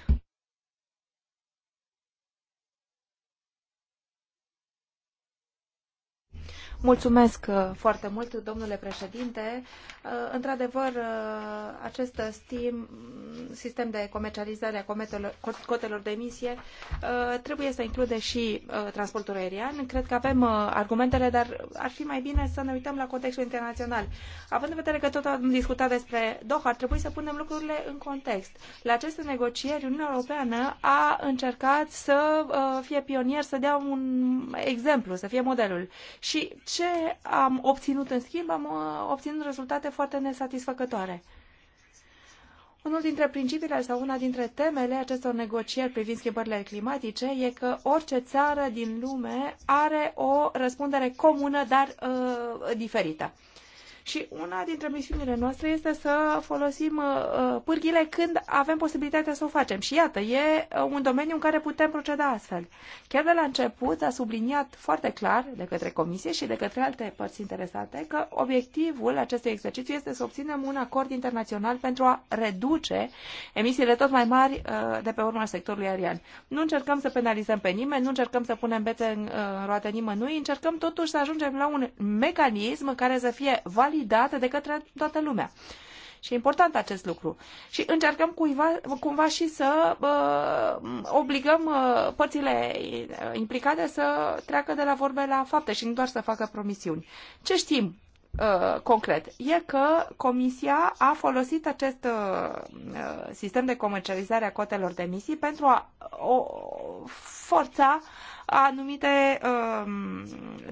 Mulțumesc uh, foarte mult, domnule președinte. Uh, într-adevăr, uh, acest sistem de comercializare a cotelor de emisie trebuie să include și transportul aerian. Cred că avem argumentele, dar ar fi mai bine să ne uităm la contextul internațional. Având în vedere că tot am discutat despre Doha, ar trebui să punem lucrurile în context. La aceste negocieri, Uniunea Europeană a încercat să fie pionier, să dea un exemplu, să fie modelul. Și ce am obținut în schimb? Am uh, obținut rezultate foarte nesatisfăcătoare. Unul dintre principiile sau una dintre temele acestor negocieri privind schimbările climatice e că orice țară din lume are o răspundere comună, dar uh, diferită. Și una dintre misiunile noastre este să folosim uh, uh, pârghile când avem posibilitatea să o facem. Și iată, e uh, un domeniu în care putem proceda astfel. Chiar de la început a subliniat foarte clar de către Comisie și de către alte părți interesate că obiectivul acestui exercițiu este să obținem un acord internațional pentru a reduce emisiile tot mai mari de pe urma sectorului aerian. Nu încercăm să penalizăm pe nimeni, nu încercăm să punem bete în roate nimănui, încercăm totuși să ajungem la un mecanism care să fie valid validată de către toată lumea. Și e important acest lucru. Și încercăm cuiva, cumva și să uh, obligăm uh, părțile uh, implicate să treacă de la vorbe la fapte și nu doar să facă promisiuni. Ce știm Uh, concret e că Comisia a folosit acest uh, uh, sistem de comercializare a cotelor de emisii pentru a o, forța anumite um,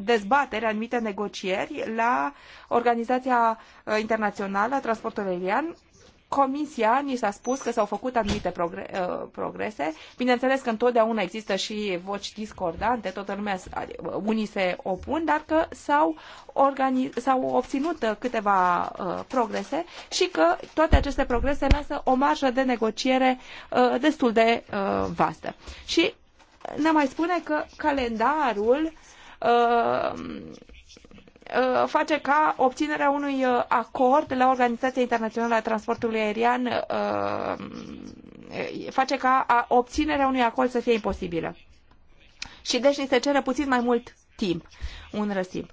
dezbateri, anumite negocieri la Organizația Internațională a Transportului Aerian Comisia ni s-a spus că s-au făcut anumite uh, progrese. Bineînțeles că întotdeauna există și voci discordante, toată lumea, uh, unii se opun, dar că s-au, organiz, s-au obținut uh, câteva uh, progrese și că toate aceste progrese lasă o marjă de negociere uh, destul de uh, vastă. Și ne mai spune că calendarul uh, Uh, face ca obținerea unui uh, acord la Organizația Internațională a Transportului Aerian uh, face ca obținerea unui acord să fie imposibilă. Și deci ni se cere puțin mai mult timp, un răstimp.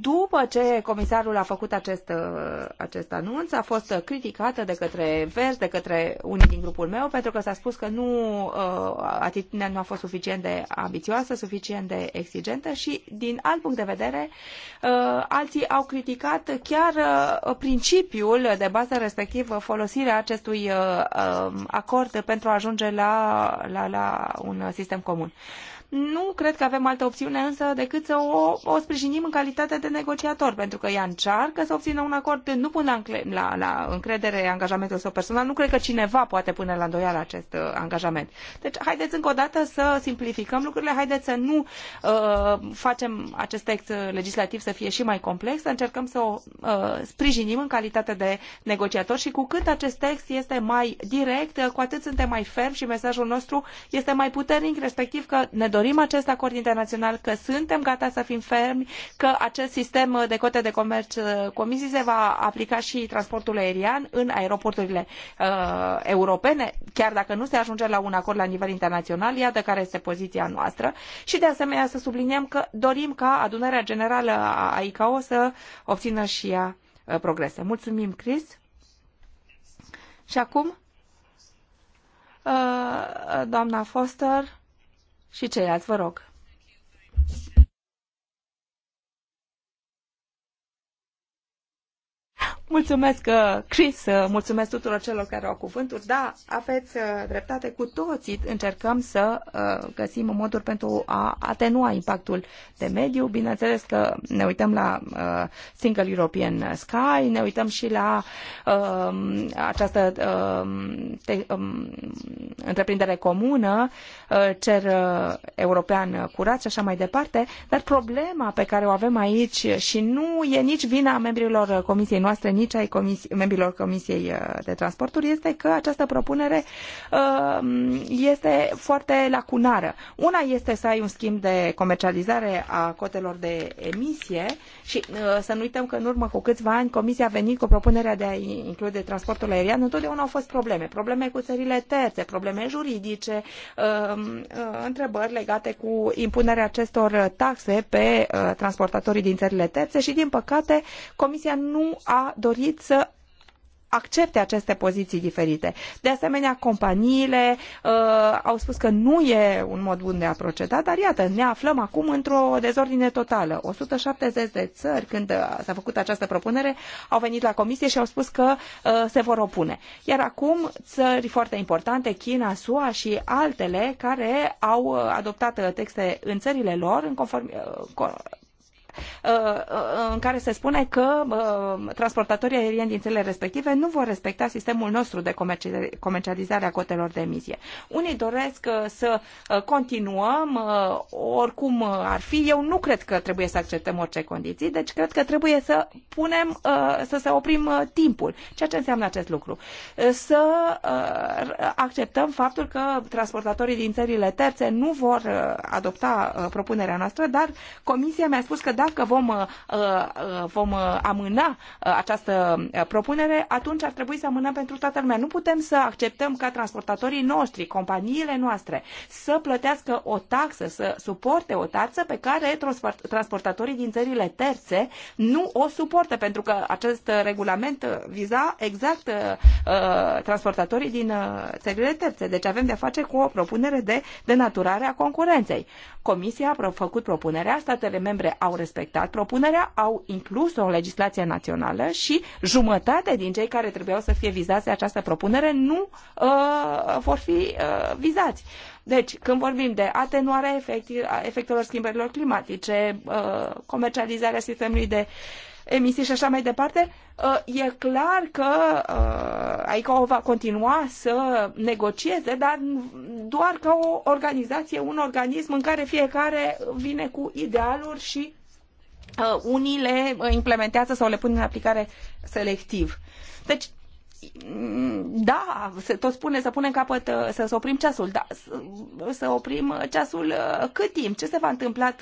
După ce comisarul a făcut acest, uh, acest anunț, a fost criticată de către Vers, de către unii din grupul meu, pentru că s-a spus că nu, uh, atitudinea nu a fost suficient de ambițioasă, suficient de exigentă și, din alt punct de vedere, uh, alții au criticat chiar principiul de bază respectiv folosirea acestui um, acord pentru a ajunge la, la, la un sistem comun. Nu cred că avem altă opțiune însă decât să o, o sprijinim în calitate de negociator, pentru că ea încearcă să obțină un acord, nu până la, la, la încredere angajamentul său personal, nu cred că cineva poate pune la îndoială acest uh, angajament. Deci, haideți încă o dată să simplificăm lucrurile, haideți să nu uh, facem acest text legislativ să fie și mai complex, să încercăm să o uh, sprijinim în calitate de negociator și cu cât acest text este mai direct, uh, cu atât suntem mai ferm și mesajul nostru este mai puternic, respectiv că ne dorim acest acord internațional, că suntem gata să fim fermi, că acest sistem de cote de comerț uh, comisii se va aplica și transportul aerian în aeroporturile uh, europene, chiar dacă nu se ajunge la un acord la nivel internațional, iată care este poziția noastră. Și de asemenea să subliniem că dorim ca adunarea generală a ICAO să obțină și ea uh, progrese. Mulțumim, Chris. Și acum, uh, doamna Foster, și ceilalți, vă rog. Mulțumesc, uh, Chris, uh, mulțumesc tuturor celor care au cuvântul. Da, aveți uh, dreptate, cu toții încercăm să găsim moduri pentru a atenua impactul de mediu. Bineînțeles că ne uităm la Single European Sky, ne uităm și la um, această um, um, întreprindere comună, cer european curat și așa mai departe, dar problema pe care o avem aici și nu e nici vina membrilor comisiei noastre, nici ai comis- membrilor Comisiei uh, de Transporturi este că această propunere uh, este foarte lacunară. Una este să ai un schimb de comercializare a cotelor de emisie și uh, să nu uităm că în urmă cu câțiva ani Comisia a venit cu propunerea de a include transportul aerian. Întotdeauna au fost probleme. Probleme cu țările terțe, probleme juridice, întrebări legate cu impunerea acestor taxe pe transportatorii din țările terțe și, din păcate, Comisia nu a dorit să accepte aceste poziții diferite. De asemenea, companiile uh, au spus că nu e un mod bun de a proceda, dar iată, ne aflăm acum într-o dezordine totală. 170 de țări, când s-a făcut această propunere, au venit la comisie și au spus că uh, se vor opune. Iar acum, țări foarte importante, China, SUA și altele, care au uh, adoptat uh, texte în țările lor, în conform, uh, Uh, uh, în care se spune că uh, transportatorii aerieni din țările respective nu vor respecta sistemul nostru de comercializare a cotelor de emisie. Unii doresc să continuăm, oricum ar fi. Eu nu cred că trebuie să acceptăm orice condiții, deci cred că trebuie să punem, să se oprim timpul. Ceea ce înseamnă acest lucru? Să acceptăm faptul că transportatorii din țările terțe nu vor adopta propunerea noastră, dar Comisia mi-a spus că da, dacă vom, uh, uh, vom uh, amâna această propunere, atunci ar trebui să amânăm pentru toată lumea. Nu putem să acceptăm ca transportatorii noștri, companiile noastre, să plătească o taxă, să suporte o taxă pe care transportatorii din țările terțe nu o suportă, pentru că acest regulament viza exact transportatorii din țările terțe. Deci avem de-a face cu o propunere de denaturare a concurenței. Comisia a făcut propunerea, statele membre au respectat respectat propunerea, au inclus o legislație națională și jumătate din cei care trebuiau să fie vizați de această propunere nu uh, vor fi uh, vizați. Deci, când vorbim de atenuarea efectelor schimbărilor climatice, uh, comercializarea sistemului de emisii și așa mai departe, uh, e clar că uh, o va continua să negocieze, dar doar ca o organizație, un organism în care fiecare vine cu idealuri și Uh, unii le uh, implementează sau le pun în aplicare selectiv. Deci, Mm, da, se tot spune să punem capăt, uh, să, să oprim ceasul, dar uh, să oprim uh, ceasul cât timp? Ce se va întâmpla,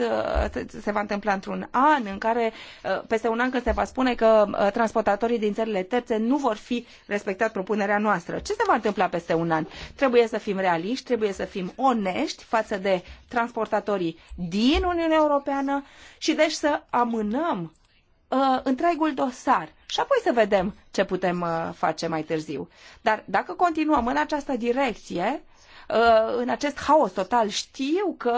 se va întâmpla într-un an în care, peste un an când se va spune că transportatorii din țările terțe nu vor fi respectat propunerea noastră? Ce se va întâmpla peste un an? Trebuie să fim realiști, trebuie să fim onești față de transportatorii din Uniunea Europeană și deci să amânăm uh, întregul dosar și apoi să vedem ce putem uh, face mai târziu. Dar dacă continuăm în această direcție, Uh, în acest haos total. Știu că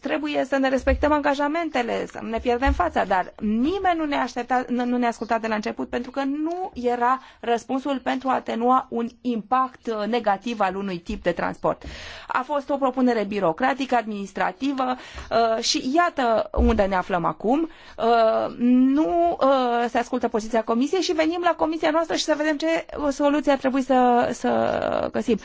trebuie să ne respectăm angajamentele, să ne pierdem fața, dar nimeni nu ne, aștepta, nu ne asculta de la început pentru că nu era răspunsul pentru a atenua un impact uh, negativ al unui tip de transport. A fost o propunere birocratică, administrativă uh, și iată unde ne aflăm acum. Nu se ascultă poziția Comisiei și venim la Comisia noastră și să vedem ce soluție ar trebui să, să găsim.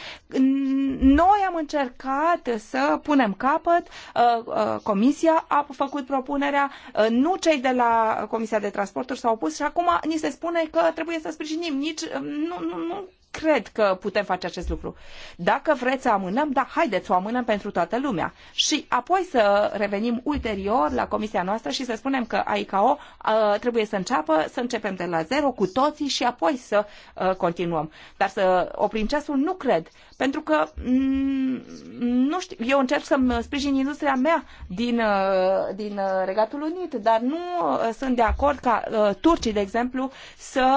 Noi noi am încercat să punem capăt, uh, uh, comisia a făcut propunerea, uh, nu cei de la Comisia de Transporturi s-au opus și acum ni se spune că trebuie să sprijinim. Nici, nu, nu, nu cred că putem face acest lucru. Dacă vreți să amânăm, da, haideți să o amânăm pentru toată lumea. Și apoi să revenim ulterior la comisia noastră și să spunem că AICAO uh, trebuie să înceapă, să începem de la zero cu toții și apoi să uh, continuăm. Dar să oprim ceasul nu cred, pentru că mm, nu știu, eu încerc să-mi sprijin industria mea din, uh, din uh, Regatul Unit, dar nu uh, sunt de acord ca uh, turcii, de exemplu, să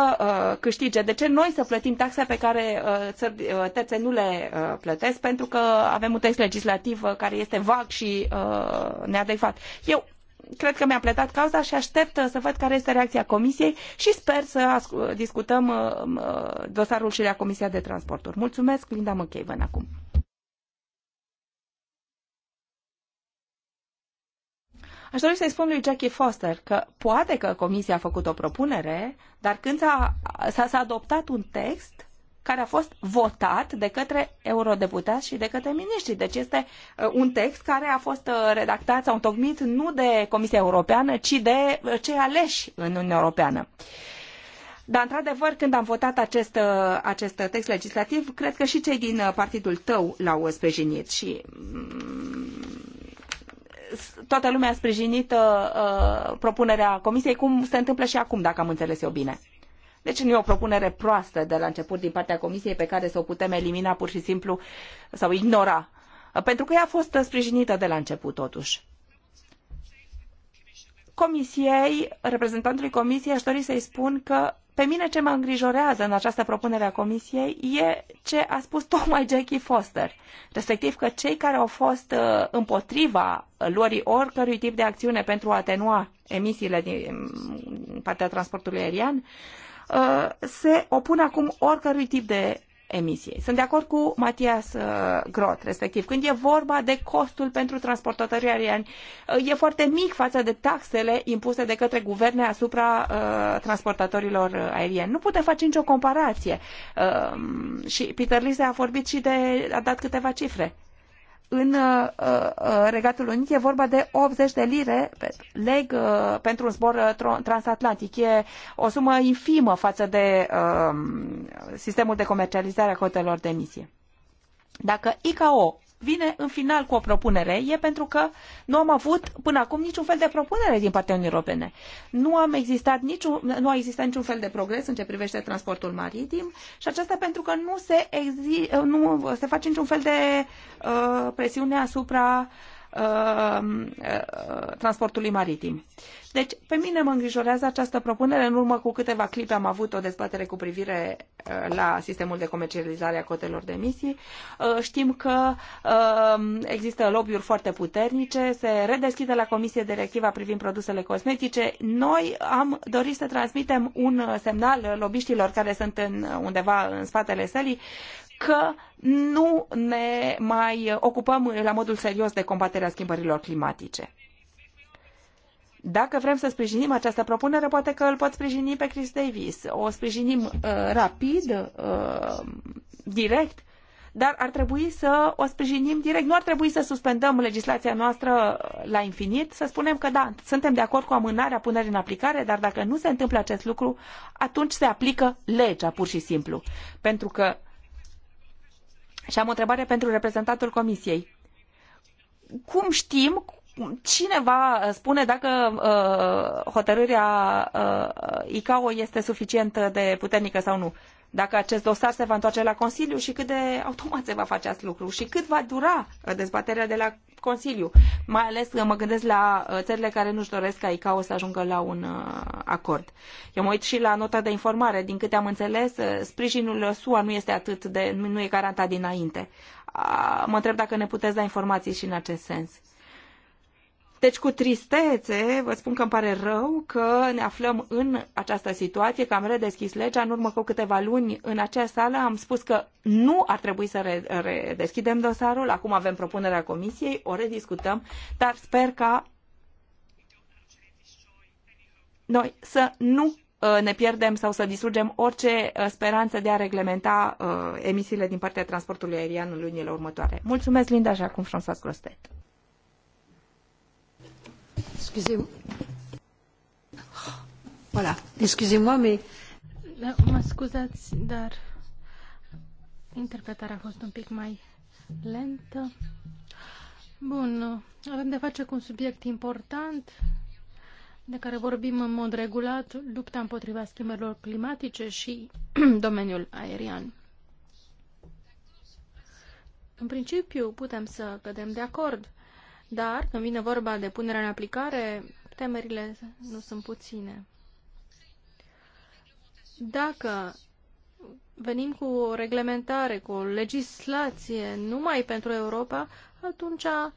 câștige. De ce noi să plătim taxe pe care care uh, țări uh, terțe nu le uh, plătesc pentru că avem un text legislativ care este vag și neadecvat. Eu cred că mi-a pletat cauza și aștept să văd care este reacția Comisiei și sper să discutăm dosarul și la Comisia de Transporturi. Mulțumesc, Linda McCaven, acum. Aș dori să-i spun lui Jackie Foster că poate că Comisia a făcut o propunere, dar când s-a, adoptat un text, care a fost votat de către eurodeputați și de către miniștri. Deci este uh, un text care a fost uh, redactat sau întocmit nu de Comisia Europeană, ci de uh, cei aleși în Uniunea Europeană. Dar, într-adevăr, când am votat acest, acest text legislativ, cred că și cei din partidul tău l-au sprijinit și mm, toată lumea a sprijinit uh, propunerea Comisiei, cum se întâmplă și acum, dacă am înțeles eu bine. Deci nu e o propunere proastă de la început din partea Comisiei pe care să o putem elimina pur și simplu sau ignora. Pentru că ea a fost sprijinită de la început totuși. Comisiei, reprezentantului Comisiei, aș dori să-i spun că pe mine ce mă îngrijorează în această propunere a Comisiei e ce a spus tocmai Jackie Foster, respectiv că cei care au fost uh, împotriva luării oricărui tip de acțiune pentru a atenua emisiile din mm, partea transportului aerian Uh, se opun acum oricărui tip de emisie. Sunt de acord cu Matias uh, Grot, respectiv. Când e vorba de costul pentru transportatorii aerieni, uh, e foarte mic față de taxele impuse de către guverne asupra uh, transportatorilor aerieni. Nu putem face nicio comparație. Uh, și Peter Lise a vorbit și de, a dat câteva cifre în uh, uh, Regatul Unit e vorba de 80 de lire pe leg uh, pentru un zbor uh, transatlantic. E o sumă infimă față de um, sistemul de comercializare a cotelor de emisie. Dacă ICAO vine în final cu o propunere e pentru că nu am avut până acum niciun fel de propunere din partea Uniunii Europene. Nu, am existat niciun, nu a existat niciun fel de progres în ce privește transportul maritim și aceasta pentru că nu se, exi, nu se face niciun fel de uh, presiune asupra uh, Uh, transportului maritim. Deci, pe mine mă îngrijorează această propunere. În urmă cu câteva clipe am avut o dezbatere cu privire uh, la sistemul de comercializare a cotelor de emisii. Uh, știm că există lobby-uri foarte puternice, se redeschide la Comisie directiva privind produsele cosmetice. Noi am dorit să transmitem un semnal lobiștilor care sunt în, undeva în spatele sălii că nu ne mai ocupăm la modul serios de combaterea schimbărilor climatice. Dacă vrem să sprijinim această propunere, poate că îl pot sprijini pe Chris Davis. O sprijinim uh, rapid, uh, direct, dar ar trebui să o sprijinim direct. Nu ar trebui să suspendăm legislația noastră la infinit, să spunem că da, suntem de acord cu amânarea punerii în aplicare, dar dacă nu se întâmplă acest lucru, atunci se aplică legea, pur și simplu. Pentru că și am o întrebare pentru reprezentantul Comisiei. Cum știm cineva spune dacă uh, hotărârea uh, ICAO este suficient de puternică sau nu dacă acest dosar se va întoarce la Consiliu și cât de automat se va face acest lucru și cât va dura uh, dezbaterea de la Consiliu. Mai ales mă gândesc la uh, țările care nu-și doresc ca ICAO să ajungă la un uh, acord. Eu mă uit și la nota de informare. Din câte am înțeles, sprijinul SUA nu este atât de, nu e garantat dinainte. Mă întreb dacă ne puteți da informații și în acest sens. Deci, cu tristețe, vă spun că îmi pare rău că ne aflăm în această situație, că am redeschis legea. În urmă cu câteva luni, în acea sală, am spus că nu ar trebui să redeschidem dosarul. Acum avem propunerea comisiei, o rediscutăm, dar sper ca noi să nu uh, ne pierdem sau să distrugem orice uh, speranță de a reglementa uh, emisiile din partea transportului aerian în lunile următoare. Mulțumesc, Linda, și acum François Grostet excusez Voilà. Excusez-moi, mais... Da, mă scuzați, dar interpretarea a fost un pic mai lentă. Bun, avem de face cu un subiect important de care vorbim în mod regulat, lupta împotriva schimbărilor climatice și domeniul aerian. În principiu, putem să cădem de acord dar când vine vorba de punerea în aplicare, temerile nu sunt puține. Dacă venim cu o reglementare, cu o legislație numai pentru Europa, atunci ă,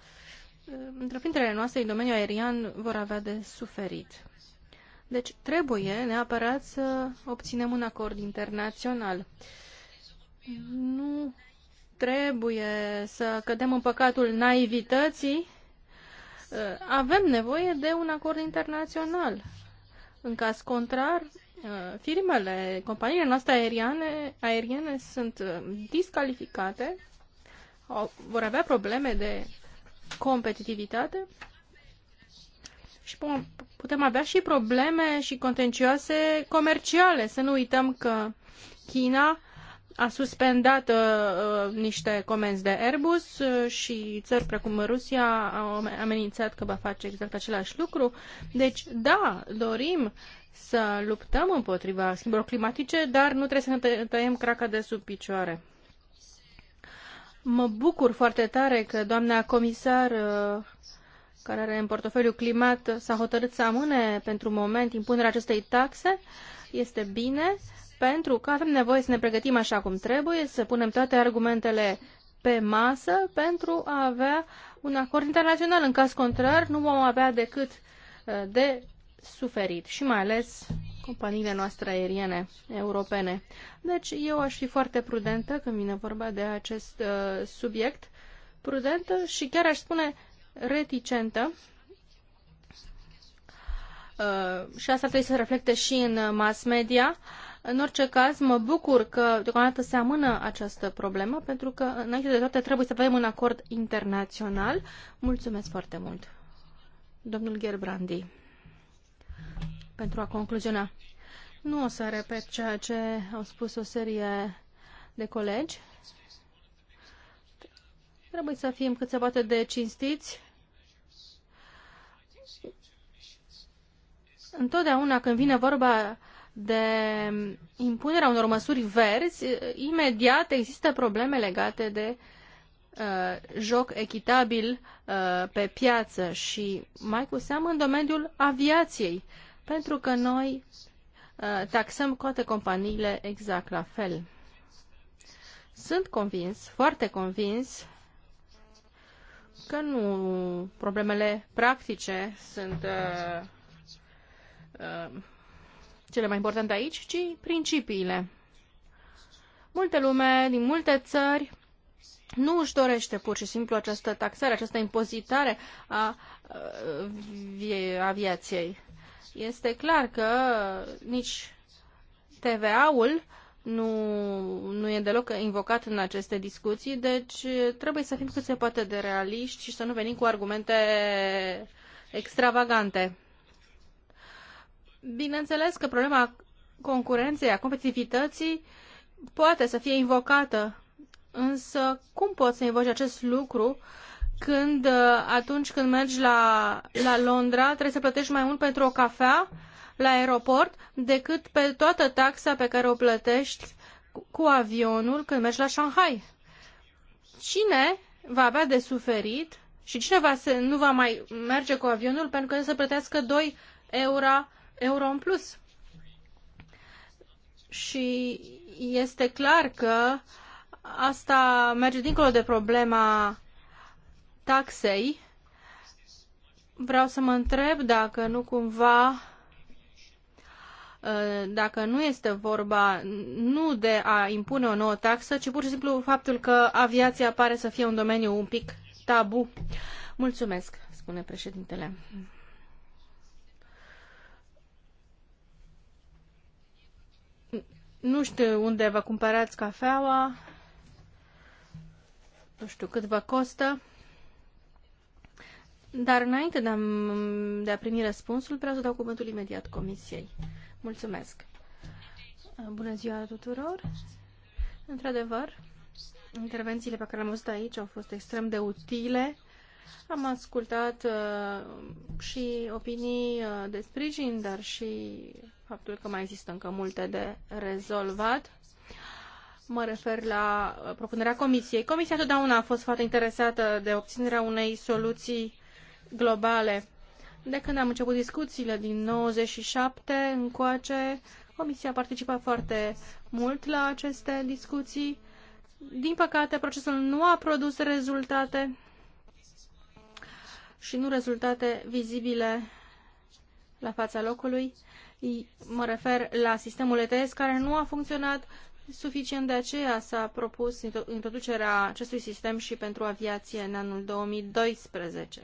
întreprinderile noastre în domeniul aerian vor avea de suferit. Deci trebuie neapărat să obținem un acord internațional. Nu trebuie să cădem în păcatul naivității Eh, avem nevoie de un acord internațional. În caz contrar, eh, firmele, companiile noastre aeriane, aeriene sunt eh, discalificate, au, vor avea probleme de competitivitate și putem avea și probleme și contencioase comerciale. Să nu uităm că China a suspendat uh, uh, niște comenzi de Airbus uh, și țări precum Rusia au amenințat că va face exact același lucru. Deci, da, dorim să luptăm împotriva schimbărilor climatice, dar nu trebuie să ne tăiem craca de sub picioare. Mă bucur foarte tare că doamna comisar uh, care are în portofoliu climat s-a hotărât să amâne pentru moment impunerea acestei taxe. Este bine. Uh, pentru că avem nevoie să ne pregătim așa cum trebuie, să punem toate argumentele pe masă pentru a avea un acord internațional. În caz contrar, nu vom avea decât uh, de suferit și mai ales companiile noastre aeriene europene. Deci eu aș fi foarte prudentă când vine vorba de acest uh, subiect, prudentă și chiar aș spune reticentă. Uh, și asta trebuie să reflecte și în mass media. Uh, în orice caz, mă bucur că deocamdată se amână această problemă, pentru că, înainte de toate, trebuie să avem un acord internațional. Mulțumesc foarte mult, domnul Gerbrandi, pentru a concluziona. Nu o să repet ceea ce au spus o serie de colegi. Trebuie să fim cât se poate de cinstiți. Întotdeauna când vine vorba de impunerea unor măsuri verzi, imediat există probleme legate de uh, joc echitabil uh, pe piață și mai cu seamă în domeniul aviației, pentru că noi uh, taxăm toate companiile exact la fel. Sunt convins, foarte convins, că nu problemele practice sunt uh, uh, cele mai importante aici, ci principiile. Multe lume din multe țări nu își dorește pur și simplu această taxare, această impozitare a aviației. Este clar că nici TVA-ul nu, nu e deloc invocat în aceste discuții, deci trebuie să fim cât se poate de realiști și să nu venim cu argumente extravagante. Bineînțeles că problema concurenței, a competitivității poate să fie invocată, însă cum poți să invoci acest lucru când uh, atunci când mergi la, la Londra trebuie să plătești mai mult pentru o cafea la aeroport decât pe toată taxa pe care o plătești cu avionul când mergi la Shanghai. Cine va avea de suferit și cine va se, nu va mai merge cu avionul pentru că să plătească 2 euro euro în plus. Și este clar că asta merge dincolo de problema taxei. Vreau să mă întreb dacă nu cumva uh, dacă nu este vorba nu de a impune o nouă taxă, ci pur și simplu faptul că aviația pare să fie un domeniu un pic tabu. Mulțumesc, spune președintele. Nu știu unde vă cumpărați cafeaua, nu știu cât vă costă, dar înainte de a, de a primi răspunsul, vreau să dau cuvântul imediat comisiei. Mulțumesc! Bună ziua tuturor! Într-adevăr, intervențiile pe care le-am văzut aici au fost extrem de utile. Am ascultat uh, și opinii uh, de sprijin, dar și faptul că mai există încă multe de rezolvat. Mă refer la uh, propunerea Comisiei. Comisia totdeauna a fost foarte interesată de obținerea unei soluții globale. De când am început discuțiile din 97 încoace, Comisia a participat foarte mult la aceste discuții. Din păcate, procesul nu a produs rezultate și nu rezultate vizibile la fața locului. Mă refer la sistemul ETS care nu a funcționat suficient, de aceea s-a propus introducerea acestui sistem și pentru aviație în anul 2012.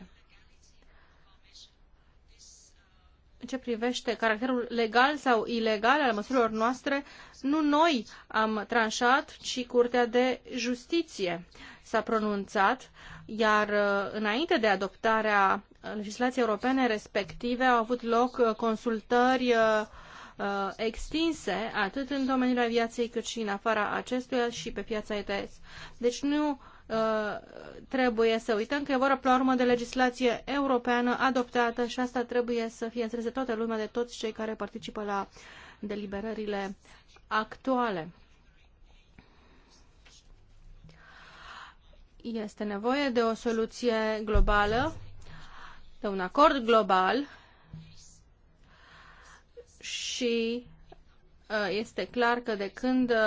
ce privește caracterul legal sau ilegal al măsurilor noastre, nu noi am tranșat, ci Curtea de Justiție s-a pronunțat, iar uh, înainte de adoptarea legislației europene respective au avut loc uh, consultări uh, extinse, atât în domeniul aviației cât și în afara acestuia și pe piața ETS. Deci nu Uh, trebuie să uităm că e vorba până la urmă de legislație europeană adoptată și asta trebuie să fie de toată lumea de toți cei care participă la deliberările actuale. Este nevoie de o soluție globală, de un acord global și uh, este clar că de când uh,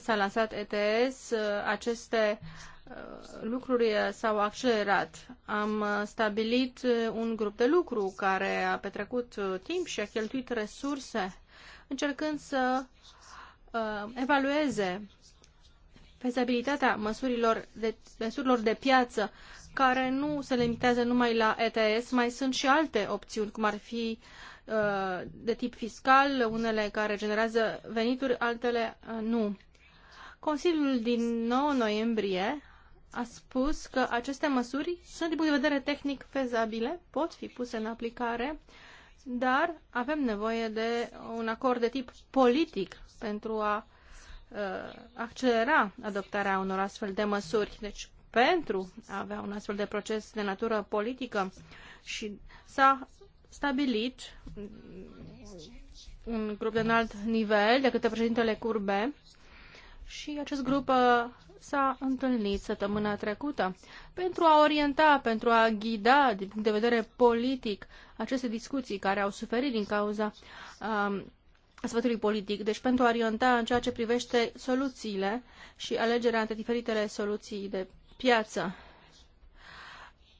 s-a lansat ETS, aceste lucrurile s-au accelerat. Am stabilit un grup de lucru care a petrecut uh, timp și a cheltuit resurse încercând să uh, evalueze fezabilitatea măsurilor de, măsurilor de piață care nu se limitează numai la ETS, mai sunt și alte opțiuni, cum ar fi uh, de tip fiscal, unele care generează venituri, altele nu. Consiliul din 9 noiembrie a spus că aceste măsuri sunt, din punct de vedere tehnic, fezabile, pot fi puse în aplicare, dar avem nevoie de un acord de tip politic pentru a uh, accelera adoptarea unor astfel de măsuri. Deci, pentru a avea un astfel de proces de natură politică și s-a stabilit un grup de înalt nivel de către președintele Curbe și acest grup uh, s-a întâlnit săptămâna trecută pentru a orienta, pentru a ghida din punct de vedere politic aceste discuții care au suferit din cauza um, sfătului politic, deci pentru a orienta în ceea ce privește soluțiile și alegerea între diferitele soluții de piață.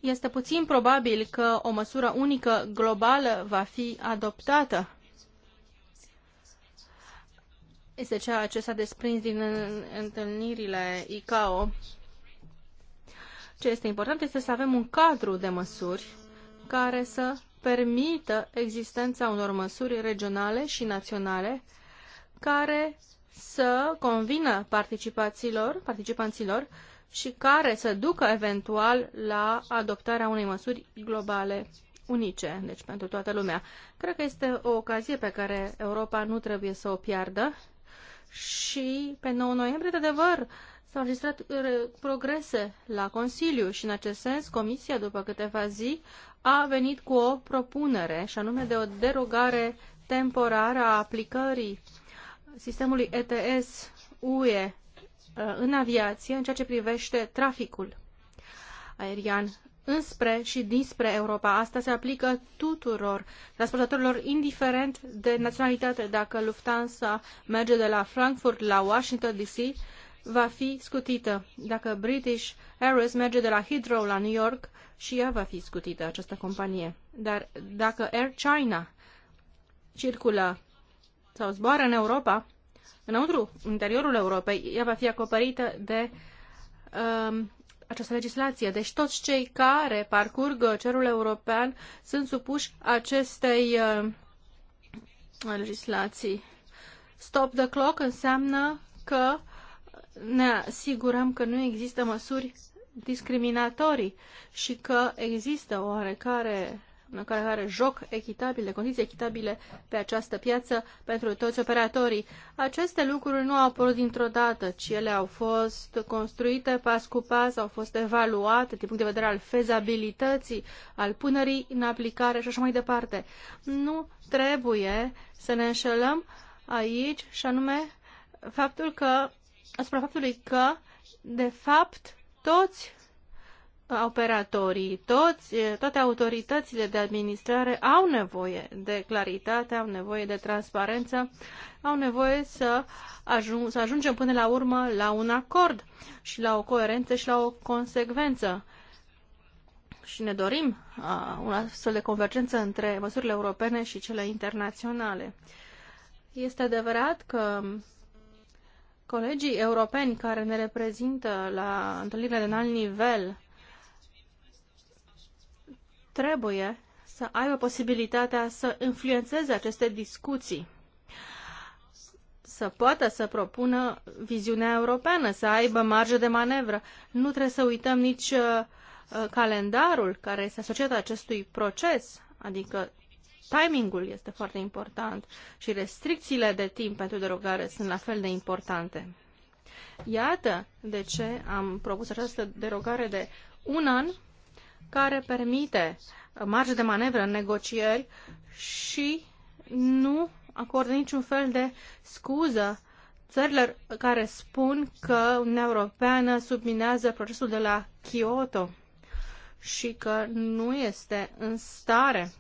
Este puțin probabil că o măsură unică globală va fi adoptată este ceea ce s-a desprins din întâlnirile ICAO. Ce este important este să avem un cadru de măsuri care să permită existența unor măsuri regionale și naționale care să convină participaților, participanților și care să ducă eventual la adoptarea unei măsuri globale unice, deci pentru toată lumea. Cred că este o ocazie pe care Europa nu trebuie să o piardă și pe 9 noiembrie, de adevăr, s-au înregistrat uh, progrese la Consiliu și în acest sens Comisia, după câteva zi, a venit cu o propunere și anume de o derogare temporară a aplicării sistemului ETS UE uh, în aviație în ceea ce privește traficul aerian înspre și dinspre Europa. Asta se aplică tuturor transportatorilor, indiferent de naționalitate. Dacă Lufthansa merge de la Frankfurt la Washington DC, va fi scutită. Dacă British Airways merge de la Heathrow la New York, și ea va fi scutită, această companie. Dar dacă Air China circulă sau zboară în Europa, înăuntru, interiorul Europei, ea va fi acoperită de um, această legislație. Deci toți cei care parcurg cerul european sunt supuși acestei uh, legislații. Stop the clock înseamnă că ne asigurăm că nu există măsuri discriminatorii și că există oarecare care are joc echitabil, condiții echitabile pe această piață pentru toți operatorii. Aceste lucruri nu au apărut dintr-o dată, ci ele au fost construite pas cu pas, au fost evaluate din punct de vedere al fezabilității, al punerii în aplicare și așa mai departe. Nu trebuie să ne înșelăm aici și anume faptul că, asupra faptului că, de fapt, toți operatorii, toți, toate autoritățile de administrare au nevoie de claritate, au nevoie de transparență, au nevoie să, ajung, să ajungem până la urmă la un acord și la o coerență și la o consecvență. Și ne dorim un astfel de convergență între măsurile europene și cele internaționale. Este adevărat că colegii europeni care ne reprezintă la întâlnirile de înalt nivel trebuie să aibă posibilitatea să influențeze aceste discuții, să poată să propună viziunea europeană, să aibă marge de manevră. Nu trebuie să uităm nici uh, uh, calendarul care este asociat acestui proces, adică timingul este foarte important și restricțiile de timp pentru derogare sunt la fel de importante. Iată de ce am propus această derogare de un an care permite marge de manevră în negocieri și nu acordă niciun fel de scuză țărilor care spun că Uniunea Europeană subminează procesul de la Kyoto și că nu este în stare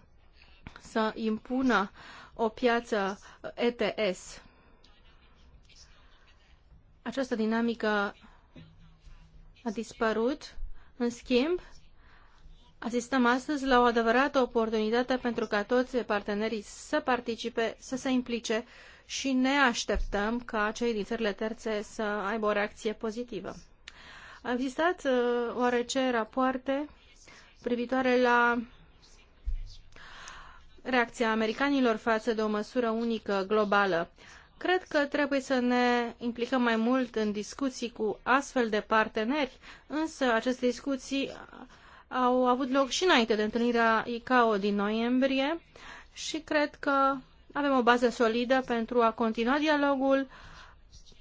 să impună o piață ETS. Această dinamică a dispărut. În schimb, Asistăm astăzi la o adevărată oportunitate pentru ca toți partenerii să participe, să se implice și ne așteptăm ca cei din țările terțe să aibă o reacție pozitivă. Au existat uh, oarece rapoarte privitoare la reacția americanilor față de o măsură unică globală. Cred că trebuie să ne implicăm mai mult în discuții cu astfel de parteneri, însă aceste discuții au avut loc și înainte de întâlnirea ICAO din noiembrie și cred că avem o bază solidă pentru a continua dialogul,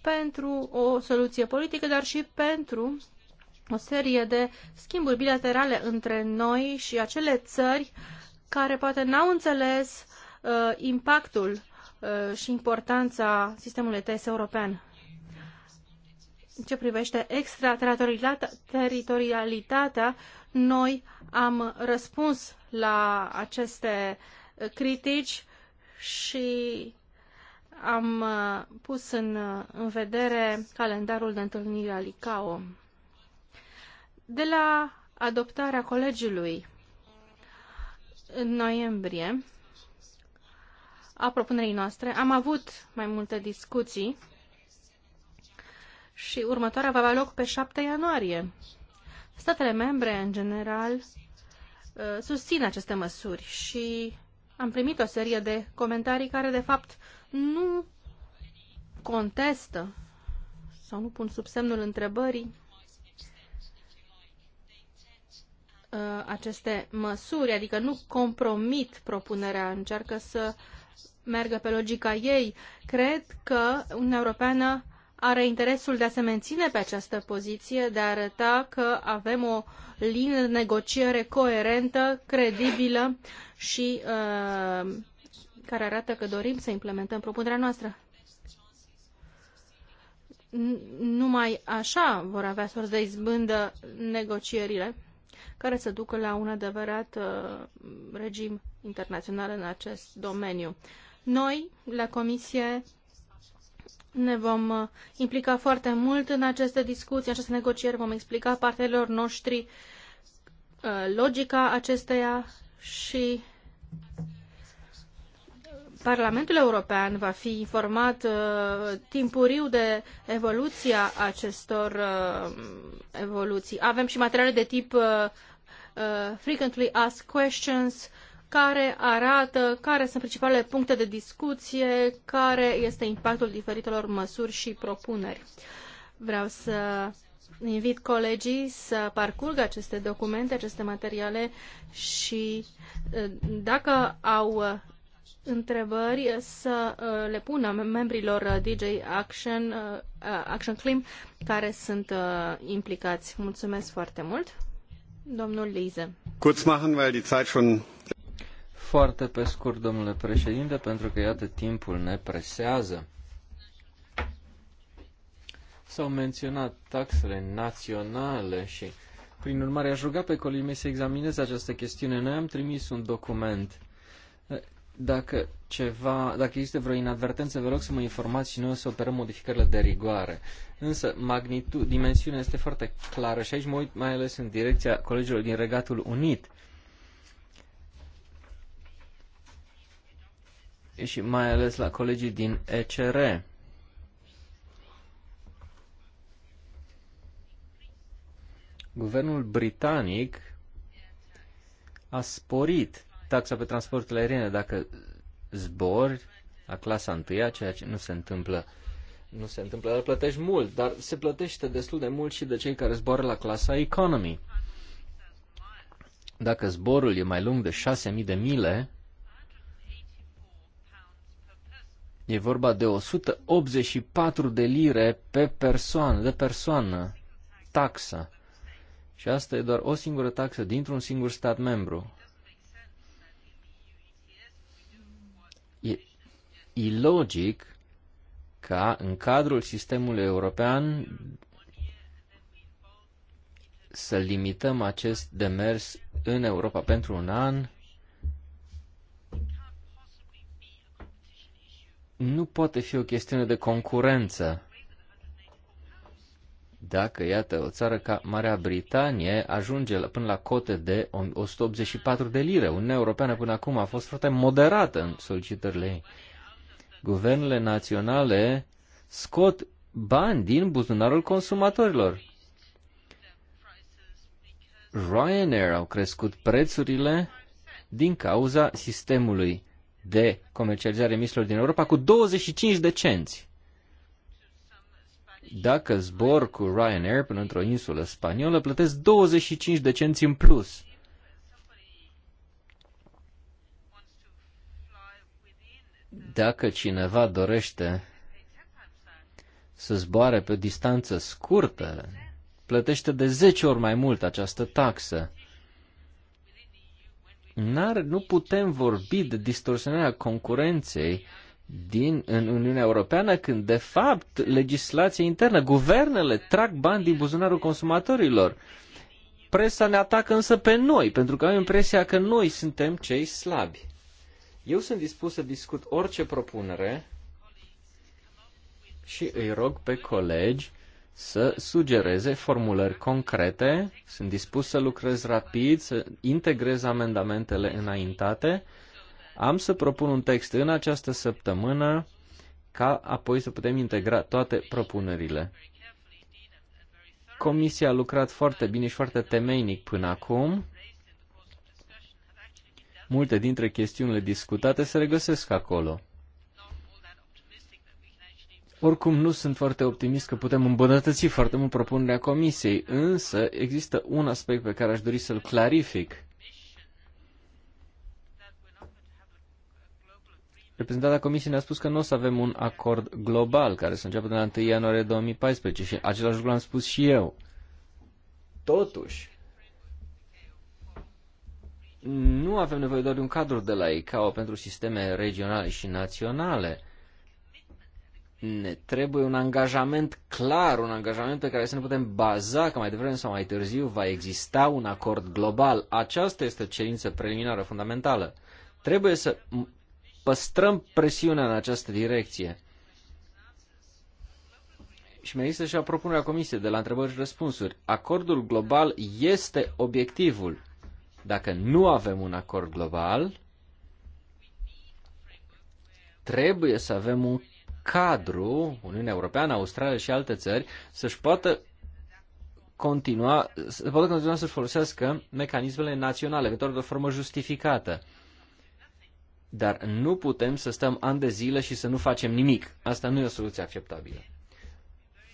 pentru o soluție politică, dar și pentru o serie de schimburi bilaterale între noi și acele țări care poate n-au înțeles uh, impactul uh, și importanța sistemului ETS european. În ce privește extraterritorialitatea noi am răspuns la aceste critici și am pus în, în vedere calendarul de întâlnire al ICAO. De la adoptarea colegiului în noiembrie a propunerii noastre, am avut mai multe discuții și următoarea va avea loc pe 7 ianuarie Statele membre, în general, uh, susțin aceste măsuri și am primit o serie de comentarii care, de fapt, nu contestă sau nu pun sub semnul întrebării uh, aceste măsuri, adică nu compromit propunerea, încearcă să meargă pe logica ei. Cred că Uniunea Europeană are interesul de a se menține pe această poziție, de a arăta că avem o linie de negociere coerentă, credibilă și uh, care arată că dorim să implementăm propunerea noastră. Numai așa vor avea sorți de izbândă negocierile care să ducă la un adevărat uh, regim internațional în acest domeniu. Noi, la Comisie, ne vom uh, implica foarte mult în aceste discuții, aceste negocieri, vom explica partenerilor noștri uh, logica acesteia și Parlamentul European va fi informat uh, timpuriu de evoluția acestor uh, evoluții. Avem și materiale de tip uh, uh frequently asked questions, care arată care sunt principalele puncte de discuție, care este impactul diferitelor măsuri și propuneri. Vreau să invit colegii să parcurgă aceste documente, aceste materiale și eh, dacă au eh, întrebări să eh, le pună membrilor DJ Action, Action Clim care sunt implicați. Mulțumesc foarte mult. Domnul Lize. Kurz machen, weil die Zeit schon foarte pe scurt, domnule președinte, pentru că, iată, timpul ne presează. S-au menționat taxele naționale și, prin urmare, aș ruga pe colegii mei să examineze această chestiune. Noi am trimis un document. Dacă ceva, dacă există vreo inadvertență, vă rog să mă informați și noi o să operăm modificările de rigoare. Însă, magnitud, dimensiunea este foarte clară și aici mă uit mai ales în direcția colegilor din Regatul Unit și mai ales la colegii din ECR. Guvernul britanic a sporit taxa pe transportul aeriene dacă zbori la clasa întâia, ceea ce nu se întâmplă nu se întâmplă, dar plătești mult, dar se plătește destul de mult și de cei care zboară la clasa economy. Dacă zborul e mai lung de 6.000 de mile, E vorba de 184 de lire pe persoană, de persoană, taxa. Și asta e doar o singură taxă dintr-un singur stat membru. E ilogic ca în cadrul sistemului european să limităm acest demers în Europa pentru un an nu poate fi o chestiune de concurență. Dacă, iată, o țară ca Marea Britanie ajunge până la cote de 184 de lire, Uniunea Europeană până acum a fost foarte moderată în solicitările ei. Guvernele naționale scot bani din buzunarul consumatorilor. Ryanair au crescut prețurile din cauza sistemului de comercializare emisiilor din Europa cu 25 de cenți. Dacă zbor cu Ryanair până într-o insulă spaniolă, plătesc 25 de cenți în plus. Dacă cineva dorește să zboare pe o distanță scurtă, plătește de 10 ori mai mult această taxă n-ar nu putem vorbi de distorsionarea concurenței din, în Uniunea Europeană, când de fapt legislația internă, guvernele trag bani din buzunarul consumatorilor. Presa ne atacă însă pe noi, pentru că am impresia că noi suntem cei slabi. Eu sunt dispus să discut orice propunere și îi rog pe colegi să sugereze formulări concrete, sunt dispus să lucrez rapid, să integrez amendamentele înaintate. Am să propun un text în această săptămână ca apoi să putem integra toate propunerile. Comisia a lucrat foarte bine și foarte temeinic până acum. Multe dintre chestiunile discutate se regăsesc acolo. Oricum nu sunt foarte optimist că putem îmbunătăți foarte mult propunerea comisiei, însă există un aspect pe care aș dori să-l clarific. Reprezentanta Comisiei ne-a spus că nu o să avem un acord global care să înceapă de la 1 ianuarie 2014 și același lucru am spus și eu. Totuși, nu avem nevoie doar de un cadru de la ICAO pentru sisteme regionale și naționale – ne trebuie un angajament clar, un angajament pe care să ne putem baza că mai devreme sau mai târziu va exista un acord global. Aceasta este o cerință preliminară fundamentală. Trebuie să păstrăm presiunea în această direcție. Și mai există și o propunere a Comisiei de la întrebări și răspunsuri. Acordul global este obiectivul. Dacă nu avem un acord global, trebuie să avem un cadru, Uniunea Europeană, Australia și alte țări, să-și poată continua, să poată continua să-și folosească mecanismele naționale, pentru de o formă justificată. Dar nu putem să stăm ani de zile și să nu facem nimic. Asta nu e o soluție acceptabilă.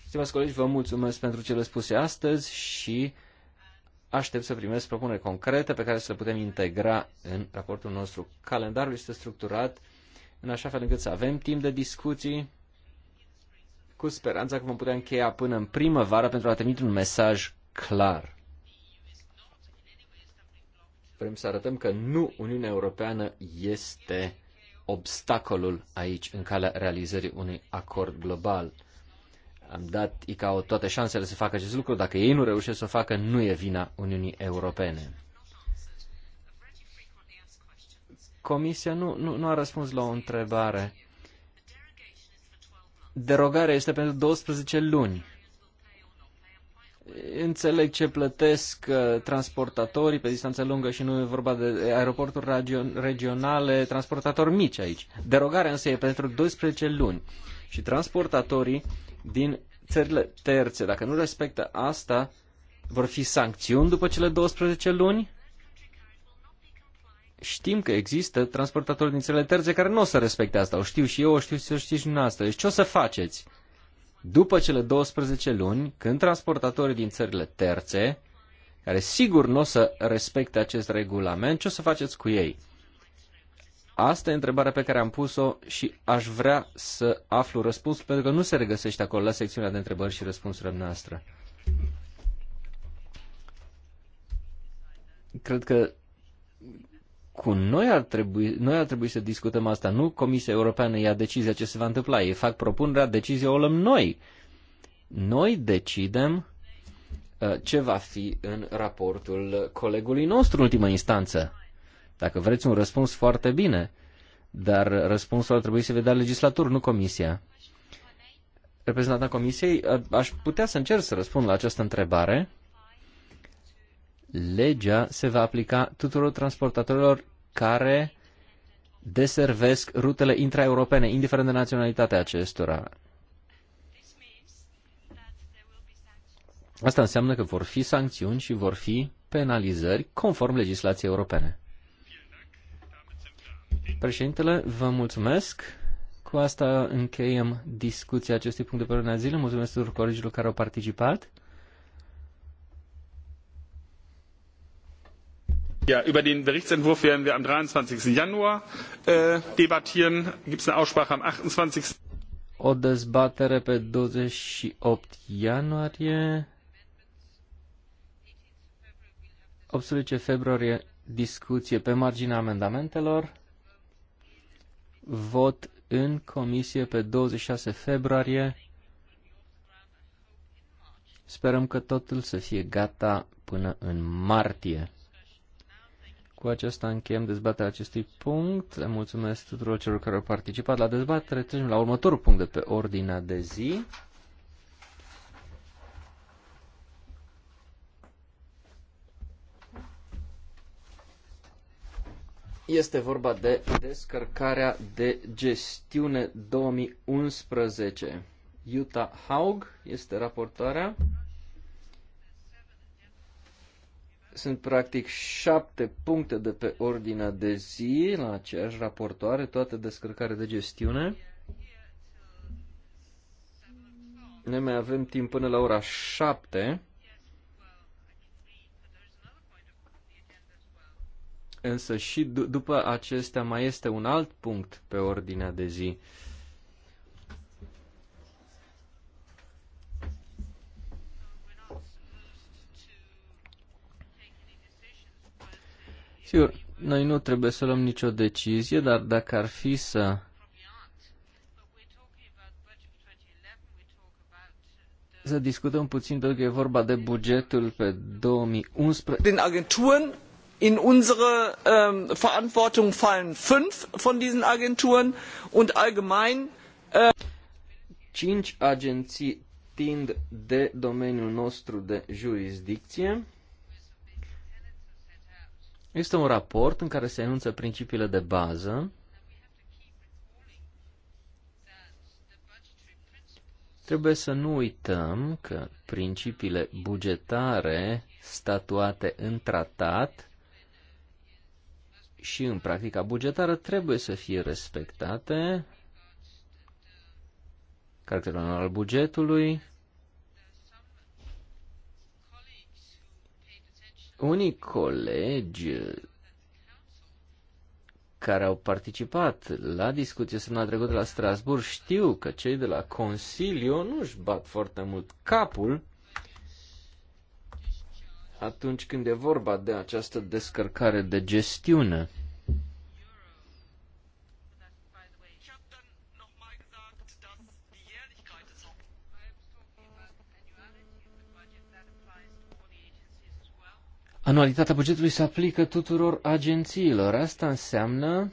Stimați colegi, vă mulțumesc pentru cele spuse astăzi și aștept să primesc propuneri concrete pe care să le putem integra în raportul nostru. Calendarul este structurat în așa fel încât să avem timp de discuții, cu speranța că vom putea încheia până în primăvară pentru a trimite un mesaj clar. Vrem să arătăm că nu Uniunea Europeană este obstacolul aici în calea realizării unui acord global. Am dat ICAO toate șansele să facă acest lucru. Dacă ei nu reușesc să o facă, nu e vina Uniunii Europene. Comisia nu, nu, nu a răspuns la o întrebare. Derogarea este pentru 12 luni. Înțeleg ce plătesc uh, transportatorii pe distanță lungă și nu e vorba de aeroporturi regionale, transportatori mici aici. Derogarea însă e pentru 12 luni și transportatorii din țările terțe, dacă nu respectă asta, vor fi sancțiuni după cele 12 luni știm că există transportatori din țările terțe care nu o să respecte asta. O știu și eu, o știu și o știți și dumneavoastră. Deci ce o să faceți? După cele 12 luni, când transportatorii din țările terțe, care sigur nu o să respecte acest regulament, ce o să faceți cu ei? Asta e întrebarea pe care am pus-o și aș vrea să aflu răspunsul, pentru că nu se regăsește acolo la secțiunea de întrebări și răspunsurile noastre. Cred că cu noi ar, trebui, noi ar trebui să discutăm asta, nu Comisia Europeană ia decizia ce se va întâmpla, ei fac propunerea, decizia o luăm noi. Noi decidem uh, ce va fi în raportul colegului nostru, în ultima instanță. Dacă vreți un răspuns, foarte bine, dar răspunsul ar trebui să vedea legislator, nu Comisia. Reprezentanta Comisiei, uh, aș putea să încerc să răspund la această întrebare legea se va aplica tuturor transportatorilor care deservesc rutele intraeuropene, indiferent de naționalitatea acestora. Asta înseamnă că vor fi sancțiuni și vor fi penalizări conform legislației europene. Președintele, vă mulțumesc. Cu asta încheiem discuția acestui punct de pe ordinea Mulțumesc tuturor colegilor care au participat. Ja, über den Berichtsentwurf werden wir am 23. Januar äh, debattieren. Gibt es eine Aussprache am 28. O dezbatere pe 28 ianuarie. 18 februarie discuție pe marginea amendamentelor. Vot în comisie pe 26 februarie. Sperăm că totul să fie gata până în martie. Cu acesta încheiem dezbaterea acestui punct. Le mulțumesc tuturor celor care au participat la dezbatere. Trecem la următorul punct de pe ordinea de zi. Este vorba de descărcarea de gestiune 2011. Jutta Haug este raportoarea. Sunt practic șapte puncte de pe ordinea de zi la aceeași raportoare, toate descărcare de gestiune. Ne mai avem timp până la ora șapte. Însă și după acestea mai este un alt punct pe ordinea de zi. Uh, Sigur, noi nu trebuie să luăm nicio decizie, dar dacă ar fi să să discutăm puțin pentru că e vorba de bugetul pe 2011. Din agenturen in unsere ähm, Verantwortung fallen 5 von diesen Agenturen und allgemein äh cinci agenții tind de domeniul nostru de jurisdicție. Este un raport în care se enunță principiile de bază Trebuie să nu uităm că principiile bugetare statuate în tratat și în practica bugetară trebuie să fie respectate. Caracterul al bugetului, Unii colegi care au participat la discuție săptămâna trecută la Strasburg știu că cei de la Consiliu nu își bat foarte mult capul atunci când e vorba de această descărcare de gestiune. Anualitatea bugetului se aplică tuturor agențiilor. Asta înseamnă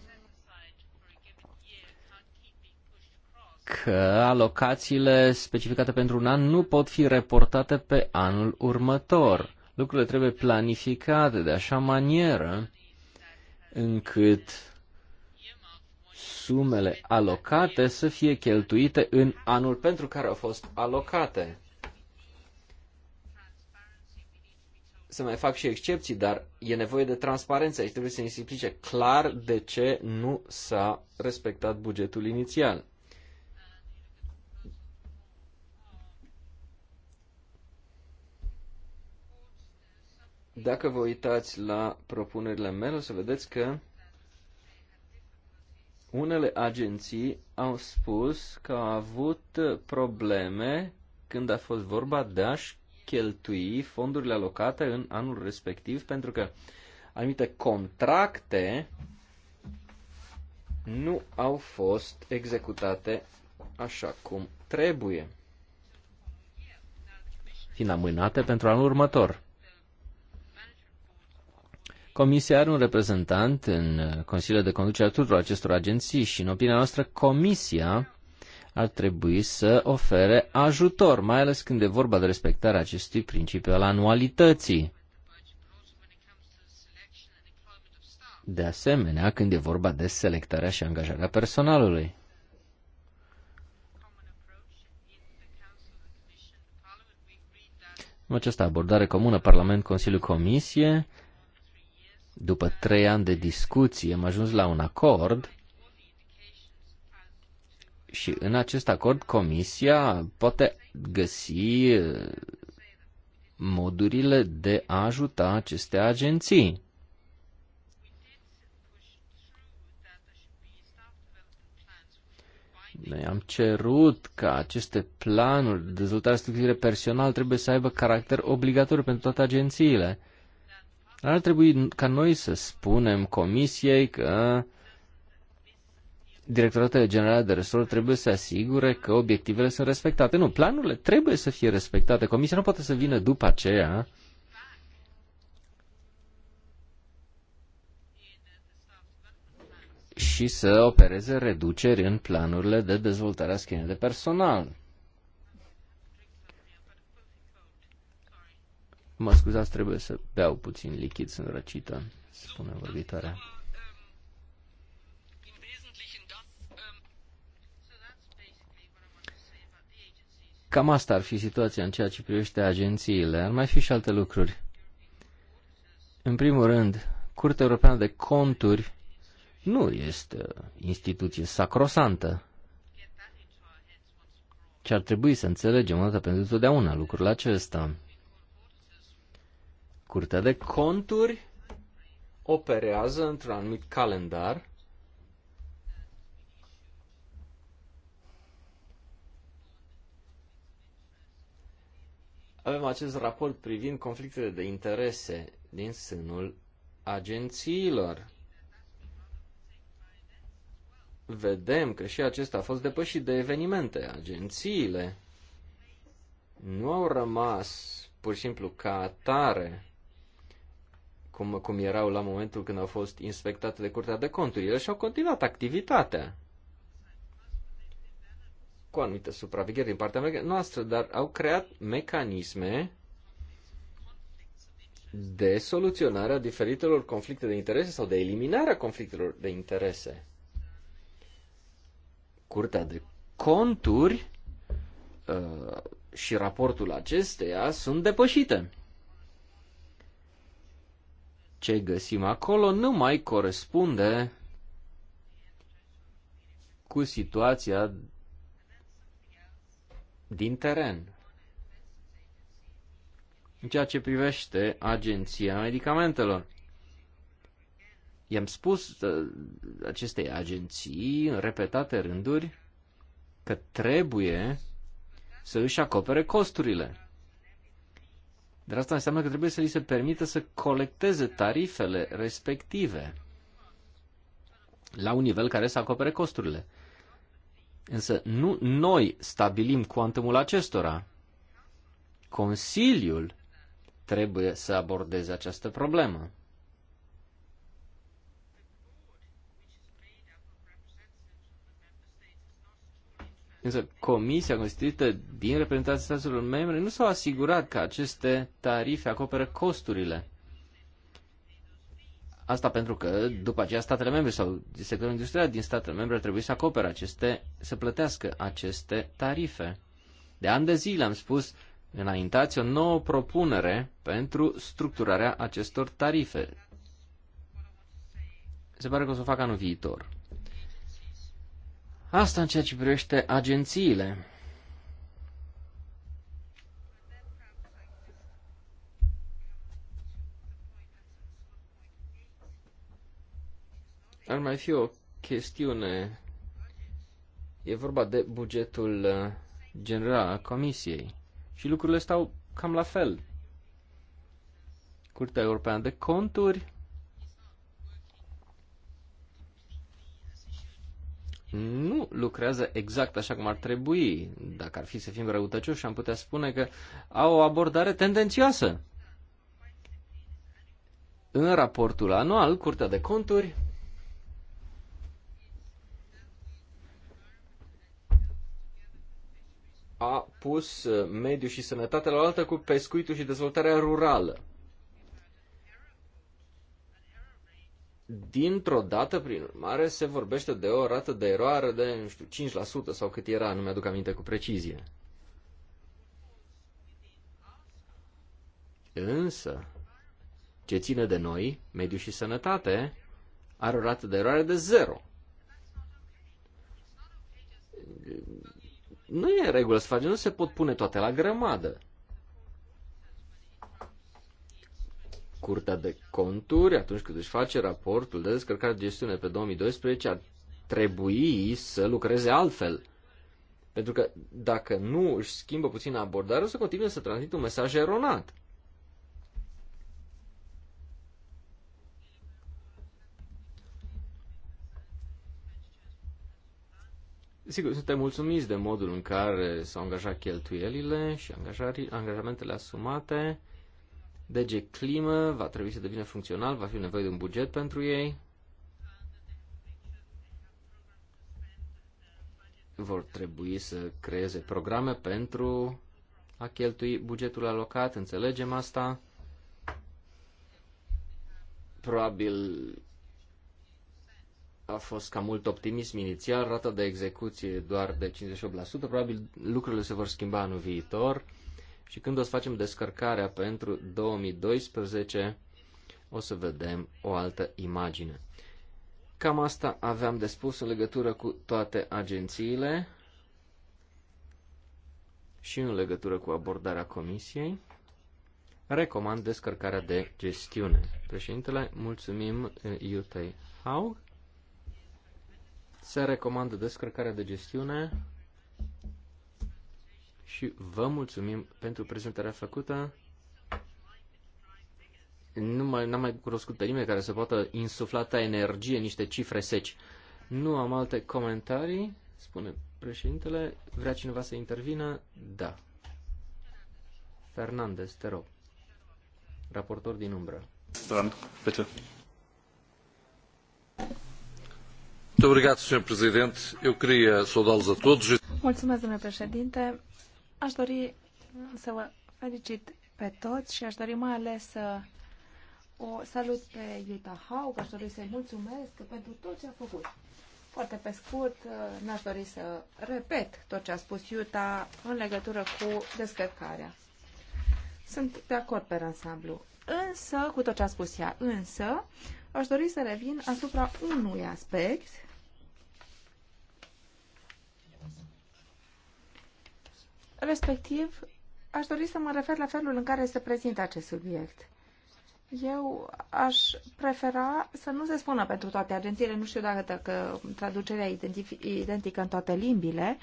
că alocațiile specificate pentru un an nu pot fi reportate pe anul următor. Lucrurile trebuie planificate de așa manieră încât sumele alocate să fie cheltuite în anul pentru care au fost alocate. să mai fac și excepții, dar e nevoie de transparență aici. Trebuie să se explice clar de ce nu s-a respectat bugetul inițial. Dacă vă uitați la propunerile mele, o să vedeți că unele agenții au spus că au avut probleme când a fost vorba de a-și cheltui fondurile alocate în anul respectiv, pentru că anumite contracte nu au fost executate așa cum trebuie, fiind amânate pentru anul următor. Comisia are un reprezentant în Consiliul de Conducere a tuturor acestor agenții și, în opinia noastră, Comisia ar trebui să ofere ajutor, mai ales când e vorba de respectarea acestui principiu al anualității. De asemenea, când e vorba de selectarea și angajarea personalului. În această abordare comună, Parlament, Consiliu, Comisie, după trei ani de discuții, am ajuns la un acord și în acest acord Comisia poate găsi uh, modurile de a ajuta aceste agenții. Noi am cerut ca aceste planuri de dezvoltare structurii personal trebuie să aibă caracter obligatoriu pentru toate agențiile. ar trebui ca noi să spunem comisiei că uh, directoratele generale de resort trebuie să asigure că obiectivele sunt respectate. Nu, planurile trebuie să fie respectate. Comisia nu poate să vină după aceea și să opereze reduceri în planurile de dezvoltare a schemei de personal. Mă scuzați, trebuie să beau puțin lichid, sunt răcită, spune vorbitoarea. Cam asta ar fi situația în ceea ce privește agențiile. Ar mai fi și alte lucruri. În primul rând, Curtea Europeană de Conturi nu este instituție sacrosantă. Ce ar trebui să înțelegem odată pentru totdeauna lucrul acesta. Curtea de Conturi operează într-un anumit calendar avem acest raport privind conflictele de interese din sânul agențiilor. Vedem că și acesta a fost depășit de evenimente. Agențiile nu au rămas pur și simplu ca atare, cum, cum erau la momentul când au fost inspectate de Curtea de Conturi. Ele și-au continuat activitatea cu anumită supraveghere din partea noastră, dar au creat mecanisme de soluționarea diferitelor conflicte de interese sau de eliminarea conflictelor de interese. Curtea de conturi uh, și raportul acesteia sunt depășite. Ce găsim acolo nu mai corespunde cu situația din teren. În ceea ce privește Agenția Medicamentelor. I-am spus uh, acestei agenții, în repetate rânduri, că trebuie să își acopere costurile. Dar asta înseamnă că trebuie să li se permită să colecteze tarifele respective la un nivel care să acopere costurile. Însă nu noi stabilim cuantumul acestora. Consiliul trebuie să abordeze această problemă. Însă comisia constituită din reprezentanții statelor membre nu s-au asigurat că aceste tarife acoperă costurile. Asta pentru că după aceea statele membre sau sectorul industrial din statele membre trebuie să acopere aceste, să plătească aceste tarife. De ani de zile am spus, înaintați o nouă propunere pentru structurarea acestor tarife. Se pare că o să o fac anul viitor. Asta în ceea ce privește agențiile. Ar mai fi o chestiune. E vorba de bugetul uh, general al Comisiei. Și lucrurile stau cam la fel. Curtea Europeană de Conturi nu lucrează exact așa cum ar trebui. Dacă ar fi să fim răutăcioși, am putea spune că au o abordare tendențioasă. În raportul anual, Curtea de Conturi a pus uh, mediu și sănătate la altă cu pescuitul și dezvoltarea rurală. Dintr-o dată, prin urmare, se vorbește de o rată de eroare de, nu știu, 5% sau cât era, nu mi-aduc aminte cu precizie. Însă, ce ține de noi, mediu și sănătate, are o rată de eroare de zero. Nu e în regulă să faci, nu se pot pune toate la grămadă. Curtea de conturi, atunci când își face raportul de descărcare de gestiune pe 2012, ar trebui să lucreze altfel. Pentru că dacă nu își schimbă puțin abordarea, o să continue să transmită un mesaj eronat. Sigur, suntem mulțumiți de modul în care s-au angajat cheltuielile și angajamentele asumate. DG deci, Climă va trebui să devină funcțional, va fi nevoie de un buget pentru ei. Vor trebui să creeze programe pentru a cheltui bugetul alocat, înțelegem asta. Probabil a fost cam mult optimism inițial, rata de execuție doar de 58%, probabil lucrurile se vor schimba în viitor și când o să facem descărcarea pentru 2012 o să vedem o altă imagine. Cam asta aveam de spus în legătură cu toate agențiile și în legătură cu abordarea comisiei. Recomand descărcarea de gestiune. Președintele, mulțumim Iutei Haug se recomandă descărcarea de gestiune și vă mulțumim pentru prezentarea făcută. Nu mai, n-am mai cunoscut pe nimeni care să poată insufla ta energie niște cifre seci. Nu am alte comentarii, spune președintele. Vrea cineva să intervină? Da. Fernandez, te rog. Raportor din umbră. Dan, bitte. Mulțumesc, domnule președinte. Aș dori să vă felicit pe toți și aș dori mai ales să o salut pe Iuta Haug, aș dori să-i mulțumesc pentru tot ce a făcut. Foarte pe scurt, n-aș dori să repet tot ce a spus Iuta în legătură cu descărcarea. Sunt de acord pe ansamblu. Însă, cu tot ce a spus ea, însă, aș dori să revin asupra unui aspect Respectiv, aș dori să mă refer la felul în care se prezintă acest subiect. Eu aș prefera să nu se spună pentru toate agențiile, nu știu dacă, dacă traducerea e identică în toate limbile,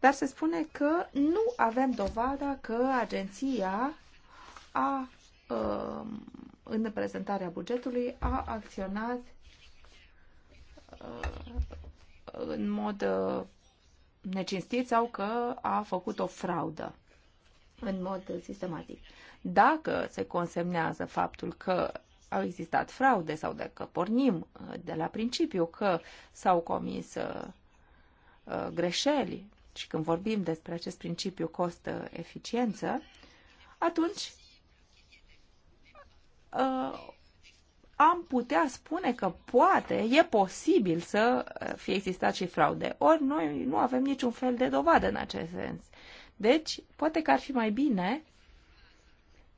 dar se spune că nu avem dovada că agenția a, um, în prezentarea bugetului a acționat uh, în mod uh, necinstit sau că a făcut o fraudă în mod sistematic. Dacă se consemnează faptul că au existat fraude sau dacă pornim uh, de la principiu că s-au comis uh, uh, greșeli și când vorbim despre acest principiu cost-eficiență, atunci am putea spune că poate, e posibil să uh, fie existat și fraude. Ori noi nu avem niciun fel de dovadă în acest sens. Deci, poate că ar fi mai bine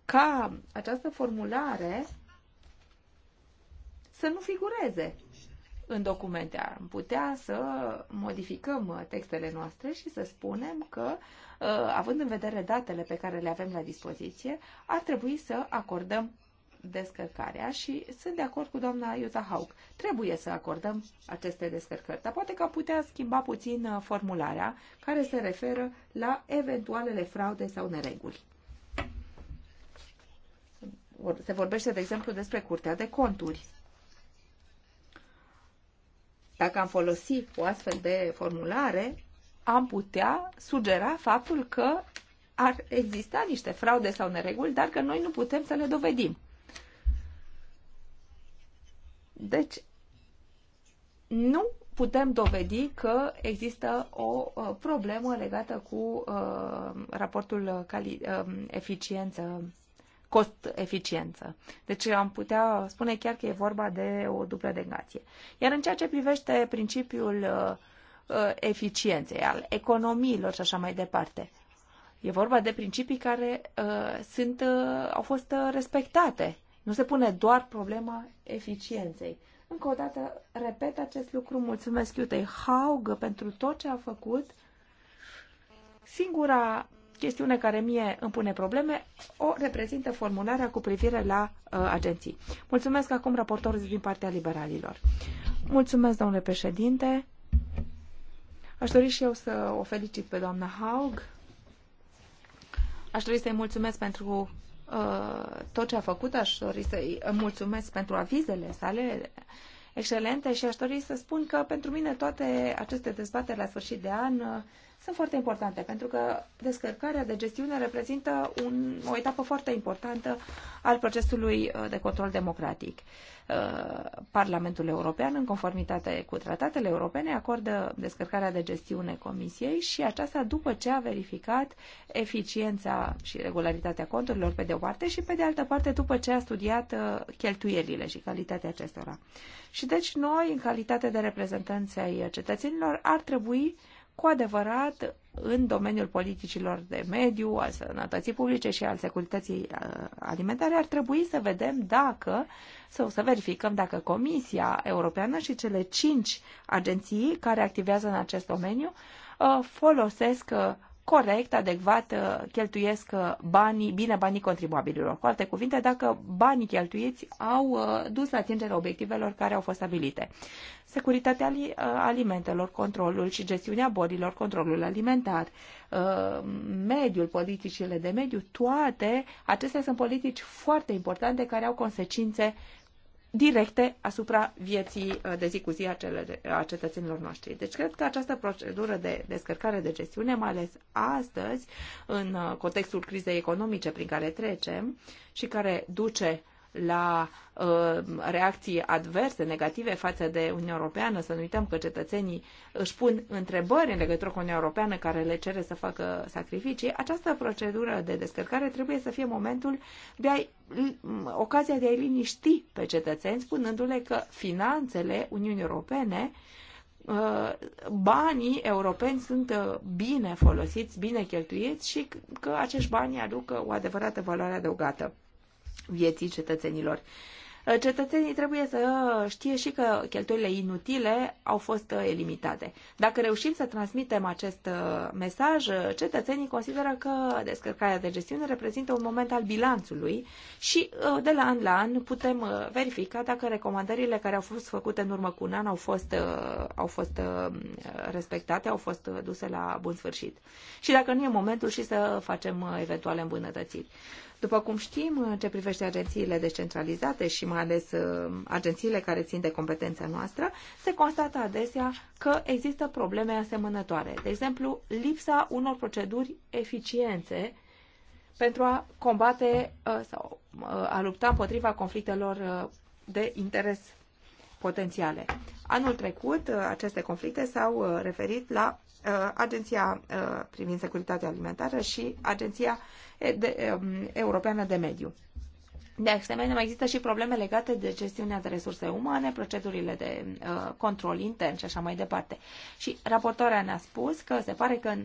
ca această formulare să nu figureze în documente. Am putea să modificăm uh, textele noastre și să spunem că, uh, având în vedere datele pe care le avem la dispoziție, ar trebui să acordăm descărcarea și sunt de acord cu doamna Iuta Hauk. Trebuie să acordăm aceste descărcări, dar poate că putea schimba puțin uh, formularea care se referă la eventualele fraude sau nereguli. Se vorbește, de exemplu, despre curtea de conturi. Dacă am folosit o astfel de formulare, am putea sugera faptul că ar exista niște fraude sau nereguli, dar că noi nu putem să le dovedim. Deci, nu putem dovedi că există o uh, problemă legată cu uh, raportul cali- uh, eficiență, cost-eficiență. Deci am putea spune chiar că e vorba de o dublă negație. Iar în ceea ce privește principiul uh, uh, eficienței, al economiilor și așa mai departe, e vorba de principii care uh, sunt, uh, au fost uh, respectate. Uh, nu se pune doar problema eficienței. Încă o dată, repet acest lucru, mulțumesc Iutei Haug pentru tot ce a făcut. Singura chestiune care mie îmi pune probleme o reprezintă formularea cu privire la uh, agenții. Mulțumesc acum raportorul din partea liberalilor. Mulțumesc, domnule președinte. Aș dori și eu să o felicit pe doamna Haug. Aș dori să-i mulțumesc pentru Uh, tot ce a făcut. Aș dori să-i mulțumesc pentru avizele sale excelente și aș dori să spun că pentru mine toate aceste dezbateri la sfârșit de an uh, sunt foarte importante, pentru că descărcarea de gestiune reprezintă un, o etapă foarte importantă al procesului uh, de control democratic. Uh, Parlamentul European, în conformitate cu tratatele europene, acordă descărcarea de gestiune Comisiei și aceasta după ce a verificat eficiența și regularitatea conturilor pe de o parte și pe de altă parte după ce a studiat uh, cheltuielile și calitatea acestora. Și deci noi, în calitate de reprezentanți ai cetățenilor, ar trebui uh, cu adevărat în domeniul politicilor de mediu, al sănătății publice și al securității uh, alimentare, ar trebui să vedem dacă, sau să verificăm dacă Comisia Europeană și cele cinci agenții care activează în acest domeniu uh, folosesc uh, corect, adecvat uh, cheltuiesc uh, banii, bine banii contribuabililor. Cu alte cuvinte, dacă banii cheltuiți au uh, dus la atingerea obiectivelor care au fost stabilite. Securitatea alimentelor, controlul și gestiunea bolilor, controlul alimentar, mediul, politicile de mediu, toate acestea sunt politici foarte importante care au consecințe directe asupra vieții uh, de zi cu zi a, cele, a cetățenilor noștri. Deci cred că această procedură de descărcare de gestiune, mai ales astăzi, în uh, contextul crizei economice prin care trecem și care duce la uh, reacții adverse, negative față de Uniunea Europeană, să nu uităm că cetățenii își pun întrebări în legătură cu Uniunea Europeană care le cere să facă sacrificii, această procedură de descărcare trebuie să fie momentul de a mm, ocazia de a-i liniști pe cetățeni, spunându-le că finanțele Uniunii Europene uh, banii europeni sunt uh, bine folosiți, bine cheltuiți și că acești bani aduc o adevărată valoare adăugată vieții cetățenilor. Uh, cetățenii trebuie să știe și că cheltuielile inutile au fost uh, elimitate. Dacă reușim să transmitem acest uh, mesaj, cetățenii consideră că descărcarea de gestiune reprezintă un moment al bilanțului și de la an la an putem verifica dacă recomandările care au fost făcute în urmă cu un an au fost, au fost respectate, au fost duse la bun sfârșit. Și dacă nu e momentul și să facem eventuale îmbunătățiri. După cum știm, în ce privește agențiile decentralizate și mai ales uh, agențiile care țin de competența noastră, se constată adesea că există probleme asemănătoare. De exemplu, lipsa unor proceduri eficiente pentru a combate uh, sau uh, a lupta împotriva conflictelor de interes potențiale. Anul trecut, aceste conflicte s-au referit la Agenția privind securitatea alimentară și Agenția de, um, Europeană de Mediu. De asemenea, mai există și probleme legate de gestiunea de resurse umane, procedurile de uh, control intern și așa mai departe. Și raportoarea ne-a spus că se pare că în,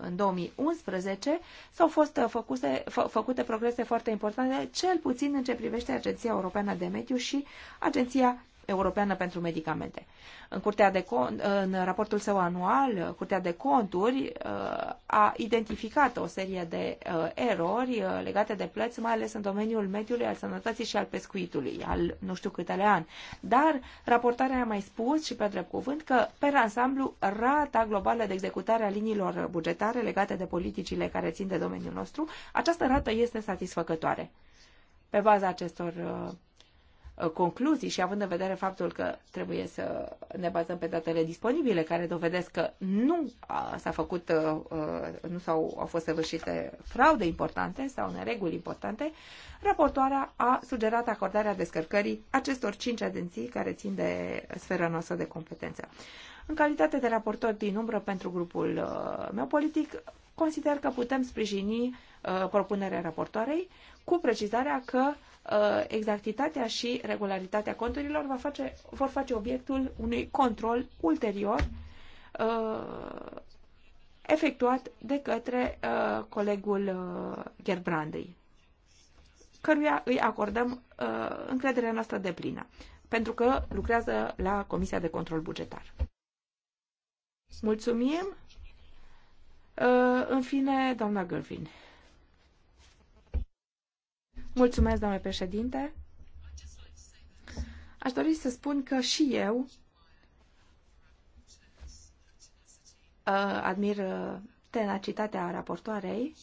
în 2011 s-au fost uh, făcuse, fă, făcute progrese foarte importante, cel puțin în ce privește Agenția Europeană de Mediu și Agenția Europeană pentru Medicamente. În, curtea de cont, în raportul său anual, Curtea de Conturi uh, a identificat o serie de uh, erori uh, legate de plăți, mai ales în domeniul mediului, al sănătății și al pescuitului, al nu știu câtele ani. Dar raportarea a mai spus și pe drept cuvânt că, pe ansamblu, rata globală de executare a liniilor bugetare legate de politicile care țin de domeniul nostru, această rată este satisfăcătoare. Pe baza acestor Uh, concluzii și având în vedere faptul că trebuie să ne bazăm pe datele disponibile care dovedesc că nu s-a făcut, uh, uh, nu s-au au fost săvârșite fraude importante sau nereguli importante, raportoarea a sugerat acordarea descărcării acestor cinci agenții care țin de sfera noastră de competență. În calitate de raportor din umbră pentru grupul meu politic, consider că putem sprijini propunerea raportoarei cu precizarea că Uh, exactitatea și regularitatea conturilor va face, vor face obiectul unui control ulterior uh, efectuat de către uh, colegul uh, Gerbrandei, căruia îi acordăm uh, încrederea noastră de plină, pentru că lucrează la Comisia de Control Bugetar. Mulțumim! Uh, în fine, doamna Gervin. Mulțumesc, domnule președinte. Aș dori să spun că și eu uh, admir uh, tenacitatea raportoarei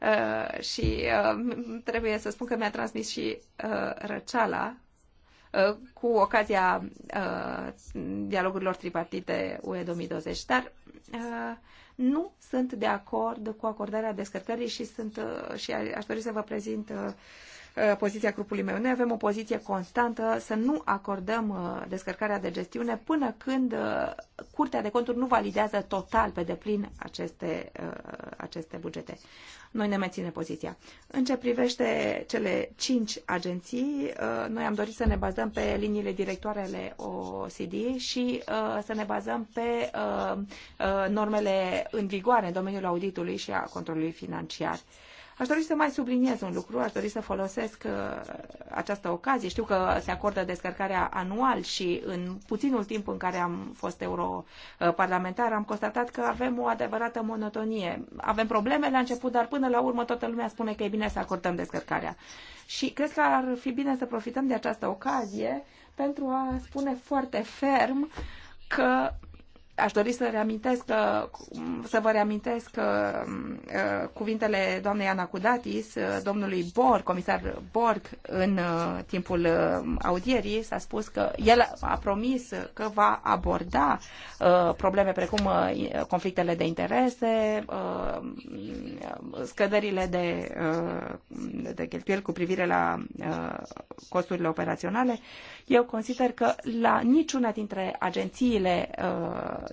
uh, și trebuie să spun că mi-a transmis și răceala cu ocazia dialogurilor tripartite UE 2020. Dar nu sunt de acord cu acordarea descărcării și, sunt, uh, și aș dori să vă prezint uh, Uh, poziția grupului meu. Noi avem o poziție constantă să nu acordăm uh, descărcarea de gestiune până când uh, Curtea de Conturi nu validează total pe deplin aceste, aceste bugete. Noi ne menținem poziția. În ce privește cele cinci agenții, noi am dorit să ne bazăm pe liniile directoare ale OCD și să ne bazăm pe normele în vigoare în domeniul auditului și a controlului financiar. Aș dori să mai subliniez un lucru, aș dori să folosesc uh, această ocazie. Știu că se acordă descărcarea anual și în puținul timp în care am fost europarlamentar am constatat că avem o adevărată monotonie. Avem probleme la început, dar până la urmă toată lumea spune că e bine să acordăm descărcarea. Și cred că ar fi bine să profităm de această ocazie pentru a spune foarte ferm că Aș dori să, reamintesc, uh, să vă reamintesc uh, uh, cuvintele doamnei Cudatis, domnului Borg, comisar Borg, în timpul audierii. S-a spus că el a promis că va aborda probleme precum conflictele de interese, scăderile de, de cheltuieli cu privire la costurile operaționale. Eu consider că la niciuna dintre agențiile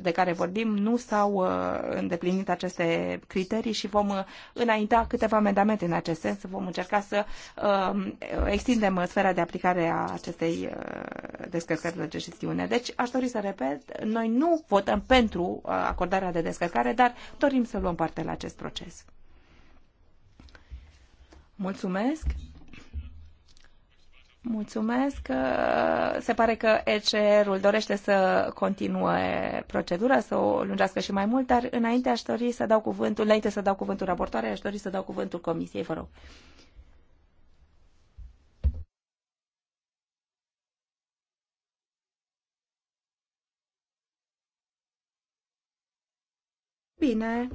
de care vorbim nu s-au uh, îndeplinit aceste criterii și vom uh, înainta câteva amendamente în acest sens. Vom încerca să uh, extindem sfera de aplicare a acestei descărcări de gestiune. Deci, aș dori să repet, noi nu votăm pentru acordarea de descărcare, dar dorim să luăm parte la acest proces. Mulțumesc. Mulțumesc. Uh, se pare că ECR-ul dorește să continue procedura, să o lungească și mai mult, dar înainte aș dori să dau cuvântul, înainte să dau cuvântul raportoare, aș dori să dau cuvântul comisiei, vă rog. Bine,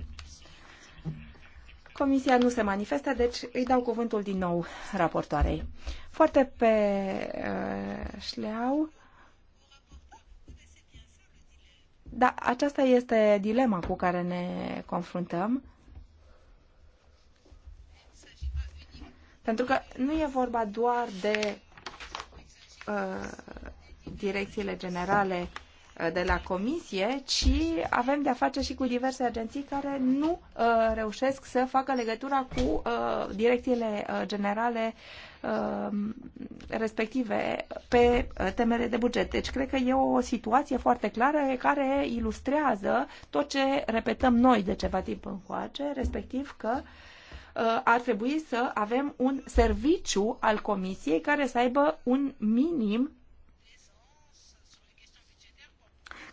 Comisia nu se manifestă, deci îi dau cuvântul din nou raportoarei. Foarte pe uh, șleau. Da, aceasta este dilema cu care ne confruntăm. Pentru că nu e vorba doar de uh, direcțiile generale de la comisie, ci avem de-a face și cu diverse agenții care nu uh, reușesc să facă legătura cu uh, direcțiile uh, generale uh, respective pe uh, temele de buget. Deci cred că e o situație foarte clară care ilustrează tot ce repetăm noi de ceva timp încoace, respectiv că uh, ar trebui să avem un serviciu al comisiei care să aibă un minim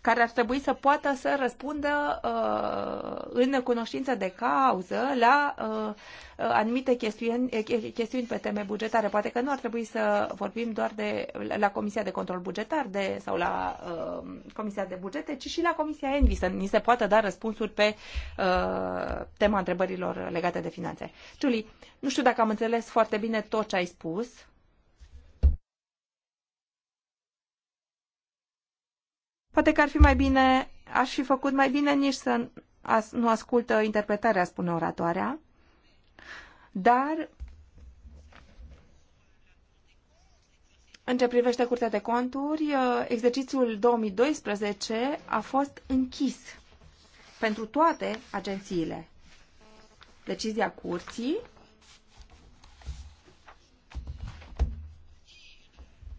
care ar trebui să poată să răspundă uh, în cunoștință de cauză la uh, anumite chestiuni, eh, chestiuni pe teme bugetare. Poate că nu ar trebui să vorbim doar de la Comisia de Control Bugetar de, sau la uh, Comisia de Bugete, ci și la Comisia Envi să ni se poată da răspunsuri pe uh, tema întrebărilor legate de finanțe. Julie, nu știu dacă am înțeles foarte bine tot ce ai spus. Uh, Poate că ar fi mai bine, aș fi făcut mai bine nici să nu ascultă interpretarea, spune oratoarea, dar În ce privește Curtea de Conturi, uh, exercițiul 2012 a fost închis pentru toate agențiile. Decizia Curții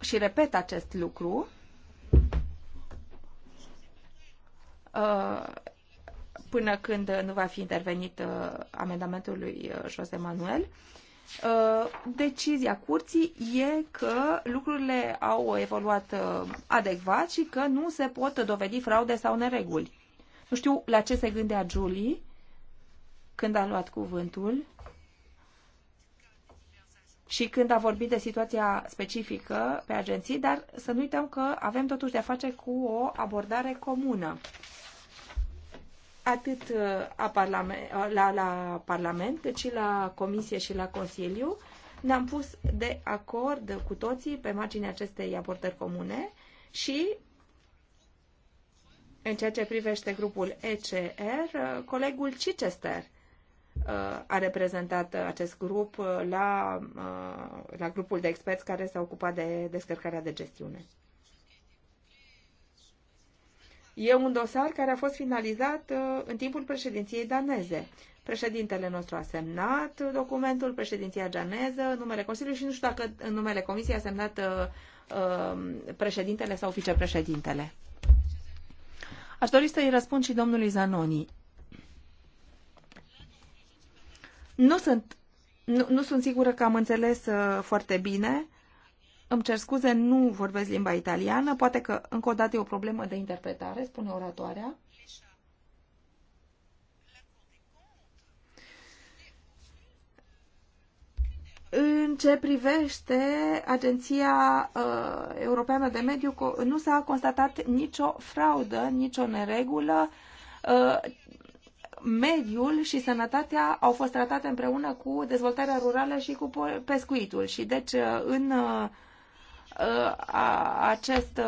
și repet acest lucru, Uh, până când nu va fi intervenit uh, amendamentul lui uh, José Manuel. Decizia curții e că lucrurile au evoluat adecvat și că nu se pot dovedi fraude sau nereguli. Nu știu la ce se gândea Julie când a luat cuvântul și când a vorbit de situația specifică pe agenții, dar să nu uităm că avem totuși de-a face cu o abordare comună atât uh, a parlament, uh, la, la Parlament, cât și la Comisie și la Consiliu, ne-am pus de acord cu toții pe marginea acestei abordări comune și în ceea ce privește grupul ECR, uh, colegul Chichester a reprezentat acest grup la, la grupul de experți care s-a ocupat de descărcarea de gestiune. E un dosar care a fost finalizat uh, în timpul președinției daneze. Președintele nostru a semnat documentul, președinția daneză, numele Consiliului și nu știu dacă în numele Comisiei a semnat uh, uh, președintele sau vicepreședintele. Aș dori să-i răspund și domnului Zanoni. Nu sunt, nu, nu sunt sigură că am înțeles foarte bine îmi cer scuze, nu vorbesc limba italiană, poate că încă o dată e o problemă de interpretare, spune oratoarea. În ce privește Agenția uh, Europeană de Mediu, nu s-a constatat nicio fraudă, nicio neregulă. Uh, mediul și sănătatea au fost tratate împreună cu dezvoltarea rurală și cu pescuitul. Și deci, uh, în uh, acest,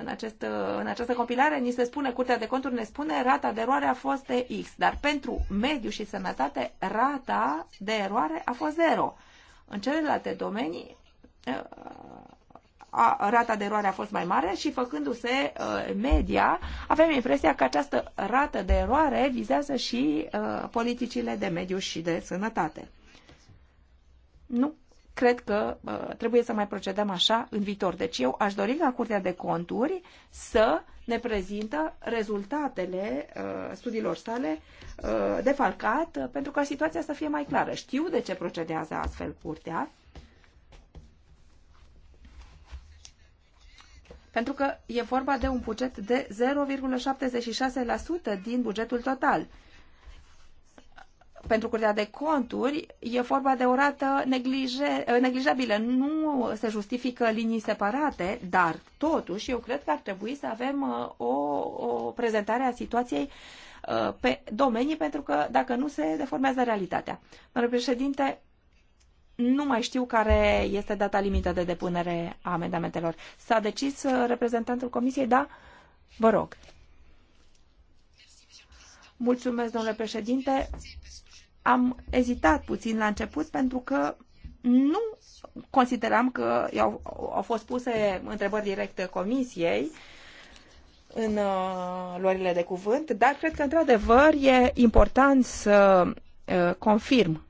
în, acest, în această compilare ni se spune, Curtea de Conturi ne spune, rata de eroare a fost de X, dar pentru mediu și sănătate, rata de eroare a fost 0. În celelalte domenii, a, rata de eroare a fost mai mare și făcându-se media, avem impresia că această rată de eroare vizează și a, politicile de mediu și de sănătate. Nu cred că uh, trebuie să mai procedăm așa în viitor. Deci eu aș dori ca Curtea de Conturi să ne prezintă rezultatele uh, studiilor sale uh, defalcat uh, pentru ca situația să fie mai clară. Știu de ce procedează astfel Curtea, pentru că e vorba de un buget de 0,76% din bugetul total pentru Curtea de Conturi e vorba de o rată neglige, eh, neglijabilă. Nu se justifică linii separate, dar totuși eu cred că ar trebui să avem eh, o, o prezentare a situației eh, pe domenii, pentru că dacă nu se deformează realitatea. Domnule președinte, nu mai știu care este data limită de depunere a amendamentelor. S-a decis reprezentantul Comisiei, da? Vă rog. Mulțumesc, domnule președinte am ezitat puțin la început pentru că nu consideram că au, au fost puse întrebări directe comisiei în uh, luările de cuvânt, dar cred că într-adevăr e important să uh, confirm.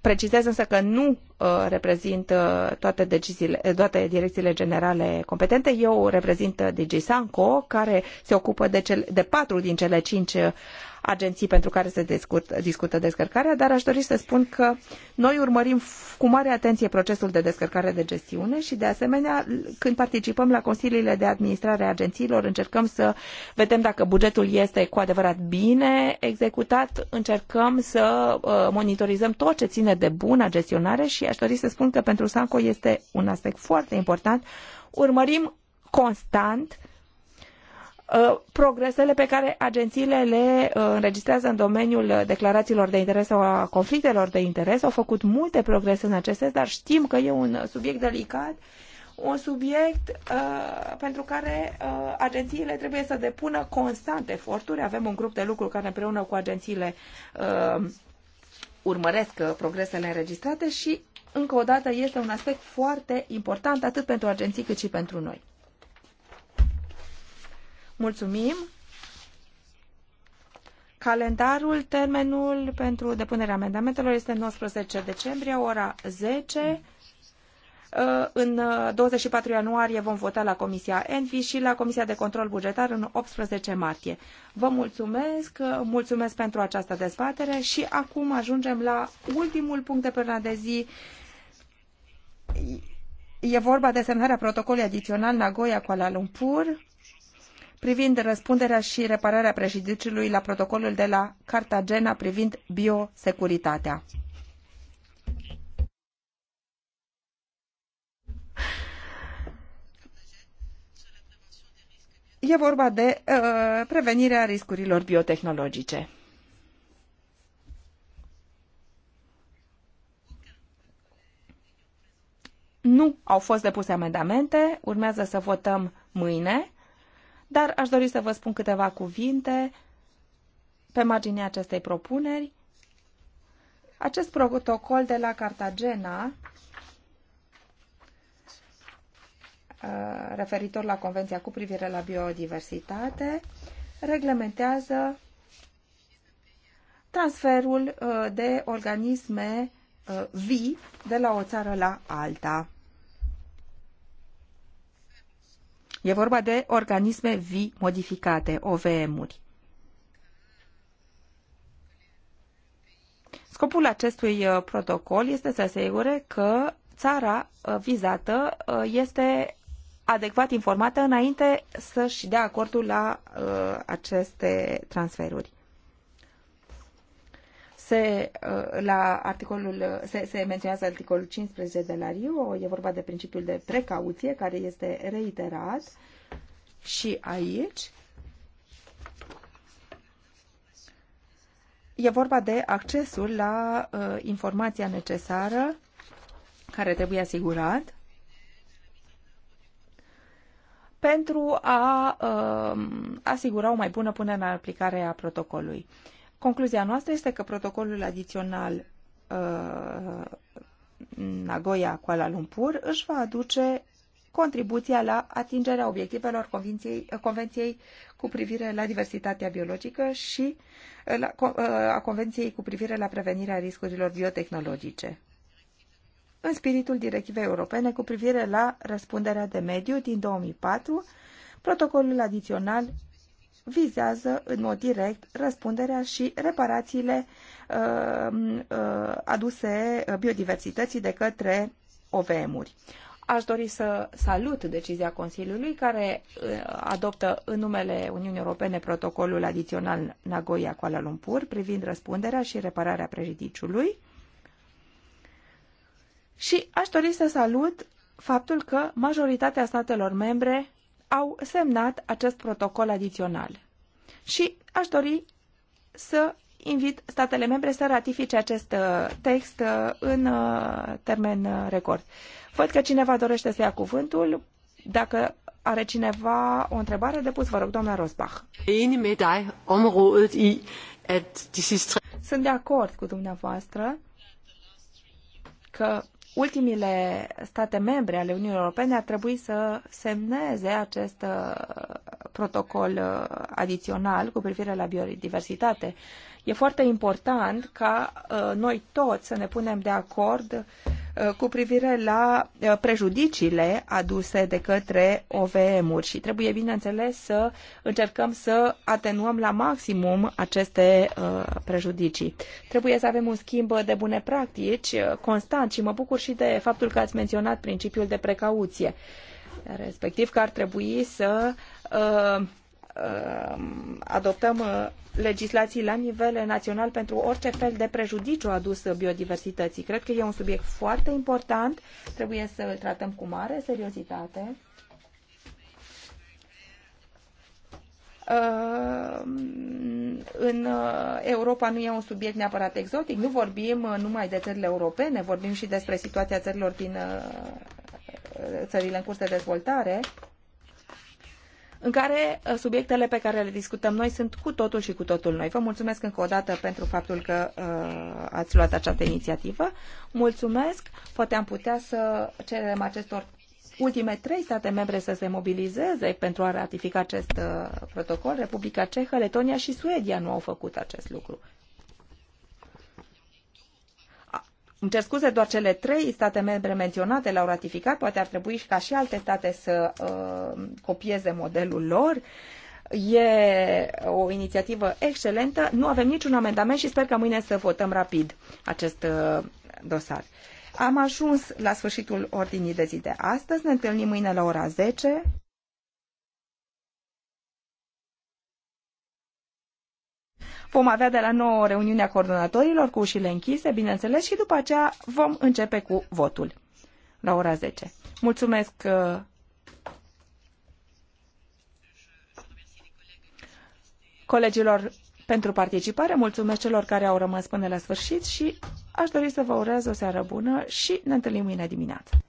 Precizez însă că nu uh, reprezint uh, toate, deciziile, toate direcțiile generale competente. Eu reprezint uh, DG Sanco, care se ocupă de, cel, de patru din cele cinci uh, agenții pentru care se discută descărcarea, dar aș dori să spun că noi urmărim cu mare atenție procesul de descărcare de gestiune și, de asemenea, când participăm la consiliile de administrare a agențiilor, încercăm să vedem dacă bugetul este cu adevărat bine executat, încercăm să uh, monitorizăm tot ce ține de bună gestionare și aș dori să spun că pentru Sanco este un aspect foarte important. Urmărim constant Uh, progresele pe care agențiile le uh, înregistrează în domeniul uh, declarațiilor de interes sau a conflictelor de interes. Au făcut multe progrese în acest sens, dar știm că e un subiect delicat, un subiect uh, pentru care uh, agențiile trebuie să depună constant eforturi. Avem un grup de lucru care împreună cu agențiile uh, urmăresc progresele înregistrate și, încă o dată, este un aspect foarte important atât pentru agenții cât și pentru noi. Mulțumim! Calendarul, termenul pentru depunerea amendamentelor este 19 decembrie, ora 10. Uh, în 24 uh, ianuarie vom vota la Comisia Envi și la Comisia de Control Bugetar în 18 martie. Vă mulțumesc, uh, mulțumesc pentru această dezbatere și acum ajungem la ultimul punct de până de zi. E vorba de semnarea protocolului adițional Nagoya-Kuala Lumpur privind răspunderea și repararea prejudiciului la protocolul de la Cartagena privind biosecuritatea. E vorba de uh, prevenirea riscurilor biotehnologice. Nu au fost depuse amendamente, urmează să votăm mâine dar aș dori să vă spun câteva cuvinte pe marginea acestei propuneri. Acest protocol de la Cartagena referitor la Convenția cu privire la biodiversitate reglementează transferul de organisme vii de la o țară la alta. E vorba de organisme vii modificate, OVM-uri. Scopul acestui uh, protocol este să asigure că țara uh, vizată uh, este adecvat informată înainte să-și dea acordul la aceste transferuri se, uh, la articolul, uh, se, se menționează articolul 15 de la Rio, e vorba de principiul de precauție care este reiterat și aici. E vorba de accesul la uh, informația necesară care trebuie asigurat pentru a uh, asigura o mai bună punere în aplicare a protocolului. Uh, Concluzia noastră este că protocolul adițional uh, Nagoya-Kuala Lumpur își va aduce contribuția la atingerea obiectivelor convenției, convenției cu privire la diversitatea biologică și uh, la, uh, a Convenției cu privire la prevenirea riscurilor biotehnologice. În spiritul directivei europene cu privire la răspunderea de mediu din 2004, protocolul adițional vizează în mod direct răspunderea și reparațiile uh, uh, aduse biodiversității de către OVM-uri. Aș dori să salut decizia Consiliului care uh, adoptă în numele Uniunii Europene protocolul adițional Nagoya Kuala Lumpur privind răspunderea și repararea prejudiciului. Și aș dori să salut faptul că majoritatea statelor membre au semnat acest protocol adițional. Și aș dori să invit statele membre să ratifice acest uh, text uh, în uh, termen record. Văd că cineva dorește să ia cuvântul. Dacă are cineva o întrebare de pus, vă rog, doamna Rosbach. Er Sunt de acord cu dumneavoastră că ultimile state membre ale Uniunii Europene ar trebui să semneze acest uh, protocol uh, adițional cu privire la biodiversitate. E foarte important ca uh, noi toți să ne punem de acord Uh, cu privire la uh, prejudiciile aduse de către OVM-uri și trebuie, bineînțeles, să încercăm să atenuăm la maximum aceste uh, prejudicii. Trebuie să avem un schimb de bune practici constant și mă bucur și de faptul că ați menționat principiul de precauție, respectiv că ar trebui să Um, adoptăm uh, legislații la nivel național pentru orice fel de prejudiciu adus biodiversității. Cred că e un subiect foarte important, trebuie să îl tratăm cu mare seriozitate. Um, în uh, Europa nu e un subiect neapărat exotic, nu vorbim uh, numai de țările europene, vorbim și despre situația țărilor din țările în curs de dezvoltare. Uh, în care uh, subiectele pe care le discutăm noi sunt cu totul și cu totul noi. Vă mulțumesc încă o dată pentru faptul că uh, ați luat această inițiativă. Mulțumesc. Poate am putea să cerem acestor ultime trei state membre să se mobilizeze pentru a ratifica acest uh, protocol. Republica Cehă, Letonia și Suedia nu au făcut acest lucru. îmi cer scuze, doar cele trei state membre menționate le au ratificat, poate ar trebui și ca și alte state să uh, copieze modelul lor. E o inițiativă excelentă, nu avem niciun amendament și sper că mâine să votăm rapid acest uh, dosar. Am ajuns la sfârșitul ordinii de zi de astăzi, ne întâlnim mâine la ora 10. Vom avea de la o reuniune a coordonatorilor cu ușile închise, bineînțeles, și după aceea vom începe cu votul la ora 10. Mulțumesc uh, colegilor pentru participare, mulțumesc celor care au rămas până la sfârșit și aș dori să vă urez o seară bună și ne întâlnim mâine dimineață.